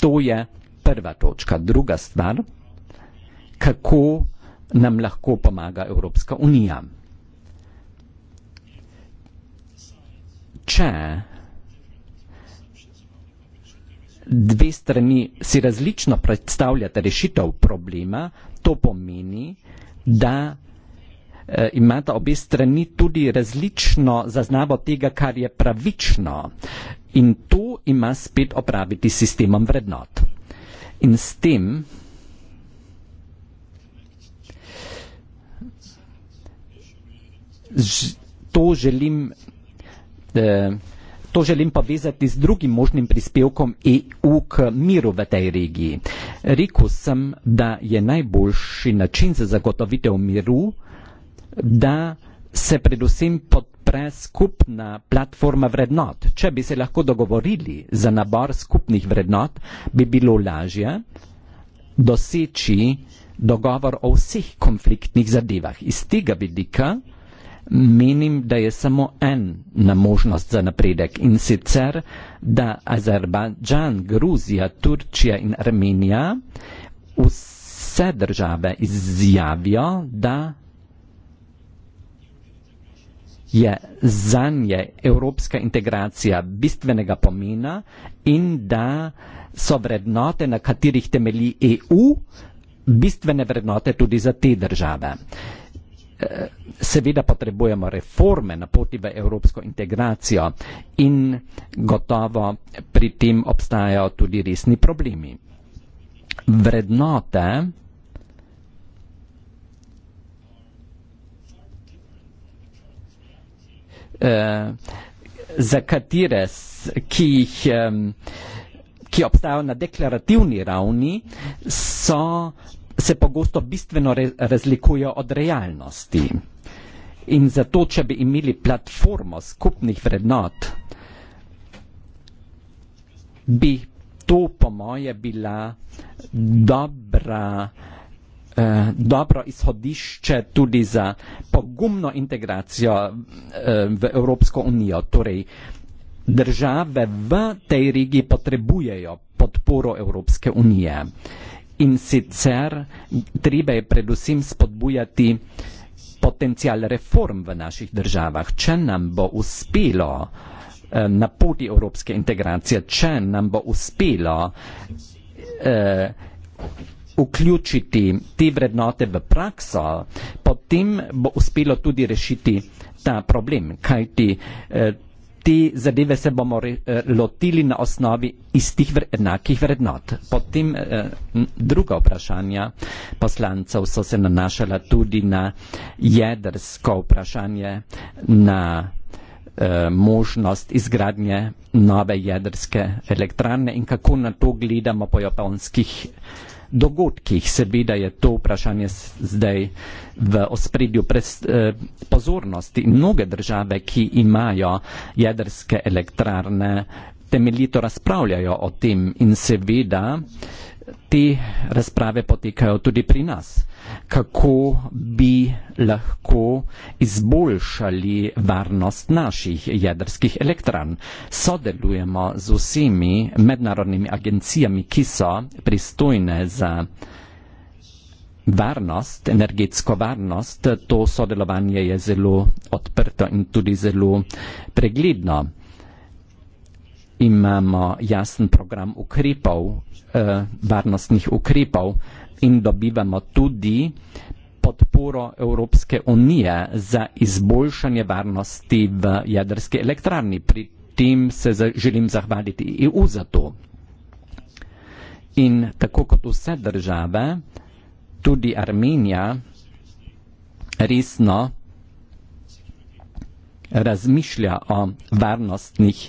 To je prva točka. Druga stvar, kako nam lahko pomaga Evropska unija. Če dve strani si različno predstavljate rešitev problema, to pomeni, da eh, imata obe strani tudi različno zaznavo tega, kar je pravično in to ima spet opraviti s sistemom vrednot. In s tem to želim eh, To želim povezati z drugim možnim prispevkom EU k miru v tej regiji. Rekl sem, da je najboljši način za zagotovitev miru, da se predvsem podpre skupna platforma vrednot. Če bi se lahko dogovorili za nabor skupnih vrednot, bi bilo lažje doseči dogovor o vseh konfliktnih zadevah. Iz tega vidika menim, da je samo ena možnost za napredek in sicer, da Azerbajdžan, Gruzija, Turčija in Armenija vse države izjavijo, da je za nje evropska integracija bistvenega pomena in da so vrednote, na katerih temelji EU, bistvene vrednote tudi za te države seveda potrebujemo reforme na poti v evropsko integracijo in gotovo pri tem obstajajo tudi resni problemi. Vrednote eh, za katere, ki jih eh, ki obstajajo na deklarativni ravni, so se pogosto bistveno re, razlikujejo od realnosti. In zato, če bi imeli platformo skupnih vrednot, bi to po moje bila dobra, eh, dobro izhodišče tudi za pogumno integracijo eh, v Evropsko unijo. Torej, države v tej regiji potrebujejo podporo Evropske unije. Eh, In sicer treba je predvsem spodbujati potencial reform v naših državah. Če nam bo uspelo eh, na poti evropske integracije, če nam bo uspelo eh, vključiti te vrednote v prakso, potem bo uspelo tudi rešiti ta problem. Kajti, eh, te zadeve se bomo re, eh, lotili na osnovi istih vr, enakih vrednot. Potem eh, druga vprašanja poslancev so se nanašala tudi na jedrsko vprašanje, na eh, možnost izgradnje nove jedrske elektrane in kako na to gledamo po japonskih eh, dogodkih. Seveda je to vprašanje zdaj v ospredju eh, pozornosti. Mnoge države, ki imajo jedrske elektrarne, temeljito razpravljajo o tem in seveda te razprave potekajo tudi pri nas kako bi lahko izboljšali varnost naših jedrskih elektran. Sodelujemo z vsemi mednarodnimi agencijami, ki so pristojne za varnost, energetsko varnost. To sodelovanje je zelo odprto in tudi zelo pregledno. Imamo jasen program ukrepov, eh, varnostnih ukrepov in dobivamo tudi podporo Evropske unije za izboljšanje varnosti v jedrski elektrarni. Pri tem se želim zahvaliti EU za to. In tako kot vse države, tudi Armenija resno razmišlja o varnostnih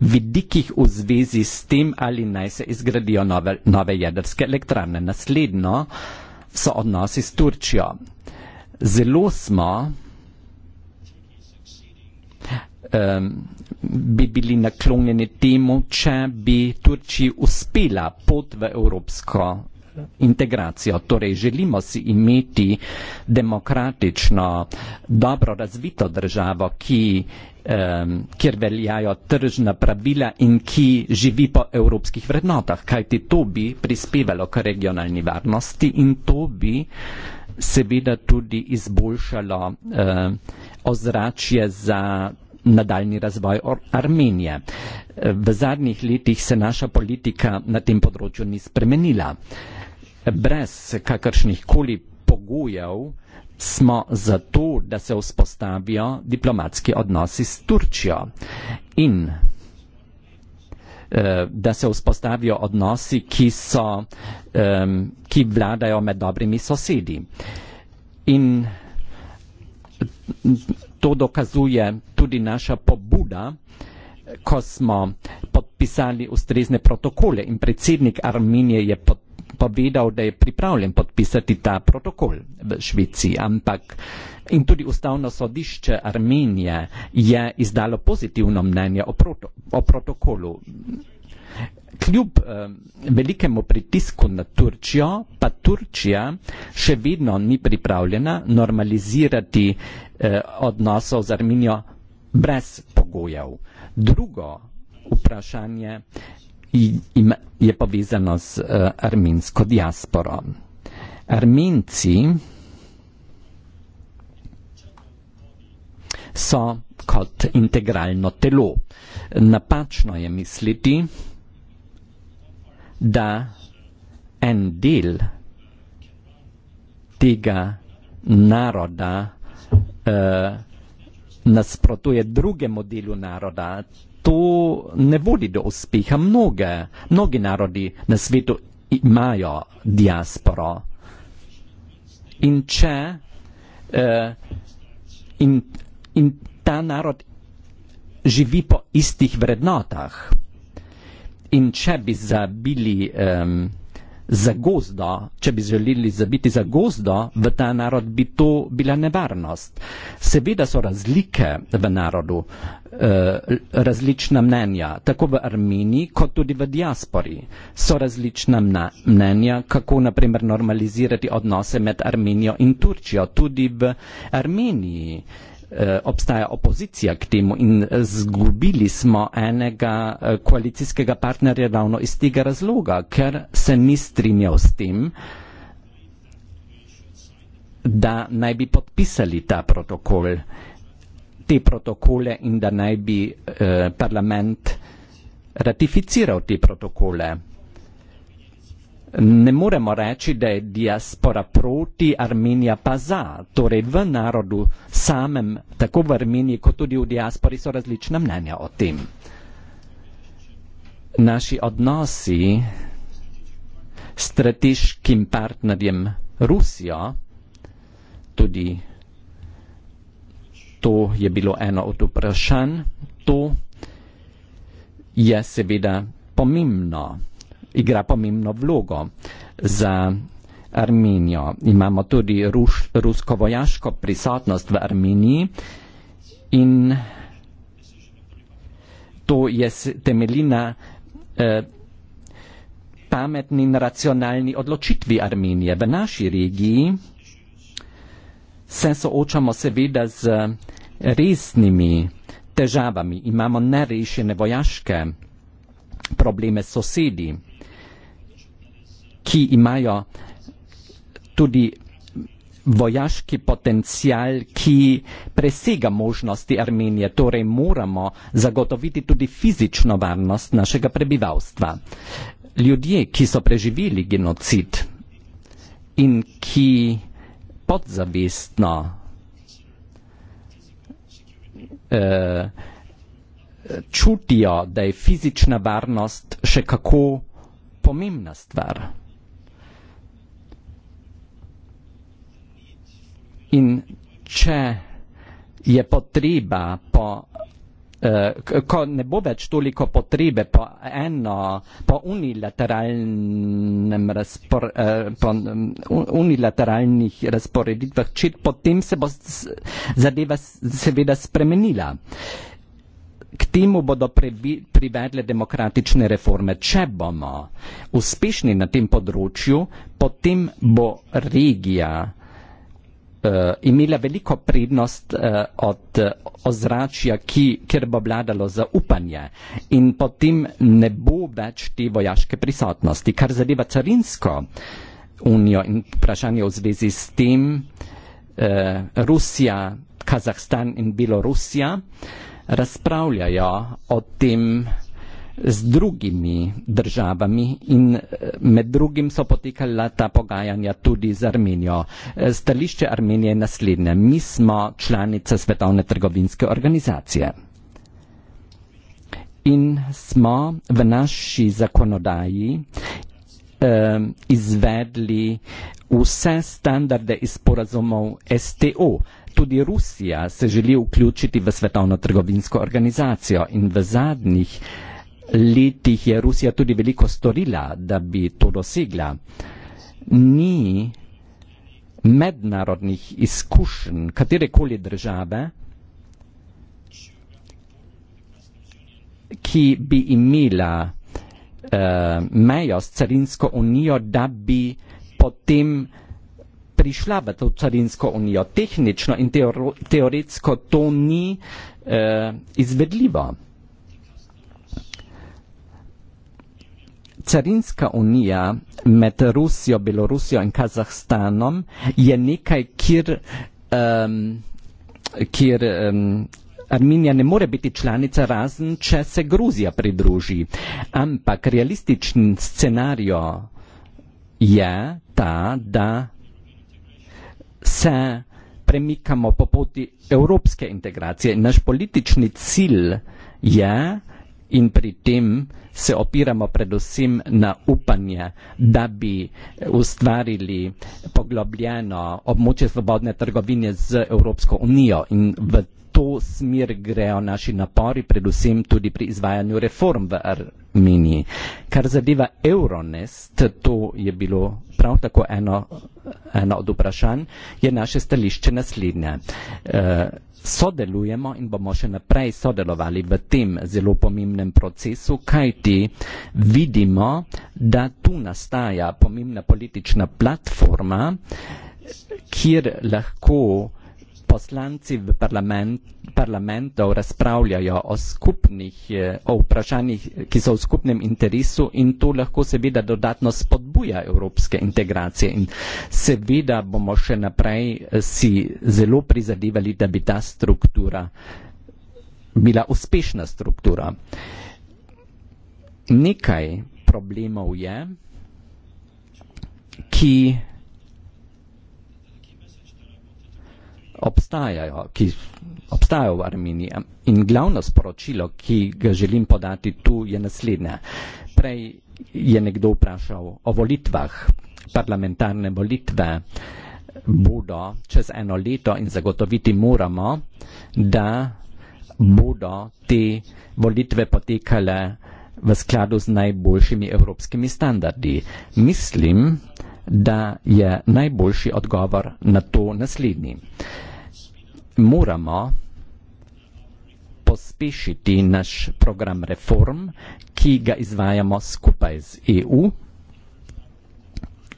vidikih v zvezi s tem, ali naj se izgradijo nove, nove jedrske elektrane. Naslednjo so odnosi s Turčijo. Zelo smo, um, bi bili naklonjeni temu, če bi Turčiji uspela pot v evropsko eh, integracijo. Torej, želimo si imeti demokratično, dobro razvito državo, ki um, kjer veljajo tržna pravila in ki živi po evropskih vrednotah. Kajti to bi prispevalo k regionalni varnosti in to bi seveda tudi izboljšalo um, ozračje za nadaljni razvoj Armenije. V zadnjih letih se naša politika na tem področju ni spremenila. Brez kakršnih koli pogojev, smo zato, da se vzpostavijo diplomatski odnosi s Turčijo in eh, da se vzpostavijo odnosi, ki, so, eh, ki vladajo med dobrimi sosedi. In to dokazuje tudi naša pobuda, ko smo pod podpisali ustrezne protokole in predsednik Armenije je pod, povedal, da je pripravljen podpisati ta protokol v Švici, ampak in tudi ustavno sodišče Armenije je izdalo pozitivno mnenje o, proto, o protokolu. Kljub eh, velikemu pritisku na Turčijo, pa Turčija še vedno ni pripravljena normalizirati eh, odnosov z Armenijo brez pogojev. Drugo, vprašanje je povezano z eh, arminsko diasporo. Arminci so kot integralno telo. Napačno je misliti, da en del tega naroda eh, nasprotuje drugemu delu naroda, to ne vodi do uspeha. Mnoge, mnogi narodi na svetu imajo diasporo. In če uh, in, in ta narod živi po istih vrednotah, in če bi zabili um, za gozdo, če bi želeli zabiti za gozdo v ta narod, bi to bila nevarnost. Seveda so razlike v narodu, eh, različna mnenja, tako v Armeniji, kot tudi v diaspori. So različna mnenja, kako naprimer normalizirati odnose med Armenijo in Turčijo, tudi v Armeniji. Eh, obstaja opozicija k temu in eh, zgubili smo enega eh, koalicijskega partnerja ravno iz tega razloga, ker se ni strinjal s tem, da naj bi podpisali ta protokol, te protokole in da naj bi parlament ratificiral te protokole. Ne moremo reči, da je diaspora proti, Armenija pa za. Torej v narodu samem, tako v Armeniji kot tudi v diaspori, so različna mnenja o tem. Naši odnosi s strateškim partnerjem Rusijo, tudi to je bilo eno od vprašanj, to je seveda pomembno igra pomembno vlogo za Armenijo. Imamo tudi ruš, rusko vojaško prisotnost v Armeniji in to je temeljina eh, pametni in racionalni odločitvi Armenije. V naši regiji se soočamo seveda z resnimi težavami. Imamo nerešene vojaške probleme s sosedi ki imajo tudi vojaški potencial, ki presega možnosti Armenije. Torej moramo zagotoviti tudi fizično varnost našega prebivalstva. Ljudje, ki so preživeli genocid in ki podzavestno eh, čutijo, da je fizična varnost še kako pomembna stvar. in če je potreba po eh, ko ne bo več toliko potrebe po eno, po unilateralnem razpor, eh, po mm, unilateralnih razporeditvah, če potem se bo zadeva seveda spremenila. K temu bodo privedle demokratične reforme. Če bomo uspešni na tem področju, potem bo regija uh, imela veliko prednost uh, od uh, ozračja, ki, kjer bo vladalo zaupanje in potem ne bo več te vojaške prisotnosti. Kar zadeva carinsko unijo in vprašanje v zvezi s tem, uh, Rusija, Kazahstan in Belorusija razpravljajo o tem, z drugimi državami in eh, med drugim so potekala ta pogajanja tudi z Armenijo. Eh, stališče Armenije je naslednje. Mi smo članica Svetovne trgovinske organizacije. In smo v naši zakonodaji eh, izvedli vse standarde iz porazumov STO. Tudi Rusija se želi vključiti v Svetovno trgovinsko organizacijo in v zadnjih eh, letih je Rusija tudi veliko storila, da bi to dosegla. Ni mednarodnih izkušenj katerekoli države, ki bi imela uh, mejo s carinsko unijo, da bi potem prišla v to carinsko unijo. Tehnično in teoretsko to ni uh, izvedljivo. carinska unija med Rusijo, Belorusijo in Kazahstanom je nekaj, kjer, um, kjer um, Armenija ne more biti članica razen, če se Gruzija pridruži. Ampak realističen scenarij je ta, da se premikamo po poti evropske integracije. Naš politični cilj je, in pri tem se opiramo predvsem na upanje, da bi ustvarili poglobljeno območje svobodne trgovine z Evropsko unijo in v to smer grejo naši napori, predvsem tudi pri izvajanju reform v Armeniji. Kar zadeva Euronest, to je bilo prav tako eno, eno od vprašanj, je naše stališče naslednje. Uh, sodelujemo in bomo še naprej sodelovali v tem zelo pomembnem procesu, kajti vidimo, da tu nastaja pomembna politična platforma, kjer lahko poslanci v parlament, parlamentov razpravljajo o skupnih eh, o vprašanjih, ki so v skupnem interesu in to lahko seveda dodatno spodbujajo spodbuja evropske integracije in seveda bomo še naprej eh, si zelo prizadevali, da bi ta struktura bila uspešna struktura. Nekaj problemov je, ki obstajajo, ki obstajajo v Armeniji. In glavno sporočilo, ki ga želim podati tu, je naslednje. Prej je nekdo vprašal o volitvah, parlamentarne volitve bodo čez eno leto in zagotoviti moramo, da bodo te volitve potekale v skladu z najboljšimi evropskimi standardi. Mislim, da je najboljši odgovor na to naslednji. Moramo pospešiti naš program reform, ki ga izvajamo skupaj z EU,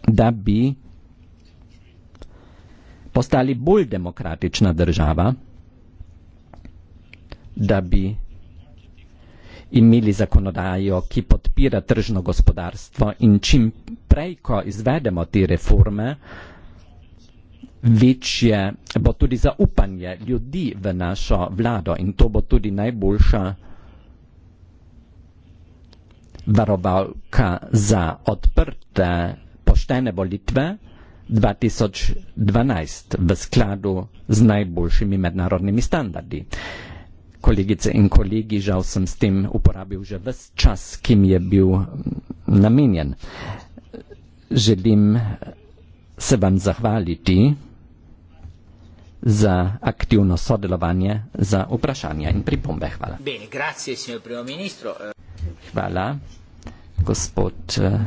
da bi postali bolj demokratična država, da bi imeli zakonodajo, ki podpira tržno gospodarstvo in čim prej, ko izvedemo te reforme, večje bo tudi zaupanje ljudi v našo vlado in to bo tudi najboljša varovalka za odprte poštene volitve 2012 v skladu z najboljšimi mednarodnimi standardi. Kolegice in kolegi, žal sem s tem uporabil že ves čas, ki mi je bil namenjen. Želim se vam zahvaliti za aktivno sodelovanje, za vprašanja in pripombe. Hvala. Bene, grazie, signor primo ministro. Hvala gospod eh,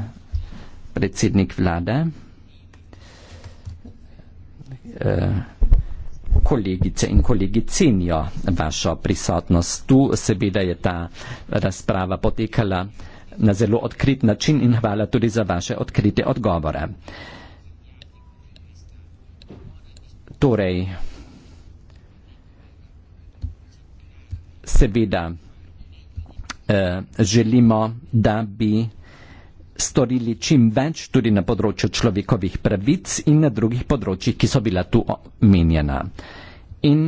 predsednik vlade, eh, kolegice in kolegi cenijo vašo prisotnost. Tu seveda je ta razprava potekala na zelo odkrit način in hvala tudi za vaše odkrite odgovore. Torej, seveda, Eh, želimo, da bi storili čim več tudi na področju človekovih pravic in na drugih področjih, ki so bila tu omenjena. In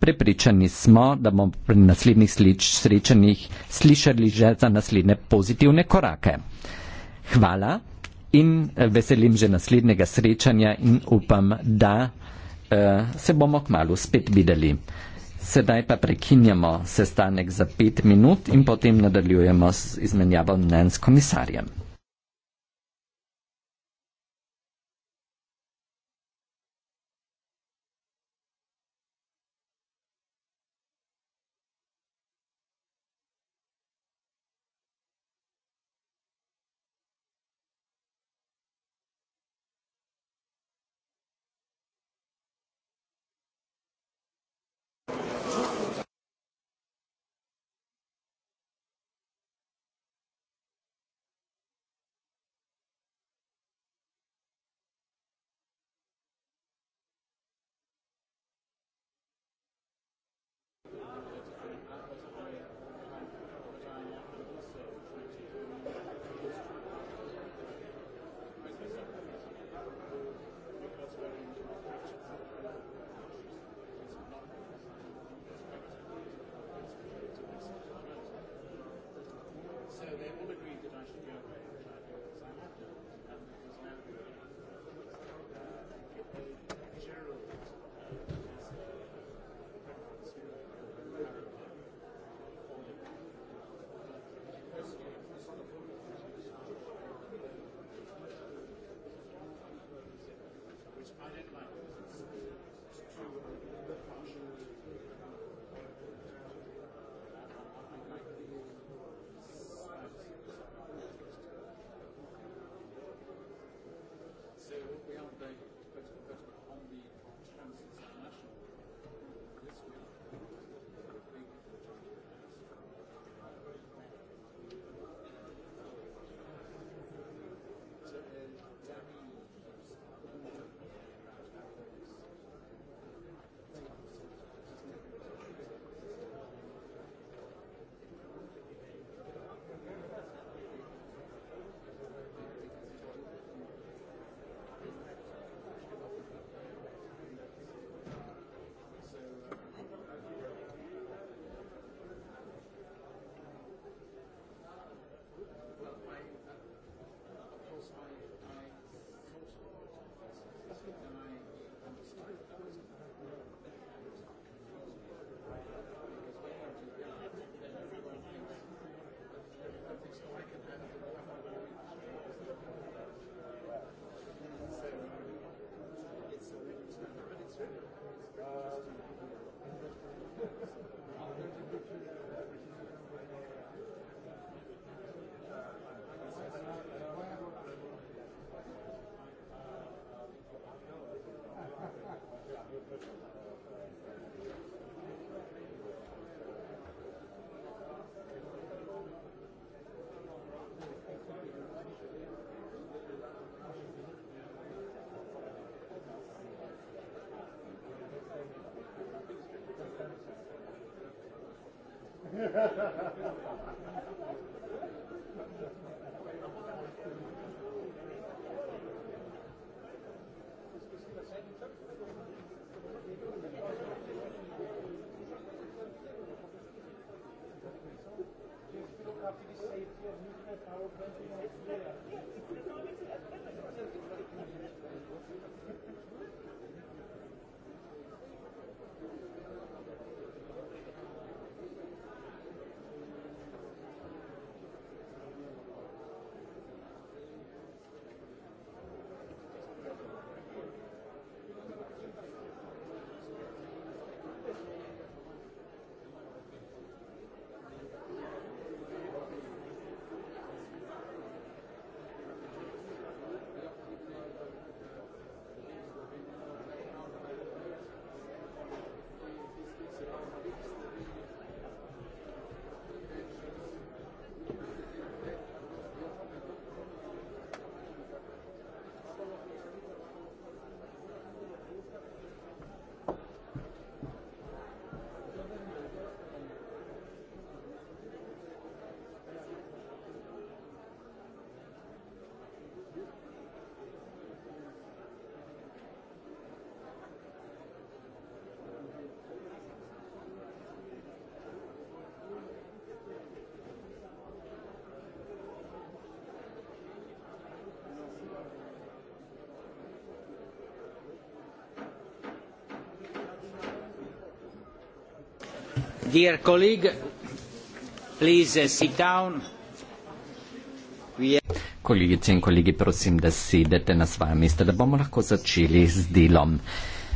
prepričani smo, da bomo pri naslednjih srečanjih slišali že za naslednje pozitivne korake. Hvala in eh, veselim že naslednjega srečanja in upam, da uh, se bomo kmalo spet videli. Sedaj pa prekinjamo sestanek za pet minut in potem nadaljujemo z izmenjavo mnen s komisarjem. dear colleague please uh, sit down We... kolegice in kolegi prosim da sedete na svoje mesto da bomo lahko začeli z delom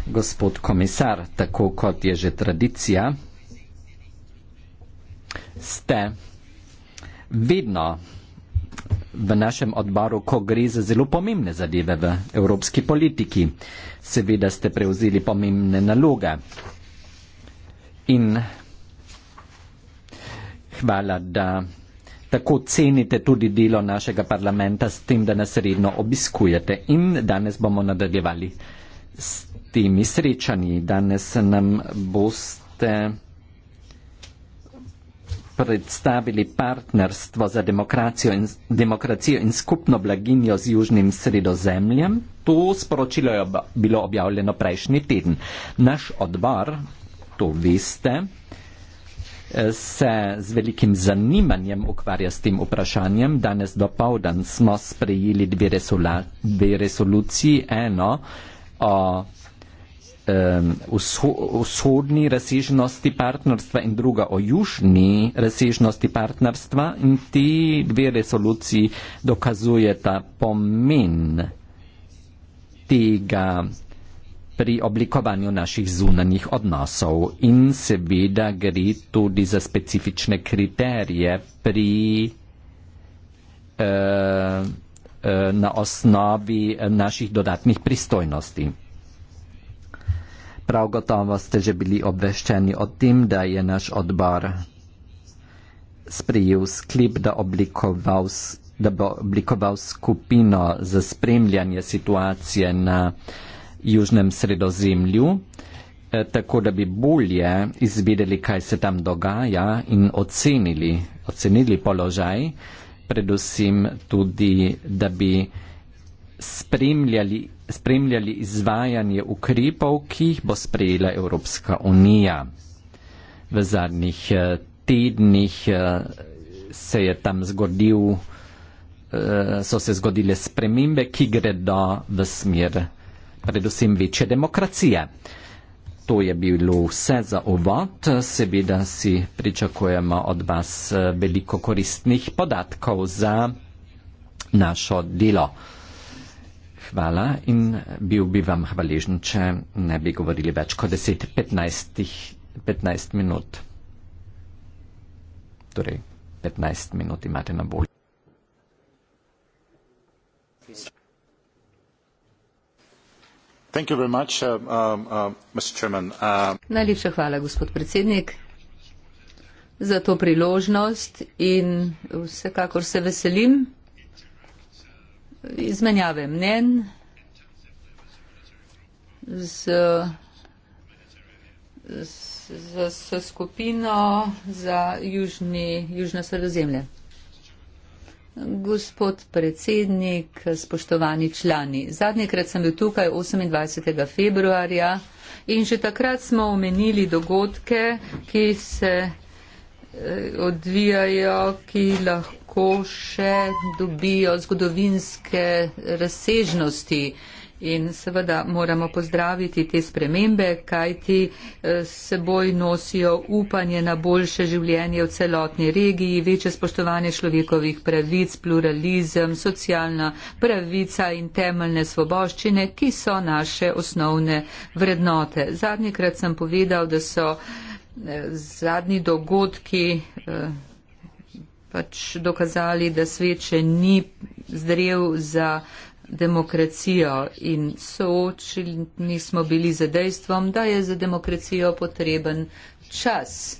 gospod komisar tako kot je že tradicija ste vedno v našem odboru, ko gre za zelo pomembne zadeve v evropski politiki. Seveda ste prevzeli pomembne naloge in hvala, da tako cenite tudi delo našega parlamenta s tem, da nas redno obiskujete. In danes bomo nadaljevali s temi srečanji. Danes nam boste predstavili partnerstvo za demokracijo in, demokracijo in skupno blaginjo z južnim sredozemljem. To sporočilo je ob, bilo objavljeno prejšnji teden. Naš odbor, to veste, se z velikim zanimanjem ukvarja s tem vprašanjem. Danes do povdan smo sprejeli dve, resula, dve resoluciji. Eno o vzhodni razsežnosti partnerstva in druga o južni razsežnosti partnerstva in ti dve resoluciji dokazujeta pomen tega pri oblikovanju naših zunanjih odnosov in seveda gre tudi za specifične kriterije pri eh, eh, na osnovi naših dodatnih pristojnosti. Prav gotovo ste že bili obveščeni o tem, da je naš odbor sprejel sklep, da, oblikoval, da bo oblikoval skupino za spremljanje situacije na eh, južnem sredozemlju, eh, tako da bi bolje izvedeli, kaj se tam dogaja in ocenili, ocenili položaj, predvsem tudi, da bi spremljali, spremljali izvajanje ukrepov, ki jih bo sprejela Evropska unija. V zadnjih eh, tednih eh, se je tam zgodil, so se zgodile spremembe, ki gredo v smer predvsem večje demokracije. To je bilo vse za uvod. Seveda si pričakujemo od vas eh, veliko koristnih podatkov za našo delo. Hvala in bil bi vam hvaležen, če ne bi govorili več kot 10-15 minut. Torej, 15 minut imate na bolj. Uh, um, uh, uh, Najlepša hvala, gospod predsednik, za to priložnost in vsekakor se veselim izmenjave mnen z, z, z, z skupino za južni, južno sredozemlje. Gospod predsednik, spoštovani člani, zadnjikrat sem bil tukaj 28. februarja in že takrat smo omenili dogodke, ki se eh, odvijajo, ki lahko še dobijo zgodovinske razsežnosti. In seveda moramo pozdraviti te spremembe, kajti eh, seboj nosijo upanje na boljše življenje v celotni regiji, večje spoštovanje človekovih pravic, pluralizem, socialna pravica in temeljne svoboščine, ki so naše osnovne vrednote. Zadnjikrat sem povedal, da so eh, zadnji dogodki eh, pač dokazali, da svet še ni zdrev za demokracijo in soočili smo bili za dejstvom, da je za demokracijo potreben čas.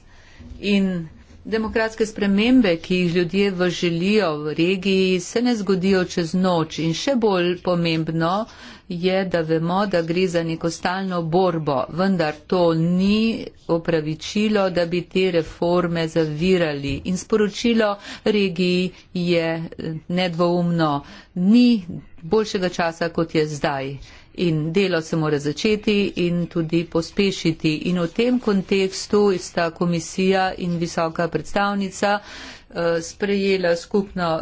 In demokratske spremembe, ki jih ljudje v želijo v regiji, se ne zgodijo čez noč. In še bolj pomembno je, da vemo, da gre za neko stalno borbo, vendar to ni opravičilo, da bi te reforme zavirali. In sporočilo regiji je eh, nedvoumno. Ni boljšega časa, kot je zdaj. In delo se mora začeti in tudi pospešiti. In v tem kontekstu sta komisija in visoka predstavnica eh, sprejela skupno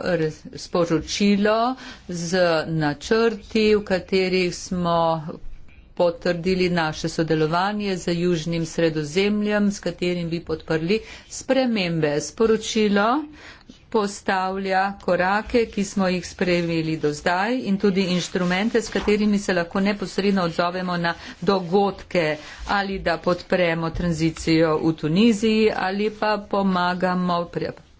sporočilo z načrti, v katerih smo potrdili naše sodelovanje z južnim sredozemljem, s katerim bi podprli spremembe. Sporočilo postavlja korake, ki smo jih sprejeli do zdaj in tudi inštrumente, s katerimi se lahko neposredno odzovemo na dogodke ali da podpremo tranzicijo v Tuniziji ali pa pomagamo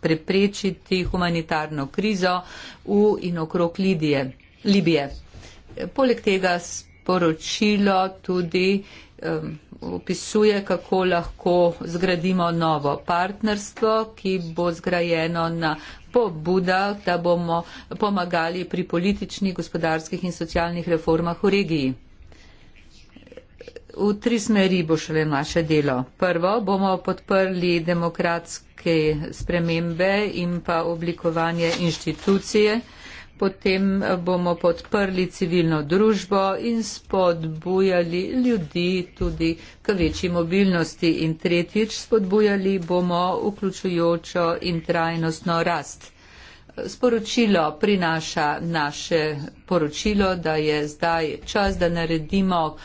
preprečiti humanitarno krizo v in okrog Lidije, Libije. Poleg tega sporočilo tudi um, opisuje, kako lahko zgradimo novo partnerstvo, ki bo zgrajeno na pobudah, da bomo pomagali pri političnih, gospodarskih in socialnih reformah v regiji. V tri smeri bo šele naše delo. Prvo, bomo podprli demokratske spremembe in pa oblikovanje inštitucije potem eh, bomo podprli civilno družbo in spodbujali ljudi tudi k večji mobilnosti in tretjič spodbujali bomo vključujočo in trajnostno rast. Sporočilo prinaša naše poročilo, da je zdaj čas, da naredimo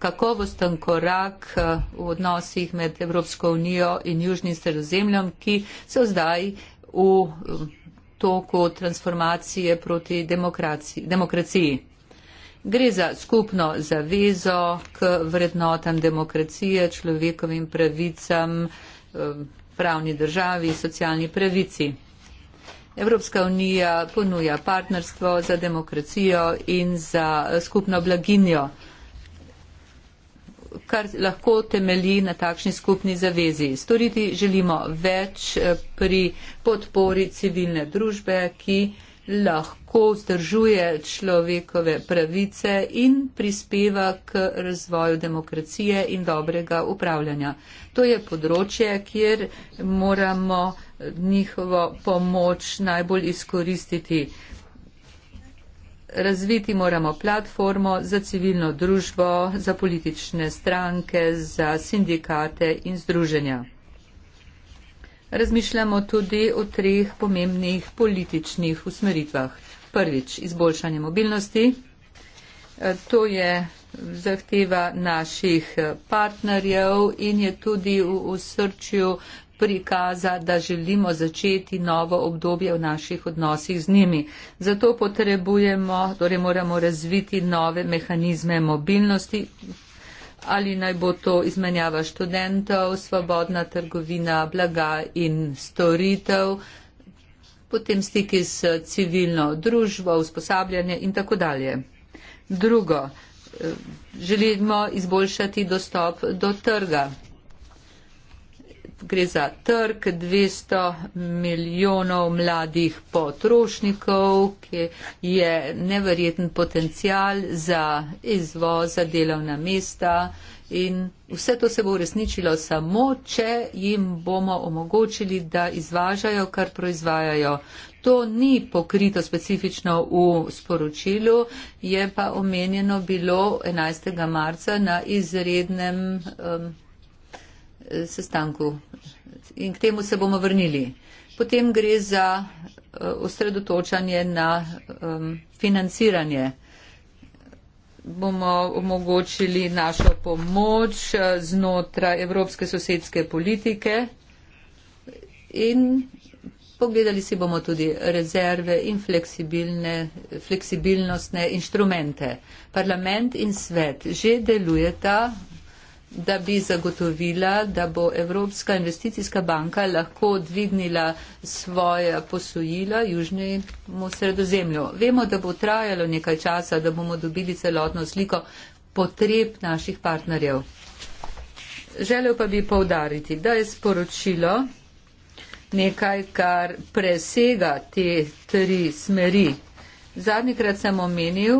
kakovosten korak eh, v odnosih med Evropsko unijo in Južnim sredozemljem, ki so zdaj v toku transformacije proti demokraciji. demokraciji. Gre za skupno zavezo k vrednotam demokracije, človekovim pravicam, eh, pravni državi, socialni pravici. Evropska unija ponuja partnerstvo za demokracijo in za skupno blaginjo kar lahko temelji na takšni skupni zavezi. Storiti želimo več eh, pri podpori civilne družbe, ki lahko vzdržuje človekove pravice in prispeva k razvoju demokracije in dobrega upravljanja. To je področje, kjer moramo njihovo pomoč najbolj izkoristiti razviti moramo platformo za civilno družbo, za politične stranke, za sindikate in združenja. Razmišljamo tudi o treh pomembnih političnih usmeritvah. Prvič, izboljšanje mobilnosti. E, to je zahteva naših e, partnerjev in je tudi v, v srčju prikaza, da želimo začeti novo obdobje v naših odnosih z njimi. Zato potrebujemo, torej moramo razviti nove mehanizme mobilnosti, ali naj bo to izmenjava študentov, svobodna trgovina blaga in storitev, potem stiki s civilno družbo, usposabljanje in tako dalje. Drugo, eh, želimo izboljšati dostop do trga gre za trg 200 milijonov mladih potrošnikov, ki je neverjeten potencial za izvoz, za delovna mesta in vse to se bo uresničilo samo, če jim bomo omogočili, da izvažajo, kar proizvajajo. To ni pokrito specifično v sporočilu, je pa omenjeno bilo 11. marca na izrednem. Um, sestanku in k temu se bomo vrnili. Potem gre za eh, osredotočanje na um, financiranje. Bomo omogočili našo pomoč eh, znotraj evropske sosedske politike in pogledali si bomo tudi rezerve in fleksibilnostne inštrumente. Parlament in svet že delujeta da bi zagotovila, da bo Evropska investicijska banka lahko dvignila svoje posojila južnemu sredozemlju. Vemo, da bo trajalo nekaj časa, da bomo dobili celotno sliko potreb naših partnerjev. Želel pa bi povdariti, da je sporočilo nekaj, kar presega te tri smeri. Zadnjikrat sem omenil,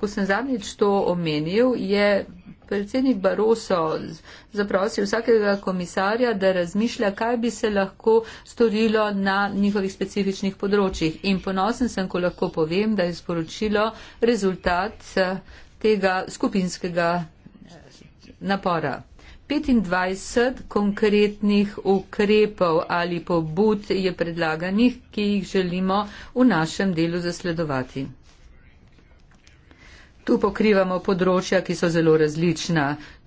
ko sem zadnjič to omenil, je predsednik Baroso zaprosil vsakega komisarja, da razmišlja, kaj bi se lahko storilo na njihovih specifičnih področjih. In ponosen sem, ko lahko povem, da je sporočilo rezultat eh, tega skupinskega eh, napora. 25 konkretnih ukrepov ali pobud je predlaganih, ki jih želimo v našem delu zasledovati. Tu pokrivamo področja, ki so zelo različna.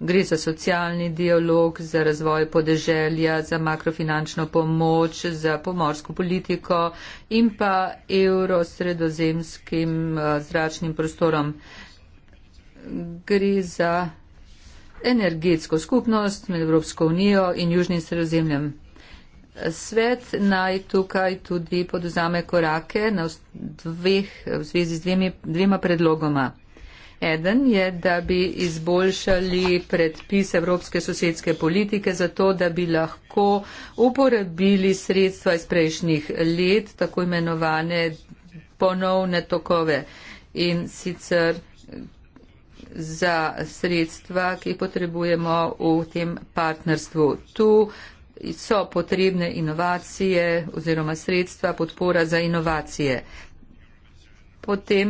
Gre za socialni dialog, za razvoj podeželja, za makrofinančno pomoč, za pomorsko politiko in pa evro s sredozemskim eh, zračnim prostorom. Gre za energetsko skupnost med Evropsko unijo in Južnim sredozemljem. Svet naj tukaj tudi podozame korake na dveh, v zvezi z dvemi, dvema predlogoma. Eden je, da bi izboljšali predpise Evropske sosedske politike zato, da bi lahko uporabili sredstva iz prejšnjih let, tako imenovane ponovne tokove in sicer za sredstva, ki potrebujemo v tem partnerstvu. Tu so potrebne inovacije oziroma sredstva podpora za inovacije potem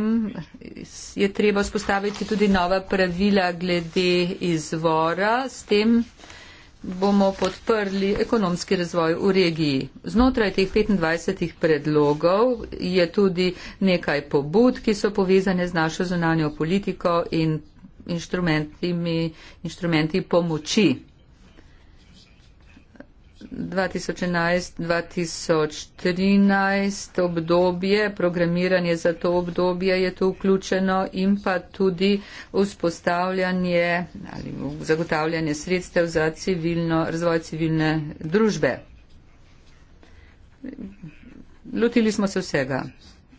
je treba spostaviti tudi nova pravila glede izvora, s tem bomo podprli ekonomski razvoj v regiji. Znotraj teh 25 predlogov je tudi nekaj pobud, ki so povezane z našo zunanjo politiko in inštrumenti pomoči. 2011-2013 obdobje, programiranje za to obdobje je tu vključeno in pa tudi vzpostavljanje ali zagotavljanje sredstev za civilno, razvoj civilne družbe. Lotili smo se vsega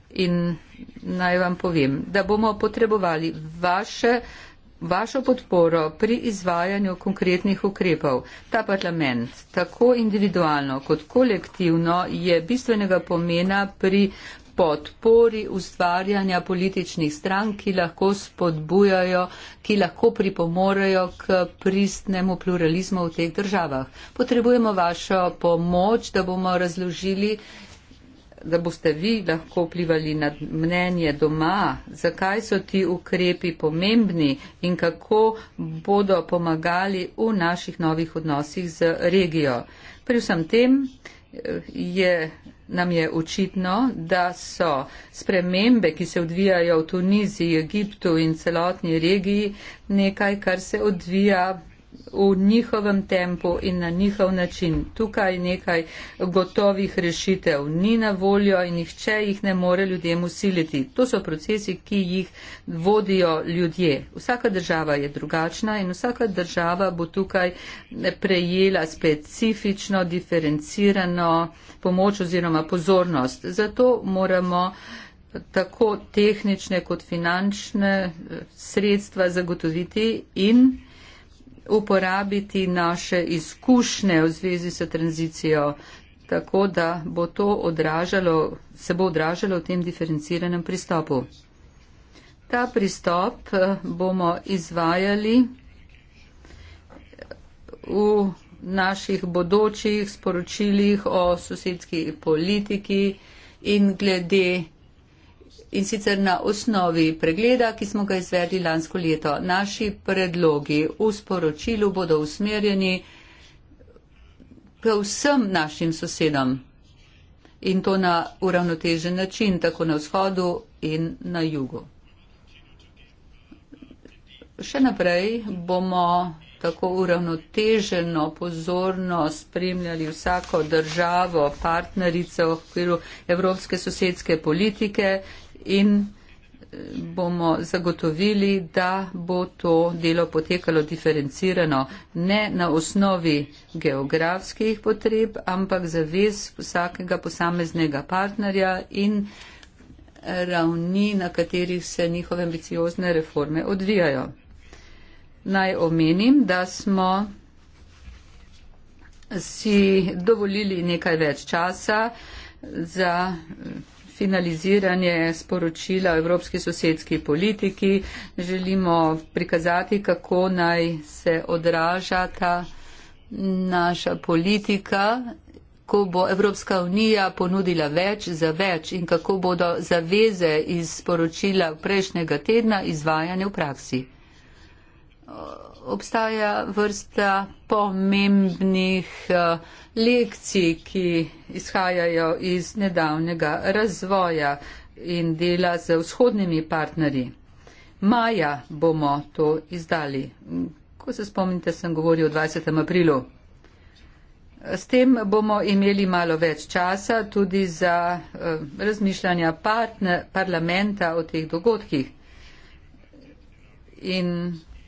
in naj vam povem, da bomo potrebovali vaše vašo podporo pri izvajanju konkretnih ukrepov. Ta parlament, tako individualno kot kolektivno, je bistvenega pomena pri podpori ustvarjanja političnih strank, ki lahko spodbujajo, ki lahko pripomorejo k pristnemu pluralizmu v teh državah. Potrebujemo vašo pomoč, da bomo razložili da boste vi lahko vplivali na mnenje doma, zakaj so ti ukrepi pomembni in kako bodo pomagali v naših novih odnosih z regijo. Pri vsem tem eh, je, nam je očitno, da so spremembe, ki se odvijajo v Tuniziji, Egiptu in celotni regiji, nekaj, kar se odvija v njihovem tempu in na njihov način. Tukaj nekaj gotovih rešitev ni na voljo in nihče jih ne more ljudem usiliti. To so procesi, ki jih vodijo ljudje. Vsaka država je drugačna in vsaka država bo tukaj prejela specifično, diferencirano pomoč oziroma pozornost. Zato moramo tako tehnične kot finančne eh, sredstva zagotoviti in uporabiti naše izkušnje v zvezi s tranzicijo, tako da bo to odražalo, se bo odražalo v tem diferenciranem pristopu. Ta pristop eh, bomo izvajali v naših bodočih sporočilih o sosedski politiki in glede in sicer na osnovi pregleda, ki smo ga izvedli lansko leto. Naši predlogi v sporočilu bodo usmerjeni k vsem našim sosedom in to na uravnotežen način, tako na vzhodu in na jugu. Še naprej bomo tako uravnoteženo, pozorno spremljali vsako državo, partnerico v okviru Evropske sosedske politike in eh, bomo zagotovili, da bo to delo potekalo diferencirano ne na osnovi geografskih potreb, ampak zavez vsakega posameznega partnerja in eh, ravni, na katerih se njihove ambiciozne reforme odvijajo. Naj omenim, da smo si dovolili nekaj več časa za signaliziranje sporočila o evropski sosedski politiki. Želimo prikazati, kako naj se odražata naša politika, ko bo Evropska unija ponudila več za več in kako bodo zaveze iz sporočila prejšnjega tedna izvajane v praksi obstaja vrsta pomembnih eh, lekcij, ki izhajajo iz nedavnega razvoja in dela z vzhodnimi partnerji. Maja bomo to izdali. Ko se spomnite, sem govoril o 20. aprilu. S tem bomo imeli malo več časa tudi za eh, razmišljanja partner, parlamenta o teh dogodkih. In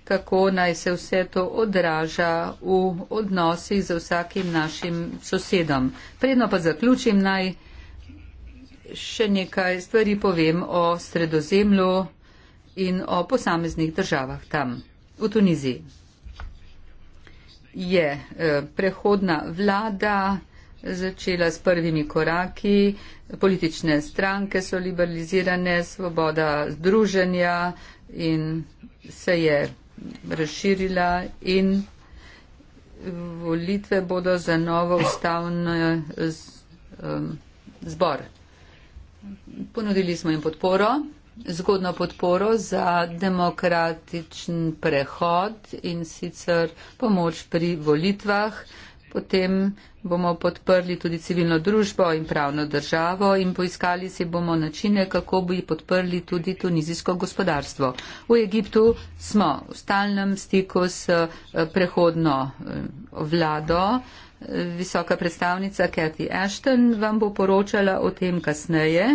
kako naj se vse to odraža v odnosih z vsakim našim sosedom. Predno pa zaključim, naj še nekaj stvari povem o sredozemlju in o posameznih državah tam, v Tuniziji. Je eh, prehodna vlada začela s prvimi koraki, politične stranke so liberalizirane, svoboda združenja in se je razširila in volitve bodo za novo ustavno um, zbor. Ponudili smo jim podporo, zgodno podporo za demokratičen prehod in sicer pomoč pri volitvah, potem bomo podprli tudi civilno družbo in pravno državo in poiskali si bomo načine, kako bi podprli tudi tunizijsko gospodarstvo. V Egiptu smo v stalnem stiku s eh, prehodno eh, vlado. Visoka predstavnica Kathy Ashton vam bo poročala o tem kasneje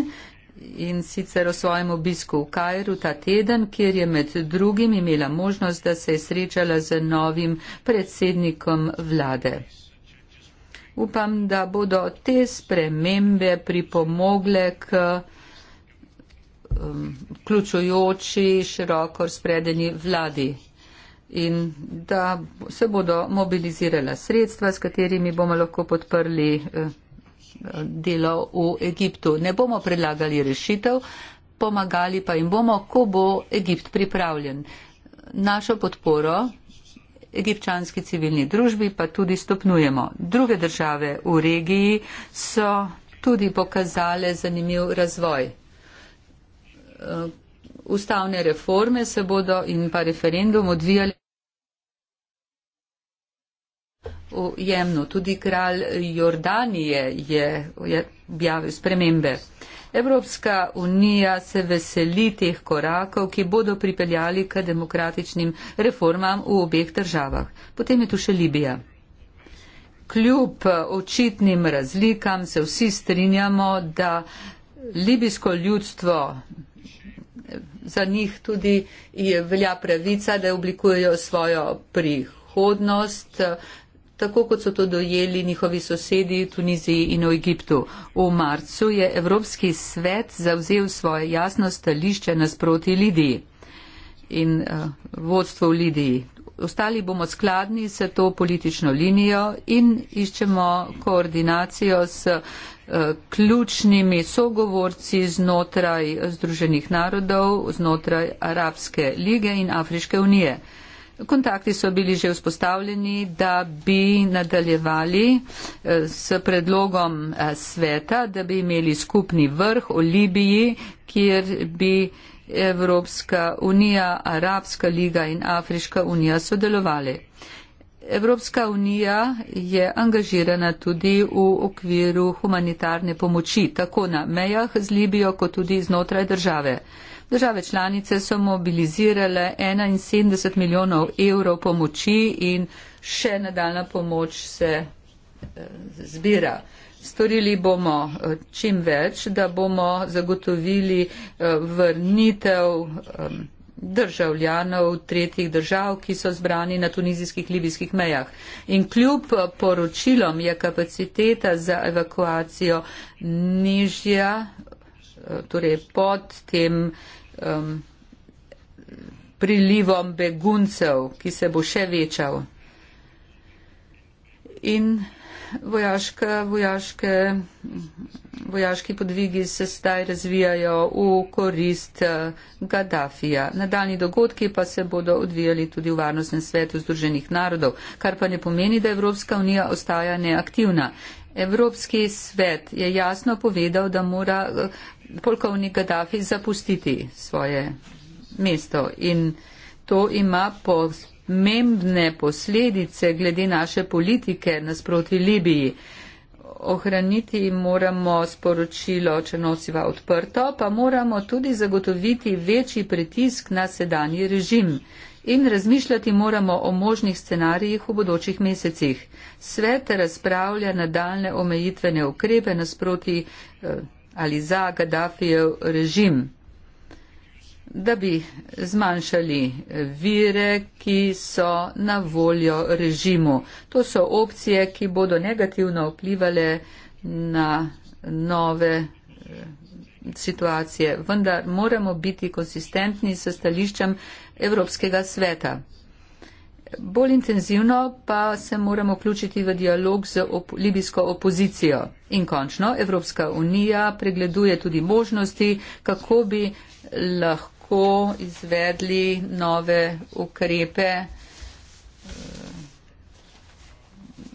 in sicer o svojem obisku v Kajru ta teden, kjer je med drugim imela možnost, da se je srečala z novim predsednikom vlade upam, da bodo te spremembe pripomogle k um, vključujoči široko spredeni vladi in da se bodo mobilizirala sredstva, s katerimi bomo lahko podprli eh, delo v Egiptu. Ne bomo predlagali rešitev, pomagali pa jim bomo, ko bo Egipt pripravljen. Našo podporo egipčanski civilni družbi pa tudi stopnjujemo. Druge države v regiji so tudi pokazale zanimiv razvoj. Eh, ustavne reforme se bodo in pa referendum odvijali v Jemnu. Tudi kralj Jordanije je objavil spremembe. Evropska unija se veseli teh korakov, ki bodo pripeljali k demokratičnim reformam v obeh državah. Potem je tu še Libija. Kljub očitnim razlikam se vsi strinjamo, da libijsko ljudstvo, za njih tudi velja pravica, da oblikujejo svojo prihodnost, tako kot so to dojeli njihovi sosedi v Tuniziji in v Egiptu. V marcu je Evropski svet zavzel svoje jasno stališče nasproti Lidiji in uh, vodstvu v Lidiji. Ostali bomo skladni s to politično linijo in iščemo koordinacijo s eh, ključnimi sogovorci znotraj Združenih narodov, znotraj Arabske lige in Afriške unije. Kontakti so bili že vzpostavljeni, da bi nadaljevali eh, s predlogom eh, sveta, da bi imeli skupni vrh v Libiji, kjer bi Evropska unija, Arabska liga in Afriška unija sodelovali. Evropska unija je angažirana tudi v okviru humanitarne pomoči, tako na mejah z Libijo, kot tudi znotraj države. Države članice so mobilizirale 71 milijonov evrov pomoči in še nadaljna pomoč se eh, zbira. Storili bomo eh, čim več, da bomo zagotovili eh, vrnitev državljanov tretjih držav, ki so zbrani na tunizijskih libijskih mejah. In kljub poročilom je kapaciteta za evakuacijo nižja, torej pod tem um, prilivom beguncev, ki se bo še večal. In vojaška, vojaške, vojaški podvigi se zdaj razvijajo v korist uh, Gaddafija. Nadaljni dogodki pa se bodo odvijali tudi v Varnostnem svetu Združenih narodov, kar pa ne pomeni, da Evropska unija ostaja neaktivna. Evropski svet je jasno povedal, da mora polkovnik Gaddafi zapustiti svoje mesto in to ima pomembne posledice glede naše politike nasproti Libiji. Ohraniti moramo sporočilo, če nosiva odprto, pa moramo tudi zagotoviti večji pritisk na sedanji režim in razmišljati moramo o možnih scenarijih v bodočih mesecih. Svet razpravlja nadaljne omejitvene ukrepe nasproti eh, ali za Gaddafijev režim, da bi zmanjšali vire, ki so na voljo režimu. To so opcije, ki bodo negativno vplivali na nove eh, situacije, vendar moramo biti konsistentni s stališčem Evropskega sveta. Bolj intenzivno pa se moramo vključiti v dialog z op libijsko opozicijo. In končno, Evropska unija pregleduje tudi možnosti, kako bi lahko izvedli nove ukrepe,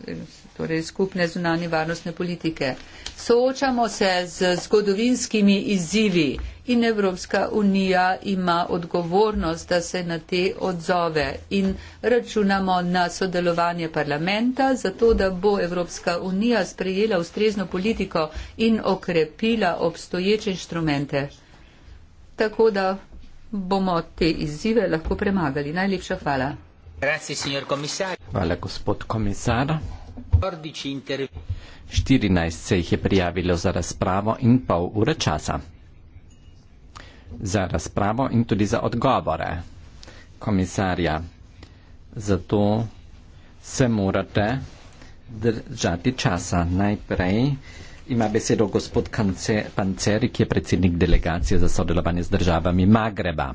eh, torej skupne zunanje varnostne politike. Soočamo se z zgodovinskimi izzivi in Evropska unija ima odgovornost, da se na te odzove in računamo na sodelovanje parlamenta, zato da bo Evropska unija sprejela ustrezno politiko in okrepila obstoječe inštrumente. Tako da bomo te izzive lahko premagali. Najlepša hvala. Hvala, gospod komisar. 14 se jih je prijavilo za razpravo in pol ure časa. Za razpravo in tudi za odgovore komisarja. Zato se morate držati časa. Najprej ima besedo gospod Panceri, ki je predsednik delegacije za sodelovanje z državami Magreba.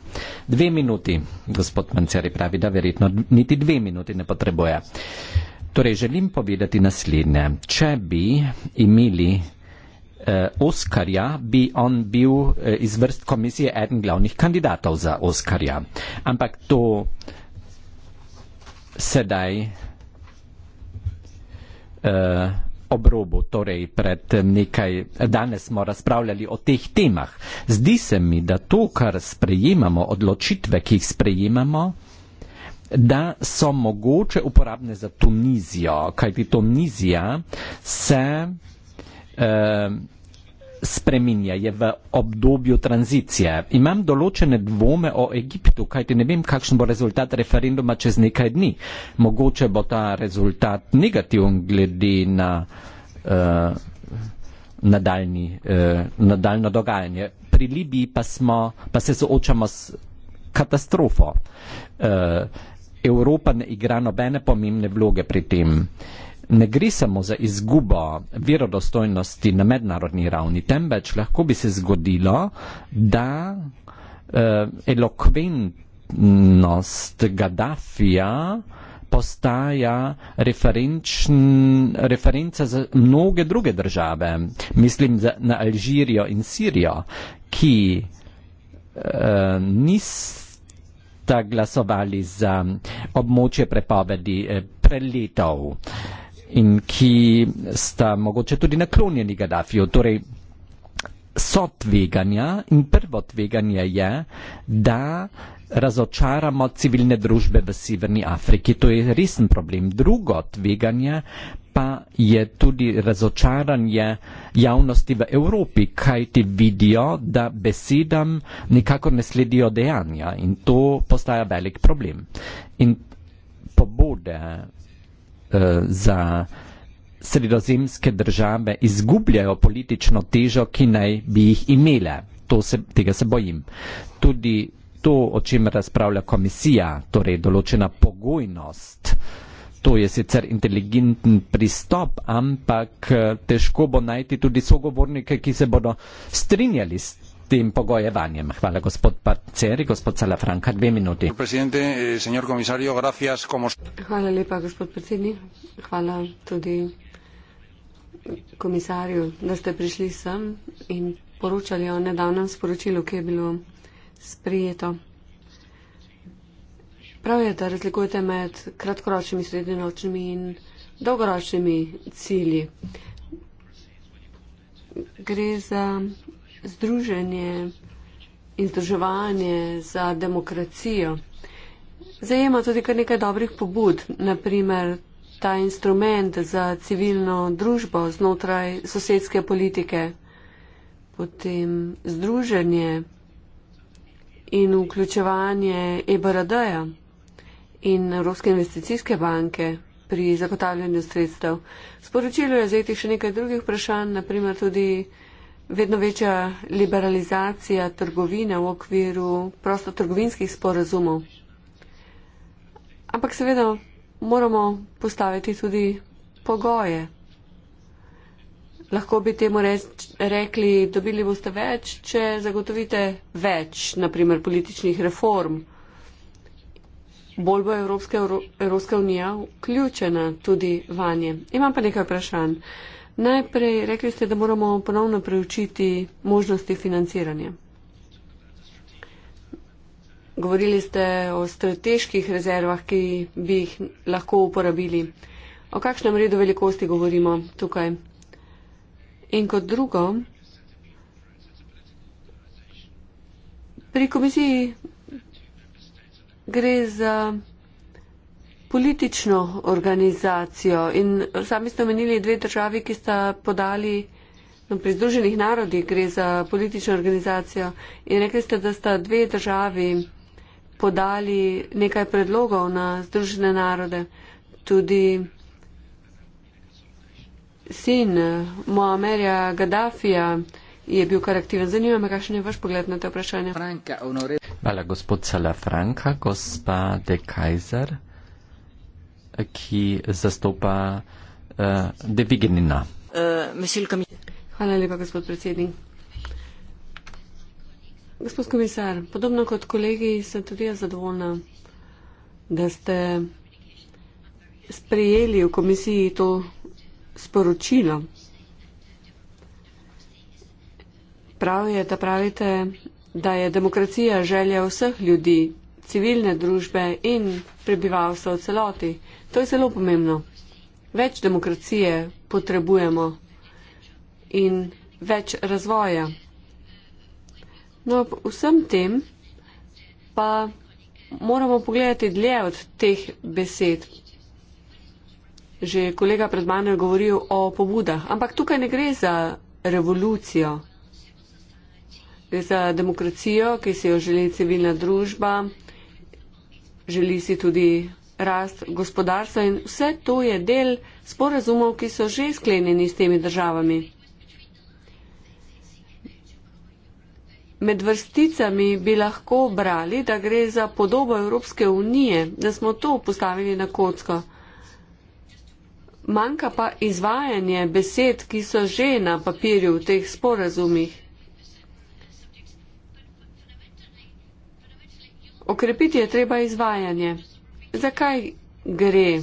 Dve minuti, gospod Panceri pravi, da verjetno niti dve minuti ne potrebuje. Torej, želim povedati naslednje. Če bi imeli eh, Oskarja, bi on bil eh, iz vrst komisije eden glavnih kandidatov za Oskarja. Ampak to sedaj eh, obrobo, torej pred eh, nekaj, danes smo razpravljali o teh temah. Zdi se mi, da to, kar sprejemamo, odločitve, ki jih sprejemamo, da so mogoče uporabne za Tunizijo, kajti Tunizija se eh, spreminja, je v obdobju tranzicije. Imam določene dvome o Egiptu, kajti ne vem, kakšen bo rezultat referenduma čez nekaj dni. Mogoče bo ta rezultat negativen glede na eh, eh nadaljno eh, dogajanje. Pri Libiji pa, smo, pa se soočamo s katastrofo. Eh, Evropa ne igra nobene pomembne vloge pri tem. Ne gre samo za izgubo verodostojnosti na mednarodni ravni, temveč lahko bi se zgodilo, da eh, elokventnost Gaddafija postaja referenca za mnoge druge države. Mislim za, na Alžirijo in Sirijo, ki eh, niso tak glasovali za območje prepovedi eh, prelitev in ki sta mogoče tudi naklonjeni Gaddafiju. Torej, so tveganja in prvo tveganje je, da razočaramo civilne družbe v Severni Afriki. To je resen problem. Drugo tveganje pa je tudi razočaranje javnosti v Evropi, kaj ti vidijo, da besedam nikakor ne sledijo dejanja in to postaja velik problem. In pobode uh, eh, za sredozemske države izgubljajo politično težo, ki naj bi jih imele. To se, tega se bojim. Tudi to, o čem razpravlja komisija, torej določena pogojnost, uh, to je sicer inteligenten pristop, ampak eh, težko bo najti tudi sogovornike, ki se bodo strinjali s tem pogojevanjem. Hvala, gospod Paceri, gospod Salafranka, dve minuti. Eh, Hvala lepa, gospod predsednik. Hvala tudi komisarju, da ste prišli sem in poročali o nedavnem sporočilu, ki je bilo sprijeto. Prav je, da razlikujete med kratkoročnimi, srednjeročnimi in dolgoročnimi cilji. Gre za združenje in združevanje za demokracijo. Zajema tudi kar nekaj dobrih pobud, naprimer ta instrument za civilno družbo znotraj sosedske politike, potem združenje in vključevanje EBRD-ja in Evropske investicijske banke pri zagotavljanju sredstev. Sporočilo je zajeti še nekaj drugih vprašanj, naprimer tudi vedno večja liberalizacija trgovine v okviru prostotrgovinskih sporazumov. Ampak seveda moramo postaviti tudi pogoje. Lahko bi temu reč, rekli, dobili boste več, če zagotovite več, naprimer, političnih reform bolj bo Evropska, Evropska unija vključena tudi vanje. Imam pa nekaj vprašanj. Najprej rekli ste, da moramo ponovno preučiti možnosti financiranja. Govorili ste o strateških rezervah, ki bi jih lahko uporabili. O kakšnem redu velikosti govorimo tukaj? In kot drugo, pri komisiji gre za politično organizacijo in sami ste omenili dve državi, ki sta podali no, pri Združenih narodih, gre za politično organizacijo in rekli ste, da sta dve državi podali nekaj predlogov na Združene narode. Tudi sin Moamerja Gaddafija je bil kar aktiven. Zanima me, kakšen je vaš pogled na te vprašanja. Hvala, gospod Salafranka, gospa De Kajzer, ki zastopa uh, De Vigenina. Eh, Hvala lepa, gospod predsednik. Gospod komisar, podobno kot kolegi, sem tudi jaz zadovoljna, da ste sprejeli v komisiji to sporočilo Prav je, da pravite, da je demokracija želja vseh ljudi, civilne družbe in prebivalstva v celoti. To je zelo pomembno. Več demokracije potrebujemo in več razvoja. No, vsem tem pa moramo pogledati dlje od teh besed. Že kolega pred mano je govoril o pobudah, ampak tukaj ne gre za revolucijo za demokracijo, ki si jo želi civilna družba, želi si tudi rast gospodarstva in vse to je del sporazumov, ki so že sklenjeni s temi državami. Med vrsticami bi lahko brali, da gre za podobo Evropske unije, da smo to postavili na kocko. Manjka pa izvajanje besed, ki so že na papirju v teh sporazumih. Okrepiti je treba izvajanje. Zakaj gre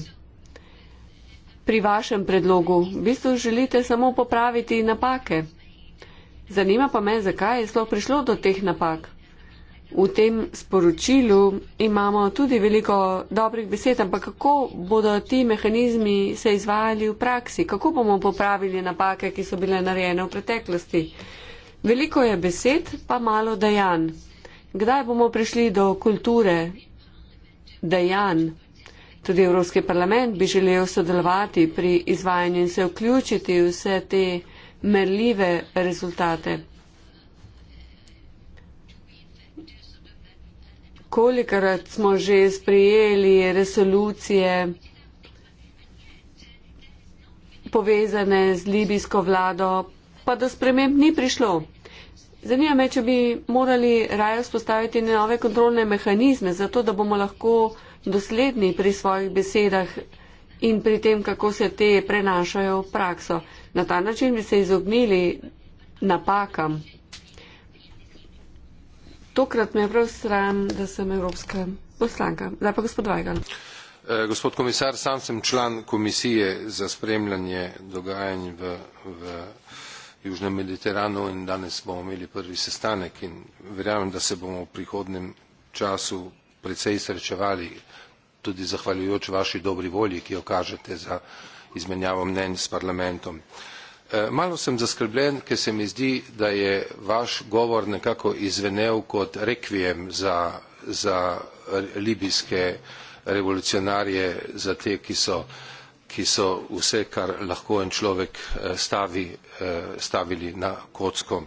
pri vašem predlogu? V bistvu želite samo popraviti napake. Zanima pa me, zakaj je sploh prišlo do teh napak. V tem sporočilu imamo tudi veliko dobrih besed, ampak kako bodo ti mehanizmi se izvajali v praksi? Kako bomo popravili napake, ki so bile narejene v preteklosti? Veliko je besed, pa malo dejanj. Kdaj bomo prišli do kulture dejanj? Tudi Evropski parlament bi želel sodelovati pri izvajanju in se vključiti v vse te merljive rezultate. Kolikrat smo že sprijeli resolucije povezane z libijsko vlado, pa do sprememb ni prišlo. Zanima me, če bi morali raje vzpostaviti nove kontrolne mehanizme, zato da bomo lahko dosledni pri svojih besedah in pri tem, kako se te prenašajo v prakso. Na ta način bi se izognili napakam. Tokrat me je prav sram, da sem evropska poslanka. Zdaj pa gospod Vajgan. Eh, gospod komisar, sam sem član komisije za spremljanje dogajanj v, v južnem mediteranu in danes bomo imeli prvi sestanek in verjamem, da se bomo v prihodnem času precej srečevali tudi zahvaljujoč vaši dobri volji, ki jo kažete za izmenjavo mnenj s parlamentom. E, malo sem zaskrbljen, ker se mi zdi, da je vaš govor nekako izvenel kot rekvijem za, za libijske revolucionarje, za te, ki so ki so vse, kar lahko en človek eh, stavi, eh, stavili na kocko.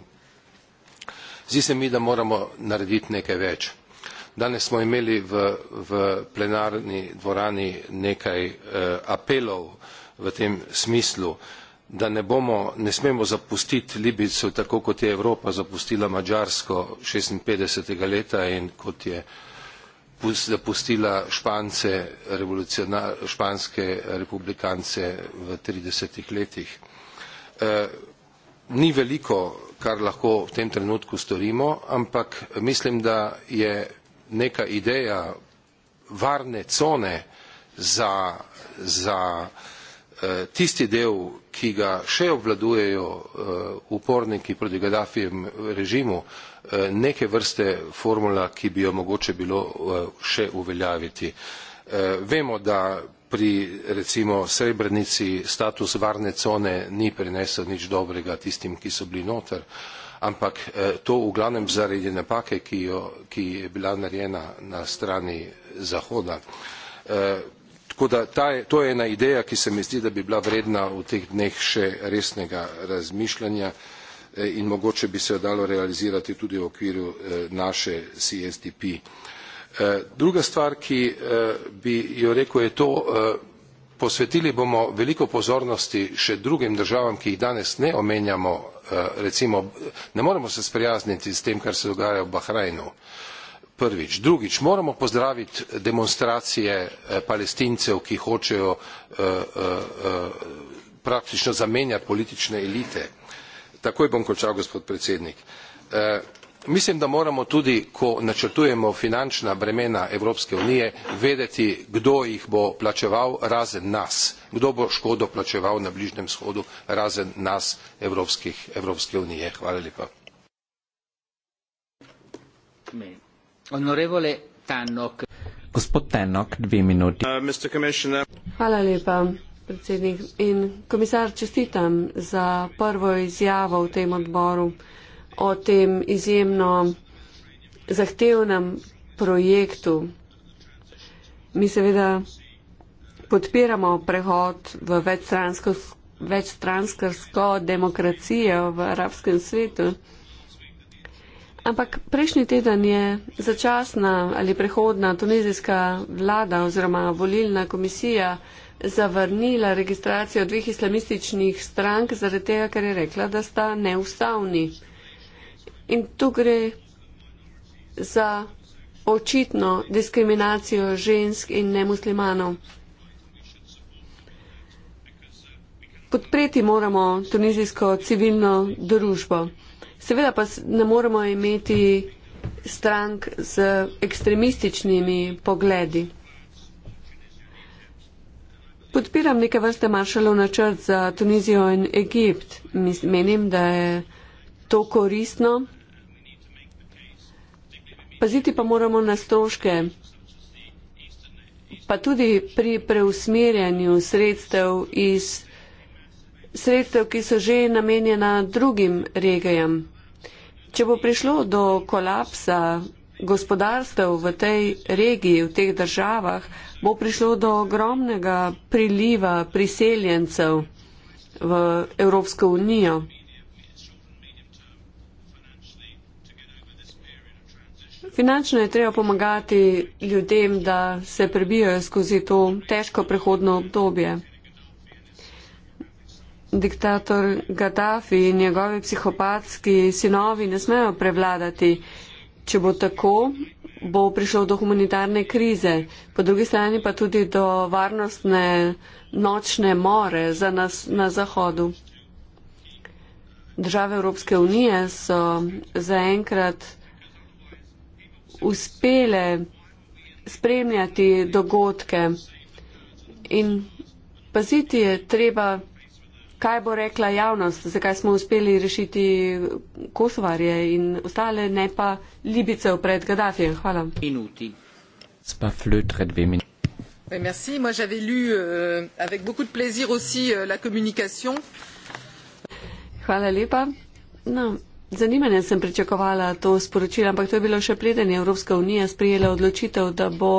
Zdi se mi, da moramo narediti nekaj več. Danes smo imeli v, v plenarni dvorani nekaj eh, apelov v tem smislu, da ne, bomo, ne smemo zapustiti Libico, tako kot je Evropa zapustila Mađarsko 56. leta in kot je zapustila špance španske republikance v tridesetih letih eh, ni veliko kar lahko v tem trenutku storimo ampak mislim da je neka ideja varne cone za, za eh, tisti del, ki ga še obvladujejo eh, uporniki proti Gaddafijem režimu, Eh, neke vrste formula, ki bi jo mogoče bilo eh, še uveljaviti. Eh, vemo, da pri recimo Srebrnici status varne cone ni prinesel nič dobrega tistim, ki so bili noter, ampak to v glavnem zaradi napake, ki, jo, ki je bila narejena na strani Zahoda. Tako da ta je, to je ena ideja, ki se mi zdi, da bi bila vredna v teh dneh še resnega razmišljanja. Eh, in mogoče bi se jo dalo realizirati tudi v okviru eh, naše CSDP. Eh, druga stvar, ki bi jo rekel, je to, posvetili bomo veliko pozornosti še drugim državam, ki jih danes ne omenjamo, recimo ne moremo se sprijazniti s tem, kar se dogaja v Bahrajnu. Prvič. Drugič. Moramo pozdraviti demonstracije palestincev, ki hočejo praktično zamenjati politične elite takoj bom končal gospod predsednik eh, mislim da moramo tudi ko načrtujemo finančna bremena evropske unije vedeti kdo jih bo plačeval razen nas kdo bo škodo plačeval na bližnjem vzhodu razen nas evropskih evropske unije hvala lepa Gospod Tenok, dve minuti. Uh, hvala lepa predsednik in komisar, čestitam za prvo izjavo v tem odboru o tem izjemno zahtevnem projektu. Mi seveda podpiramo prehod v večstranskarsko demokracijo v arabskem svetu, ampak prejšnji teden je začasna ali prehodna tunizijska vlada oziroma volilna komisija zavrnila registracijo dveh islamističnih strank zaradi tega, ker je rekla, da sta neustavni. In tu gre za očitno diskriminacijo žensk in nemuslimanov. Podpreti moramo tunizijsko civilno družbo. Seveda pa ne moremo imeti strank z ekstremističnimi pogledi. Podpiram neke vrste maršalov načrt za Tunizijo in Egipt. Menim, da je to koristno. Paziti pa moramo na stroške, pa tudi pri preusmerjanju sredstev iz sredstev, ki so že namenjena drugim regijam. Če bo prišlo do kolapsa gospodarstev v tej regiji, v teh državah, bo prišlo do ogromnega priliva priseljencev v Evropsko unijo. Finančno je treba pomagati ljudem, da se prebijajo skozi to težko prehodno obdobje. Diktator Gaddafi in njegovi psihopatski sinovi ne smejo prevladati če bo tako, bo prišlo do humanitarne krize, po drugi strani pa tudi do varnostne nočne more za nas na zahodu. Države Evropske unije so zaenkrat uspele spremljati dogodke in paziti je treba kaj bo rekla javnost, zakaj smo uspeli rešiti Kosovarje in ostale, ne pa Libice pred Gaddafijem. Hvala. Minuti. Oui, merci. Moi, j'avais lu euh, avec beaucoup de plaisir aussi euh, la communication. Hvala lepa. No, zanimanje sem pričakovala to sporočilo, ampak to je bilo še preden je Evropska unija sprijela odločitev, da bo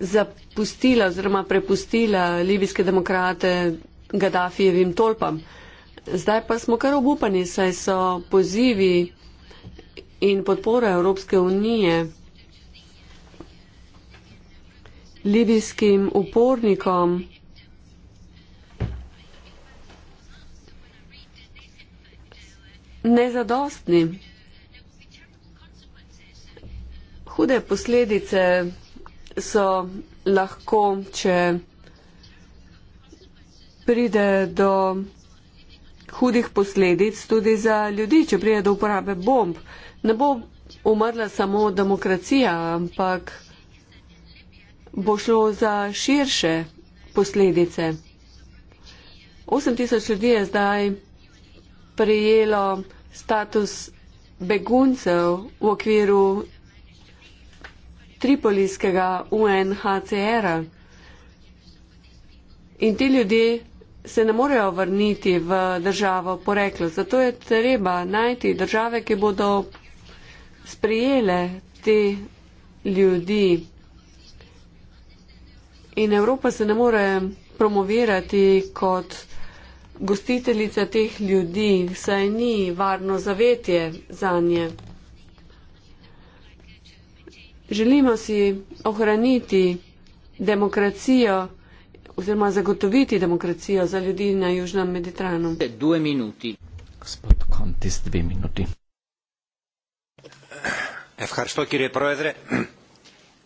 zapustila oziroma prepustila libijske demokrate Gaddafijevim tolpam. Zdaj pa smo kar obupani, saj so pozivi in podpora Evropske unije libijskim upornikom nezadostni. Hude posledice so lahko, če pride do hudih posledic tudi za ljudi, če pride do uporabe bomb. Ne bo umrla samo demokracija, ampak bo šlo za širše posledice. 8000 ljudi je zdaj prijelo status beguncev v okviru tripolijskega UNHCR-a. In ti ljudje se ne morejo vrniti v državo poreklo. Zato je treba najti države, ki bodo sprejele te ljudi. In Evropa se ne more promovirati kot gostiteljica teh ljudi, saj ni varno zavetje za nje. Želimo si ohraniti demokracijo, oziroma zagotoviti demokracijo za ljudi na Južnem Mediteranu. Dve minuti. Gospod Kontis, dve minuti. Efharsto, kjer je proedre,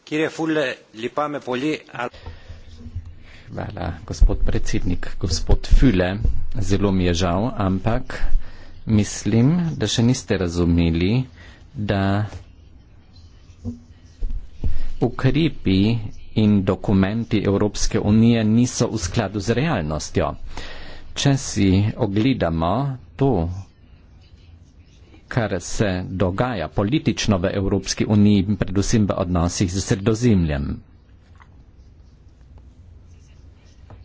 kjer je fulle, lipame poli. Al... Hvala, gospod predsednik, gospod Füle, zelo mi je žal, ampak mislim, da še niste razumeli, da ukrepi in dokumenti Evropske unije niso v skladu z realnostjo. Če si ogledamo to, kar se dogaja politično v Evropski uniji, predvsem v odnosih z sredozemljem,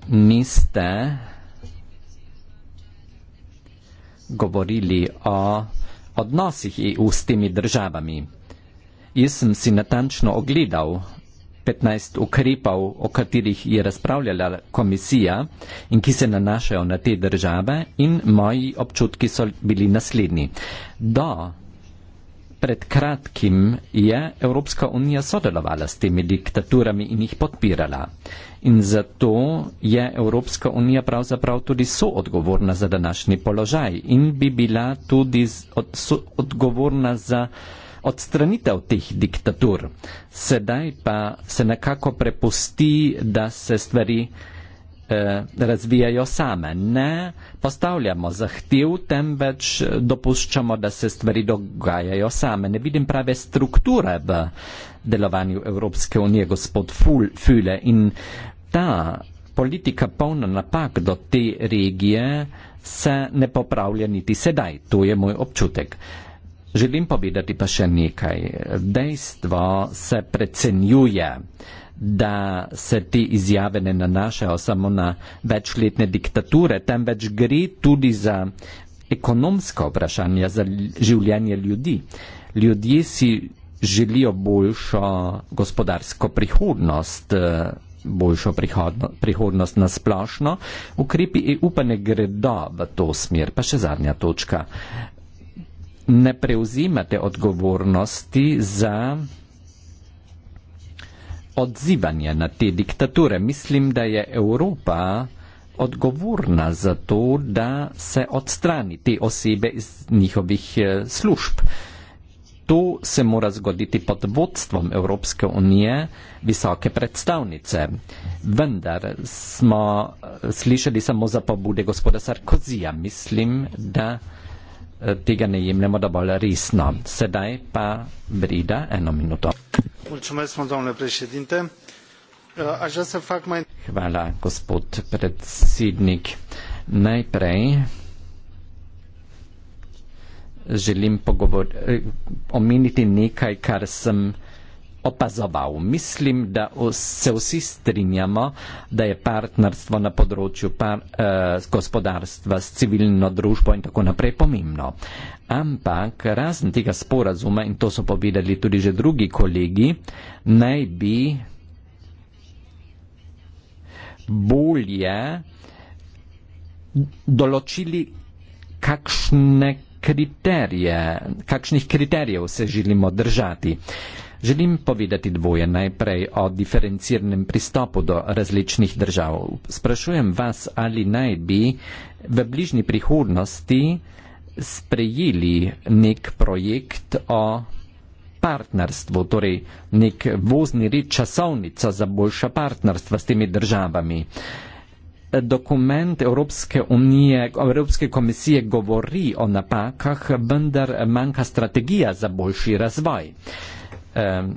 niste govorili o odnosih EU s temi državami. Jaz sem si natančno ogledal 15 ukrepov, o katerih je razpravljala komisija in ki se nanašajo na te države in moji občutki so bili naslednji. Do pred kratkim je Evropska unija sodelovala s temi diktaturami in jih podpirala. In zato je Evropska unija pravzaprav tudi soodgovorna za današnji položaj in bi bila tudi soodgovorna za odstranitev teh diktatur. Sedaj pa se nekako prepusti, da se stvari eh, razvijajo same. Ne postavljamo zahtev, temveč eh, dopuščamo, da se stvari dogajajo same. Ne vidim prave strukture v delovanju Evropske unije, gospod Füle. In ta politika polna napak do te regije se ne popravlja niti sedaj. To je moj občutek. Želim povedati pa še nekaj. Dejstvo se precenjuje, da se te izjave ne nanašajo samo na večletne diktature, temveč gre tudi za ekonomska vprašanja, za življenje ljudi. Ljudje si želijo boljšo gospodarsko prihodnost, boljšo prihodno, prihodnost na splošno. Ukrepi EU pa ne gredo v to smer. Pa še zadnja točka ne preuzimate odgovornosti za odzivanje na te diktature. Mislim, da je Evropa odgovorna za to, da se odstrani te osebe iz njihovih eh, služb. To se mora zgoditi pod vodstvom Evropske unije visoke predstavnice. Vendar smo eh, slišali samo za pobude gospoda Sarkozija. Mislim, da tega ne jemljemo dovolj resno. Sedaj pa Brida eno minuto. Hvala, gospod predsednik. Najprej želim eh, omeniti nekaj, kar sem opazoval. Mislim, da se vsi strinjamo, da je partnerstvo na področju par, eh, gospodarstva s civilno družbo in tako naprej pomembno. Ampak razen tega sporazuma, in to so povedali tudi že drugi kolegi, naj bi bolje določili kakšne kriterije, kakšnih kriterijev se želimo držati. Želim povedati dvoje najprej o diferenciranem pristopu do različnih držav. Sprašujem vas, ali naj bi v bližnji prihodnosti sprejeli nek projekt o partnerstvu, torej nek vozni red časovnica za boljša partnerstva s temi državami. Dokument Evropske, unije, Evropske komisije govori o napakah, vendar manjka strategija za boljši razvoj. Um,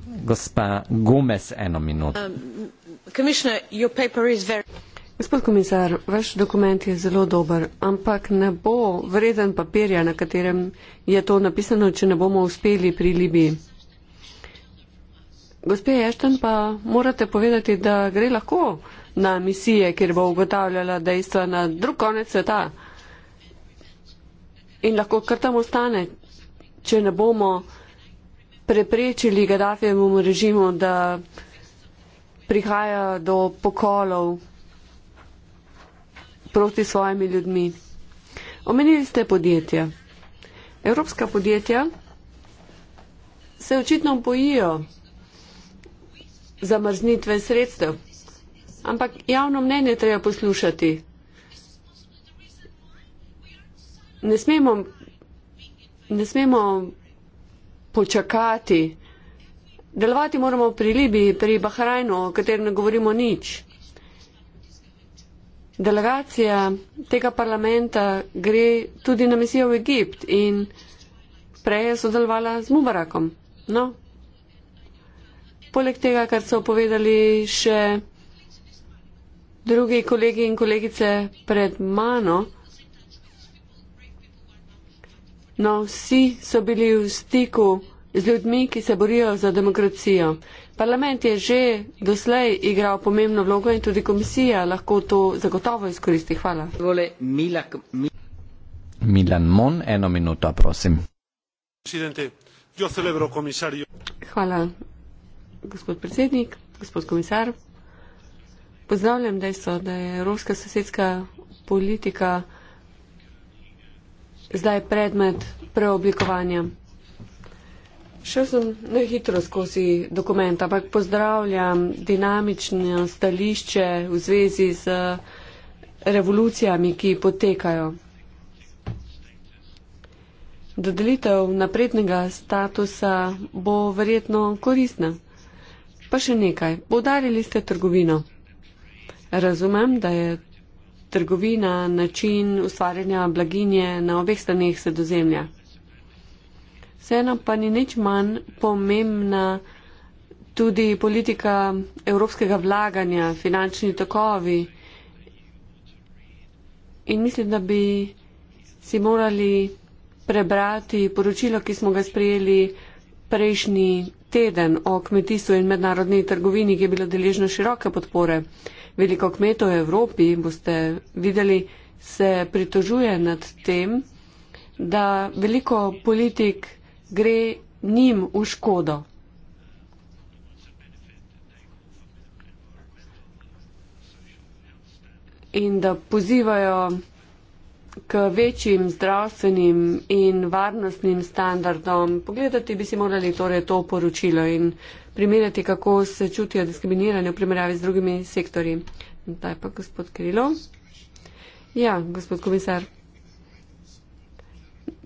gospod komisar vaš dokument je zelo dober ampak ne bo vreden papirja na katerem je to napisano če ne bomo uspeli pri libiji gospe ešten pa morate povedati da gre lahko na misije kjer bo ugotavljala dejstva na drug konec sveta in lahko kar tam ostane če ne bomo preprečili Gaddafijevemu režimu, da prihaja do pokolov proti svojimi ljudmi. Omenili ste podjetja. Evropska podjetja se očitno bojijo zamrznitve sredstev, ampak javno mnenje treba poslušati. Ne smemo, ne smemo počakati. Delovati moramo pri Libiji, pri Bahrajnu, o katerem ne govorimo nič. Delegacija tega parlamenta gre tudi na misijo v Egipt in prej je sodelovala z Mubarakom. No. Poleg tega, kar so povedali še drugi kolegi in kolegice pred mano, No, vsi so bili v stiku z ljudmi, ki se borijo za demokracijo. Parlament je že doslej igral pomembno vlogo in tudi komisija lahko to zagotovo izkoristi. Hvala. Milan Mon, eno minuto, prosim. Hvala, gospod predsednik, gospod komisar. Pozdravljam dejstvo, da je evropska sosedska politika zdaj predmet preoblikovanja. Šel sem nehitro skozi dokument, ampak pozdravljam dinamično stališče v zvezi z revolucijami, ki potekajo. Dodelitev naprednega statusa bo verjetno koristna. Pa še nekaj. Podarili ste trgovino. Razumem, da je trgovina, način ustvarjanja blaginje na obeh straneh sredozemlja. Vseeno pa ni nič manj pomembna tudi politika evropskega vlaganja, finančni tokovi. In mislim, da bi si morali prebrati poročilo, ki smo ga sprejeli prejšnji teden o kmetijstvu in mednarodni trgovini, ki je bilo deležno široke podpore. Veliko kmetov v Evropi, boste videli, se pritožuje nad tem, da veliko politik gre njim v škodo. In da pozivajo k večjim zdravstvenim in varnostnim standardom. Pogledati bi si morali torej to poročilo in primerjati, kako se čutijo diskriminirani v primerjavi z drugimi sektorji. Zdaj pa gospod Krilo. Ja, gospod komisar.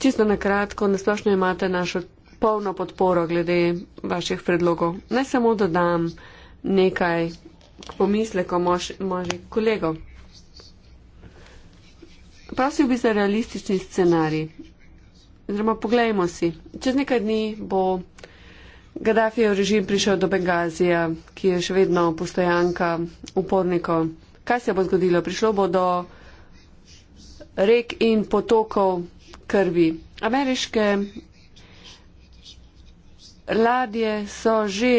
Čisto na kratko, nasplošno imate našo polno podporo glede vaših predlogov. Naj samo dodam nekaj pomisleko moži kolegov. Prosil bi za realistični scenarij. Zdravo, poglejmo si. Čez nekaj dni bo Gaddafijev režim prišel do Bengazija, ki je še vedno postojanka upornikov. Kaj se bo zgodilo? Prišlo bo do rek in potokov krvi. Ameriške ladje so že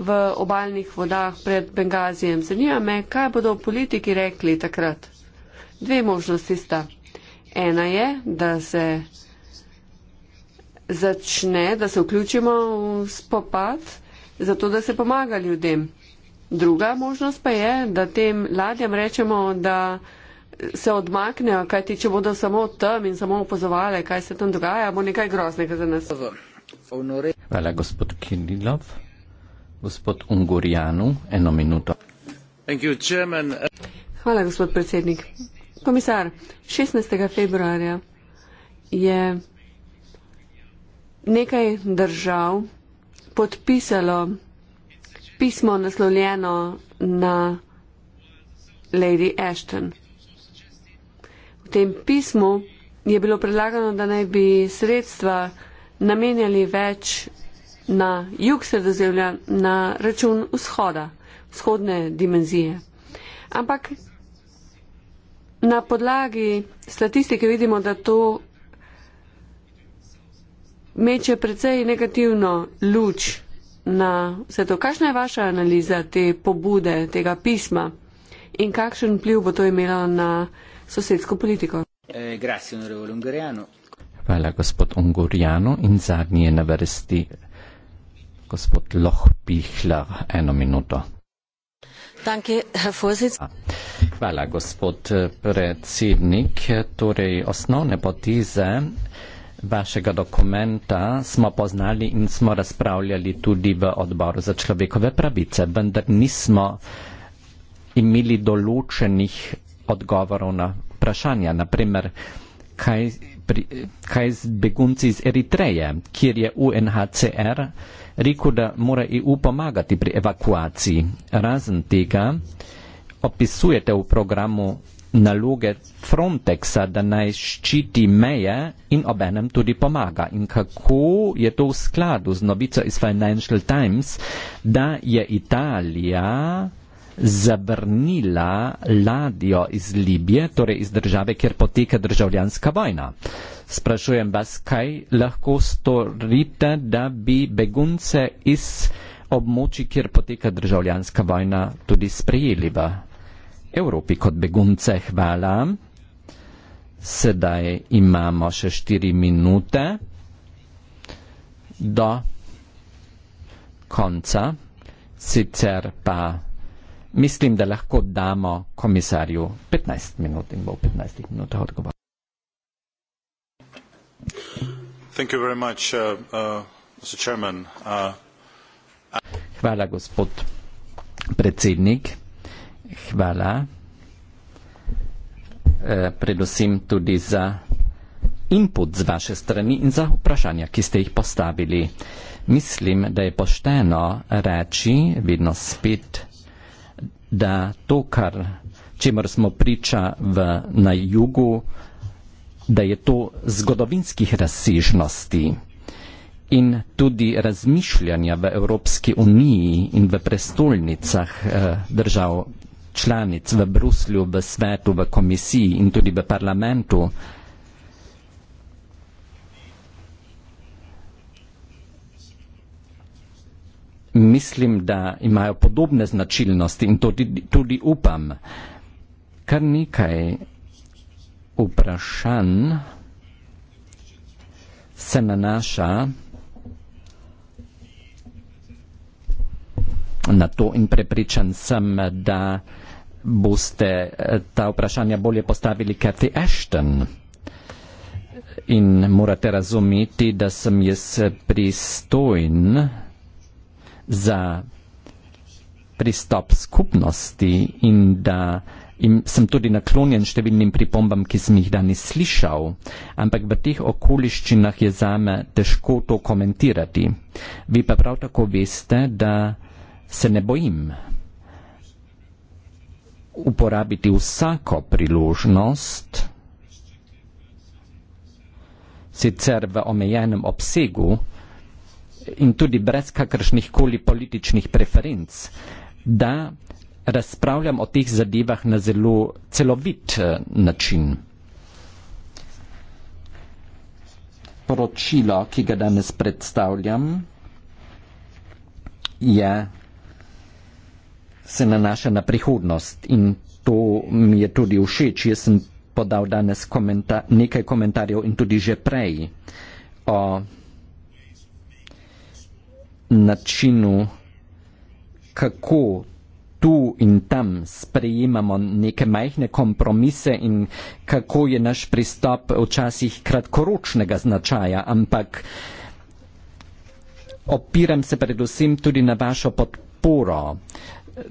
v obaljnih vodah pred Bengazijem. Zanima me, kaj bodo politiki rekli takrat. Dve možnosti sta. Ena je, da se začne, da se vključimo v spopad, zato da se pomaga ljudem. Druga možnost pa je, da tem ladjam rečemo, da se odmaknejo, kajti če bodo samo tam in samo opozovali, kaj se tam dogaja, bo nekaj groznega za nas. Hvala, gospod Kirilov. Gospod Ungurjanu, eno minuto. You, Hvala, gospod predsednik. Komisar, 16. februarja je nekaj držav podpisalo pismo naslovljeno na Lady Ashton. V tem pismu je bilo predlagano, da naj bi sredstva namenjali več na jug sredozemlja na račun vzhoda, vzhodne dimenzije. Ampak na podlagi statistike vidimo, da to meče precej negativno luč na vse to. Kakšna je vaša analiza te pobude, tega pisma in kakšen pliv bo to imelo na sosedsko politiko? Eh, Hvala, gospod Ungurjano. In zadnji je na vrsti gospod Lohpihler. Eno minuto. Danke, eh, Hvala, gospod eh, predsednik. Torej, osnovne poti za vašega dokumenta smo poznali in smo razpravljali tudi v odboru za človekove pravice, vendar nismo imeli določenih odgovorov na vprašanja. Naprimer, kaj, pri, kaj z begunci iz Eritreje, kjer je UNHCR rekel, da mora EU pomagati pri evakuaciji. Razen tega opisujete v programu naloge Frontexa, da naj ščiti meje in obenem tudi pomaga. In kako je to v skladu z novico iz Financial Times, da je Italija zavrnila ladjo iz Libije, torej iz države, kjer poteka državljanska vojna. Sprašujem vas, kaj lahko storite, da bi begunce iz območij, kjer poteka državljanska vojna, tudi sprejeli v Evropi kot begunce. Hvala. Sedaj imamo še 4 minute do konca. Sicer pa mislim, da lahko damo komisarju 15 minut in bo v 15 minutah odgovoril. Thank you very much, uh, uh, Mr. Chairman. Uh, I... Hvala, gospod predsednik hvala, e, predvsem tudi za input z vaše strani in za vprašanja, ki ste jih postavili. Mislim, da je pošteno reči, vedno spet, da to, kar čemer smo priča v, na jugu, da je to zgodovinskih razsežnosti in tudi razmišljanja v Evropski uniji in v prestolnicah eh, držav članic v Bruslju, v svetu, v komisiji in tudi v parlamentu, mislim, da imajo podobne značilnosti in tudi, tudi upam. Kar nekaj vprašanj se nanaša na to in prepričan sem, da boste eh, ta vprašanja bolje postavili Cathy Ashton. In morate razumeti, da sem jaz pristojen za pristop skupnosti in da in sem tudi naklonjen številnim pripombam, ki sem jih danes slišal, ampak v teh okoliščinah je zame težko to komentirati. Vi pa prav tako veste, da se ne bojim uporabiti vsako priložnost, sicer v omejenem obsegu in tudi brez kakršnih koli političnih preferenc, da razpravljam o teh zadevah na zelo celovit eh, način. Poročilo, ki ga danes predstavljam, je se nanaša na prihodnost in to mi je tudi všeč. Jaz sem podal danes komenta nekaj komentarjev in tudi že prej o načinu, kako tu in tam sprejemamo neke majhne kompromise in kako je naš pristop včasih kratkoročnega značaja, ampak opiram se predvsem tudi na vašo podporo. Uh,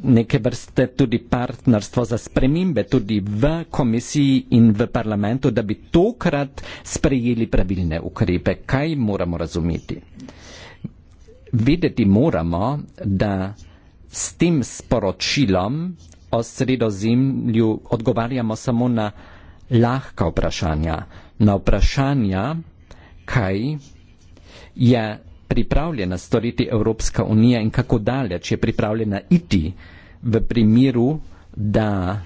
neke vrste tudi partnerstvo za spremembe tudi v komisiji in v parlamentu, da bi tokrat sprejeli pravilne ukrepe. Kaj moramo razumeti? Videti moramo, da s tem sporočilom o sredozemlju odgovarjamo samo na lahka vprašanja, na vprašanja, kaj je pripravljena storiti Evropska unija in kako daleč je pripravljena iti v primeru, da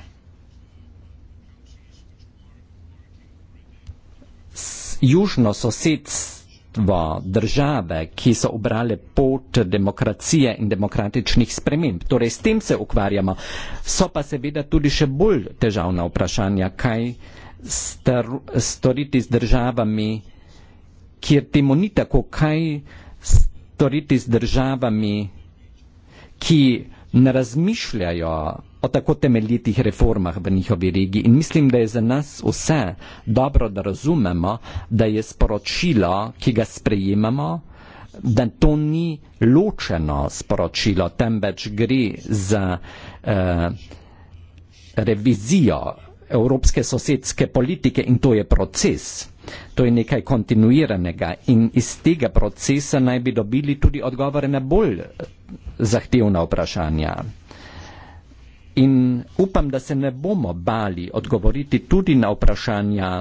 južno sosedstvo države, ki so obrale pot demokracije in demokratičnih sprememb. Torej, s tem se ukvarjamo. So pa seveda tudi še bolj težavna vprašanja, kaj star, storiti z državami, kjer temu ni tako, kaj storiti z državami, ki ne razmišljajo o tako temeljitih reformah v njihovi regiji. In mislim, da je za nas vse dobro, da razumemo, da je sporočilo, ki ga sprejemamo, da to ni ločeno sporočilo, temveč gre za eh, revizijo evropske sosedske politike in to je proces. To je nekaj kontinuiranega in iz tega procesa naj bi dobili tudi odgovore na bolj eh, zahtevna vprašanja. In upam, da se ne bomo bali odgovoriti tudi na vprašanja,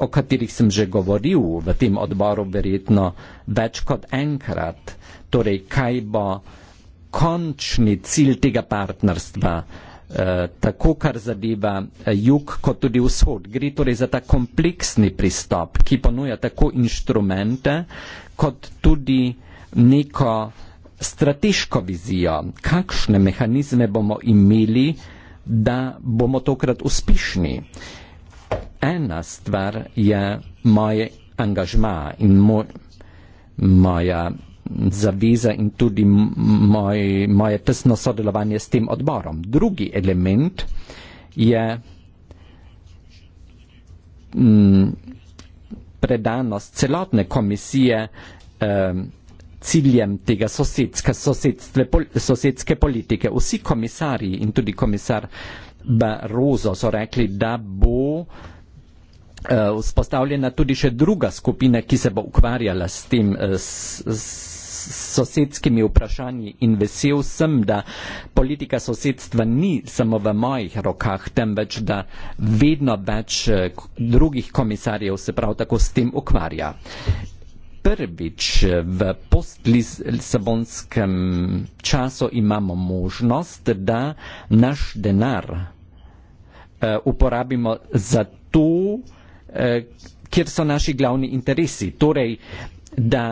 o katerih sem že govoril v tem odboru verjetno več kot enkrat, torej kaj bo končni cilj tega partnerstva. Eh, tako kar zadeva eh, jug, kot tudi vzhod. Gre torej za ta kompleksni pristop, ki ponuja tako inštrumente, kot tudi neko strateško vizijo, kakšne mehanizme bomo imeli, da bomo tokrat uspešni. Ena stvar je moje angažma in moj, moja zaveza in tudi moj, moje tesno sodelovanje s tem odborom. Drugi element je m, mm, predanost celotne komisije eh, ciljem tega sosedske, sosedstve, pol, sosedske politike. Vsi komisarji in tudi komisar Barroso so rekli, da bo eh, vzpostavljena tudi še druga skupina, ki se bo ukvarjala s tem, eh, s, s, sosedskimi vprašanji in vesel sem, da politika sosedstva ni samo v mojih rokah, temveč da vedno več eh, drugih komisarjev se prav tako s tem ukvarja. Prvič eh, v postlisabonskem času imamo možnost, da naš denar eh, uporabimo za to, kjer so naši glavni interesi. Torej, da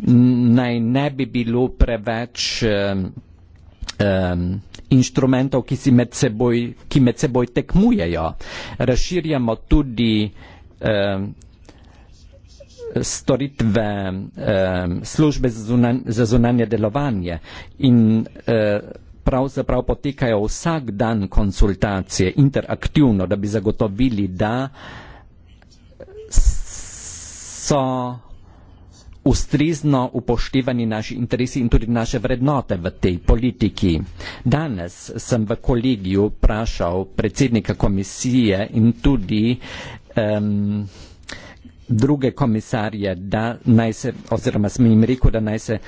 naj ne bi bilo preveč um, inštrumentov, ki, med seboj, ki med seboj tekmujejo. Razširjamo tudi um, storitve um, službe za, zunan, za zunanje delovanje in uh, pravzaprav potekajo vsak dan konsultacije interaktivno, da bi zagotovili, da so ustrezno upoštevani naši interesi in tudi naše vrednote v tej politiki. Danes sem v kolegiju vprašal predsednika komisije in tudi um, druge komisarje, da naj se, oziroma sem jim rekel, da naj se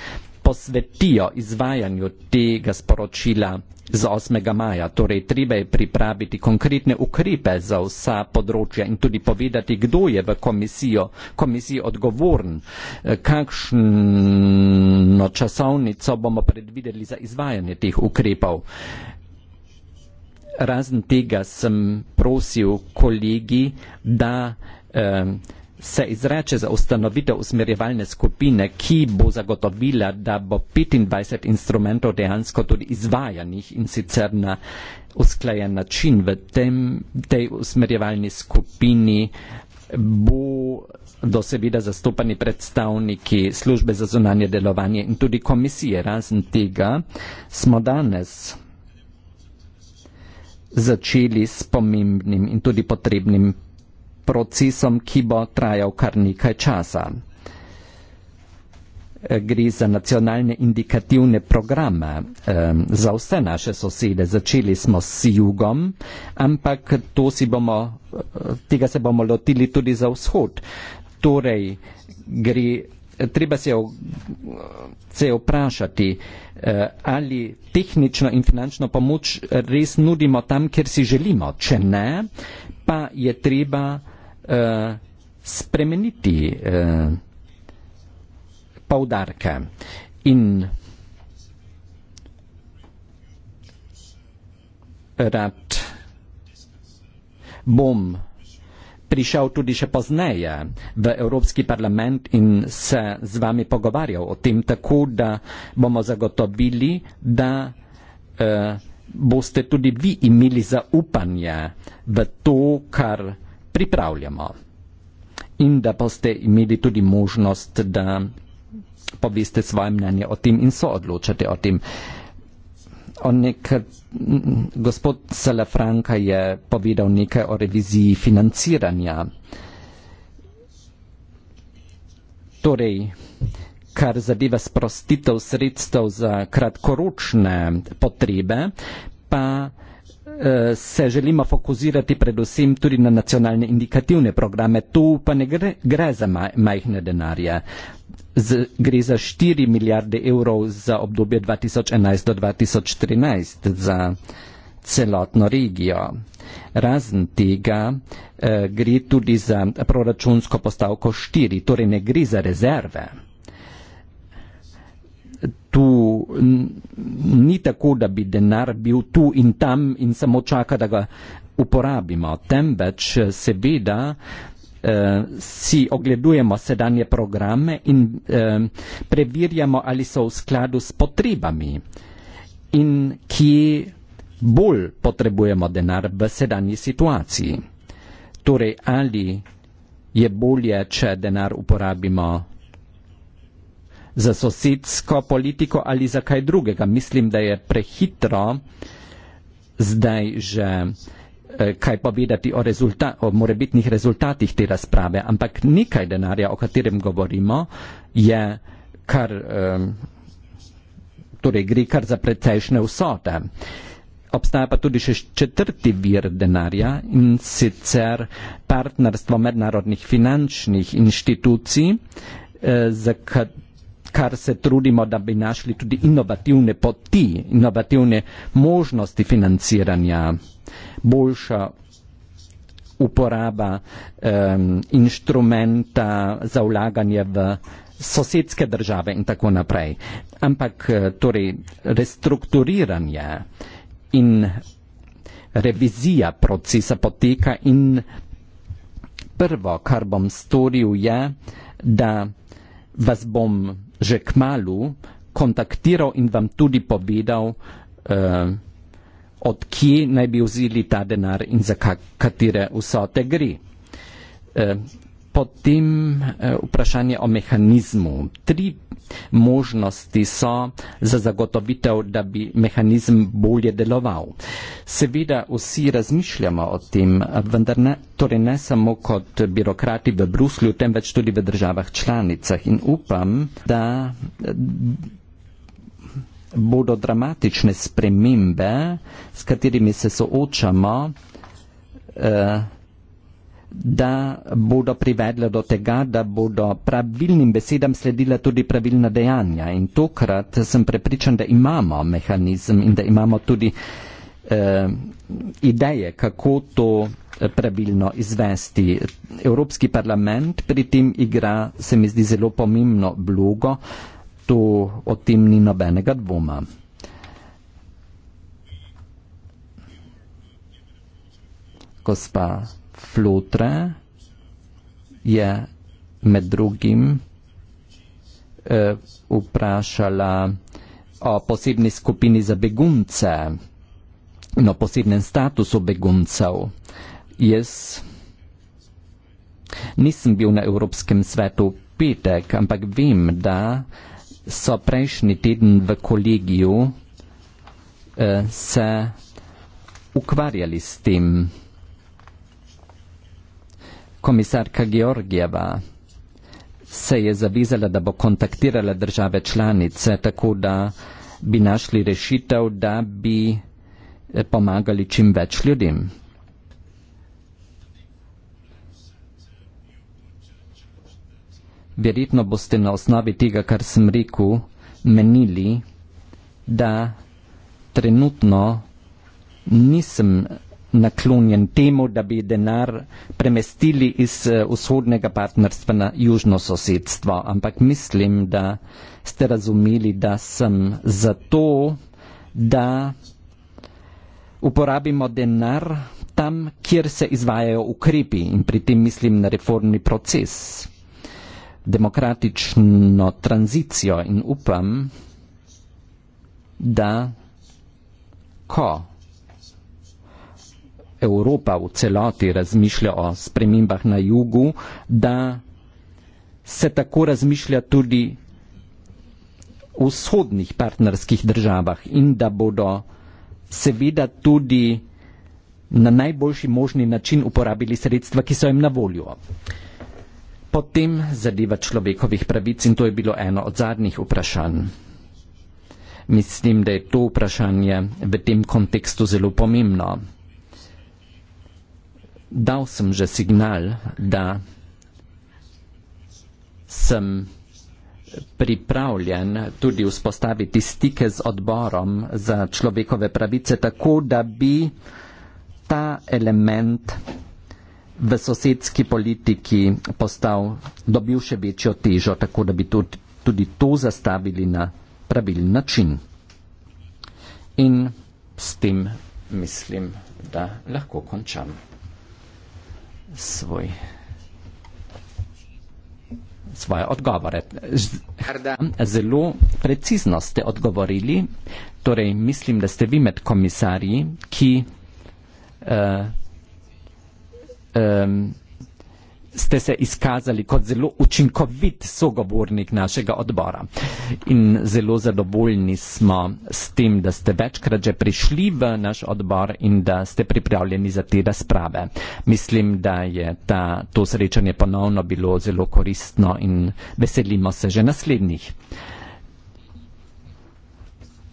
posvetijo izvajanju tega sporočila Z 8. maja torej treba je pripraviti konkretne ukrepe za vsa področja in tudi povedati, kdo je v komisijo, komisiji odgovoren, eh, kakšno časovnico bomo predvideli za izvajanje teh ukrepov. Razen tega sem prosil kolegi, da eh, se izreče za ustanovitev usmerjevalne skupine, ki bo zagotovila, da bo 25 instrumentov dejansko tudi izvajanih in sicer na usklajen način v tem, tej usmerjevalni skupini bo do seveda zastopani predstavniki službe za zunanje delovanje in tudi komisije. Razen tega smo danes začeli s pomembnim in tudi potrebnim procesom, ki bo trajal kar nekaj časa. E, gre za nacionalne indikativne programe e, za vse naše sosede. Začeli smo s jugom, ampak to si bomo, e, tega se bomo lotili tudi za vzhod. Torej, gre, treba se, se vprašati, ali tehnično in finančno pomoč res nudimo tam, kjer si želimo. Če ne, pa je treba uh, spremeniti uh, poudarke in rad bom prišel tudi še pozneje v Evropski parlament in se z vami pogovarjal o tem, tako da bomo zagotovili, da eh, boste tudi vi imeli zaupanje v to, kar eh, pripravljamo. In da boste imeli tudi možnost, da poveste svoje mnenje o tem in so odločate o tem. On nek, gospod Salafranka je povedal nekaj o reviziji financiranja. Torej, kar zadeva sprostitev sredstev za kratkoročne potrebe, pa Eh, se želimo fokusirati predvsem tudi na nacionalne indikativne programe. Tu pa ne gre, gre za maj, majhne denarje. Z, gre za 4 milijarde evrov za obdobje 2011 do 2013 za celotno regijo. Razen tega eh, gre tudi za proračunsko postavko 4, torej ne gre za rezerve tu ni tako, da bi denar bil tu in tam in samo čaka, da ga uporabimo, temveč eh, seveda eh, si ogledujemo sedanje programe in eh, preverjamo, ali so v skladu s potrebami in kje bolj potrebujemo denar v sedanji situaciji. Torej, ali je bolje, če denar uporabimo za sosedsko politiko ali za kaj drugega. Mislim, da je prehitro zdaj že eh, kaj povedati o, o morebitnih rezultatih te razprave, ampak nekaj denarja, o katerem govorimo, je kar, eh, torej gre kar za precejšnje vsote. Obstaja pa tudi še četrti vir denarja in sicer partnerstvo mednarodnih finančnih inštitucij, eh, za katero kar se trudimo, da bi našli tudi inovativne poti, inovativne možnosti financiranja, boljša uporaba um, inštrumenta za vlaganje v sosedske države in tako naprej. Ampak eh, torej restrukturiranje in revizija procesa poteka in prvo, kar bom storil, je, da vas bom že k malu kontaktiral in vam tudi povedal, uh, od kje naj bi vzeli ta denar in za katere vsote gre. Uh, potem eh, vprašanje o mehanizmu. Tri možnosti so za zagotovitev, da bi mehanizem bolje deloval. Seveda vsi razmišljamo o tem, vendar ne, torej ne samo kot birokrati v Bruslju, temveč tudi v državah članicah in upam, da bodo dramatične spremembe, s katerimi se soočamo, eh, da bodo privedle do tega, da bodo pravilnim besedam sledila tudi pravilna dejanja. In tokrat sem prepričan, da imamo mehanizem in da imamo tudi eh, ideje, kako to eh, pravilno izvesti. Evropski parlament pri tem igra, se mi zdi, zelo pomembno vlogo. To o tem ni nobenega dvoma. Gospa flutre je med drugim uh, vprašala o posebni skupini za begunce, o no, posebnem statusu beguncev. Jaz nisem bil na Evropskem svetu petek, ampak vem, da so prejšnji teden v kolegiju uh, se ukvarjali s tem. Komisarka Georgijeva se je zavizala, da bo kontaktirala države članice, tako da bi našli rešitev, da bi eh, pomagali čim več ljudem. Verjetno boste na osnovi tega, kar sem rekel, menili, da trenutno nisem naklonjen temu, da bi denar premestili iz eh, vzhodnega partnerstva na južno sosedstvo. Ampak mislim, da ste razumeli, da sem za to, da uporabimo denar tam, kjer se izvajajo ukrepi in pri tem mislim na reformni proces, demokratično tranzicijo in upam, da ko Evropa v celoti razmišlja o spremembah na jugu, da se tako razmišlja tudi v vzhodnih partnerskih državah in da bodo seveda tudi na najboljši možni način uporabili sredstva, ki so jim na voljo. Potem zadeva človekovih pravic in to je bilo eno od zadnjih vprašanj. Mislim, da je to vprašanje v tem kontekstu zelo pomembno dal sem že signal, da sem pripravljen tudi vzpostaviti stike z odborom za človekove pravice, tako da bi ta element v sosedski politiki postal, dobil še večjo težo, tako da bi tudi, tudi to zastavili na pravilen način. In s tem mislim, da lahko končam svoj, svoje odgovore. Zelo precizno ste odgovorili, torej mislim, da ste vi med komisarji, ki uh, um, ste se izkazali kot zelo učinkovit sogovornik našega odbora. In zelo zadovoljni smo s tem, da ste večkrat že prišli v naš odbor in da ste pripravljeni za te razprave. Mislim, da je ta, to srečanje ponovno bilo zelo koristno in veselimo se že naslednjih.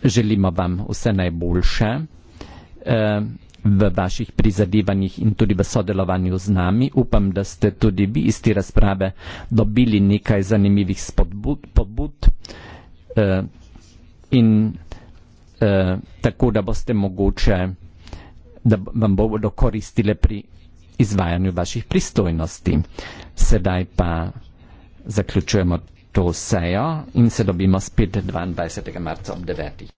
Želimo vam vse najboljše. Uh, v vaših prizadevanjih in tudi v sodelovanju z nami. Upam, da ste tudi vi iz te razprave dobili nekaj zanimivih spodbud, pobud eh, in eh, tako, da boste mogoče, da vam bodo koristile pri izvajanju vaših pristojnosti. Sedaj pa zaključujemo to sejo in se dobimo spet 22. marca ob 9.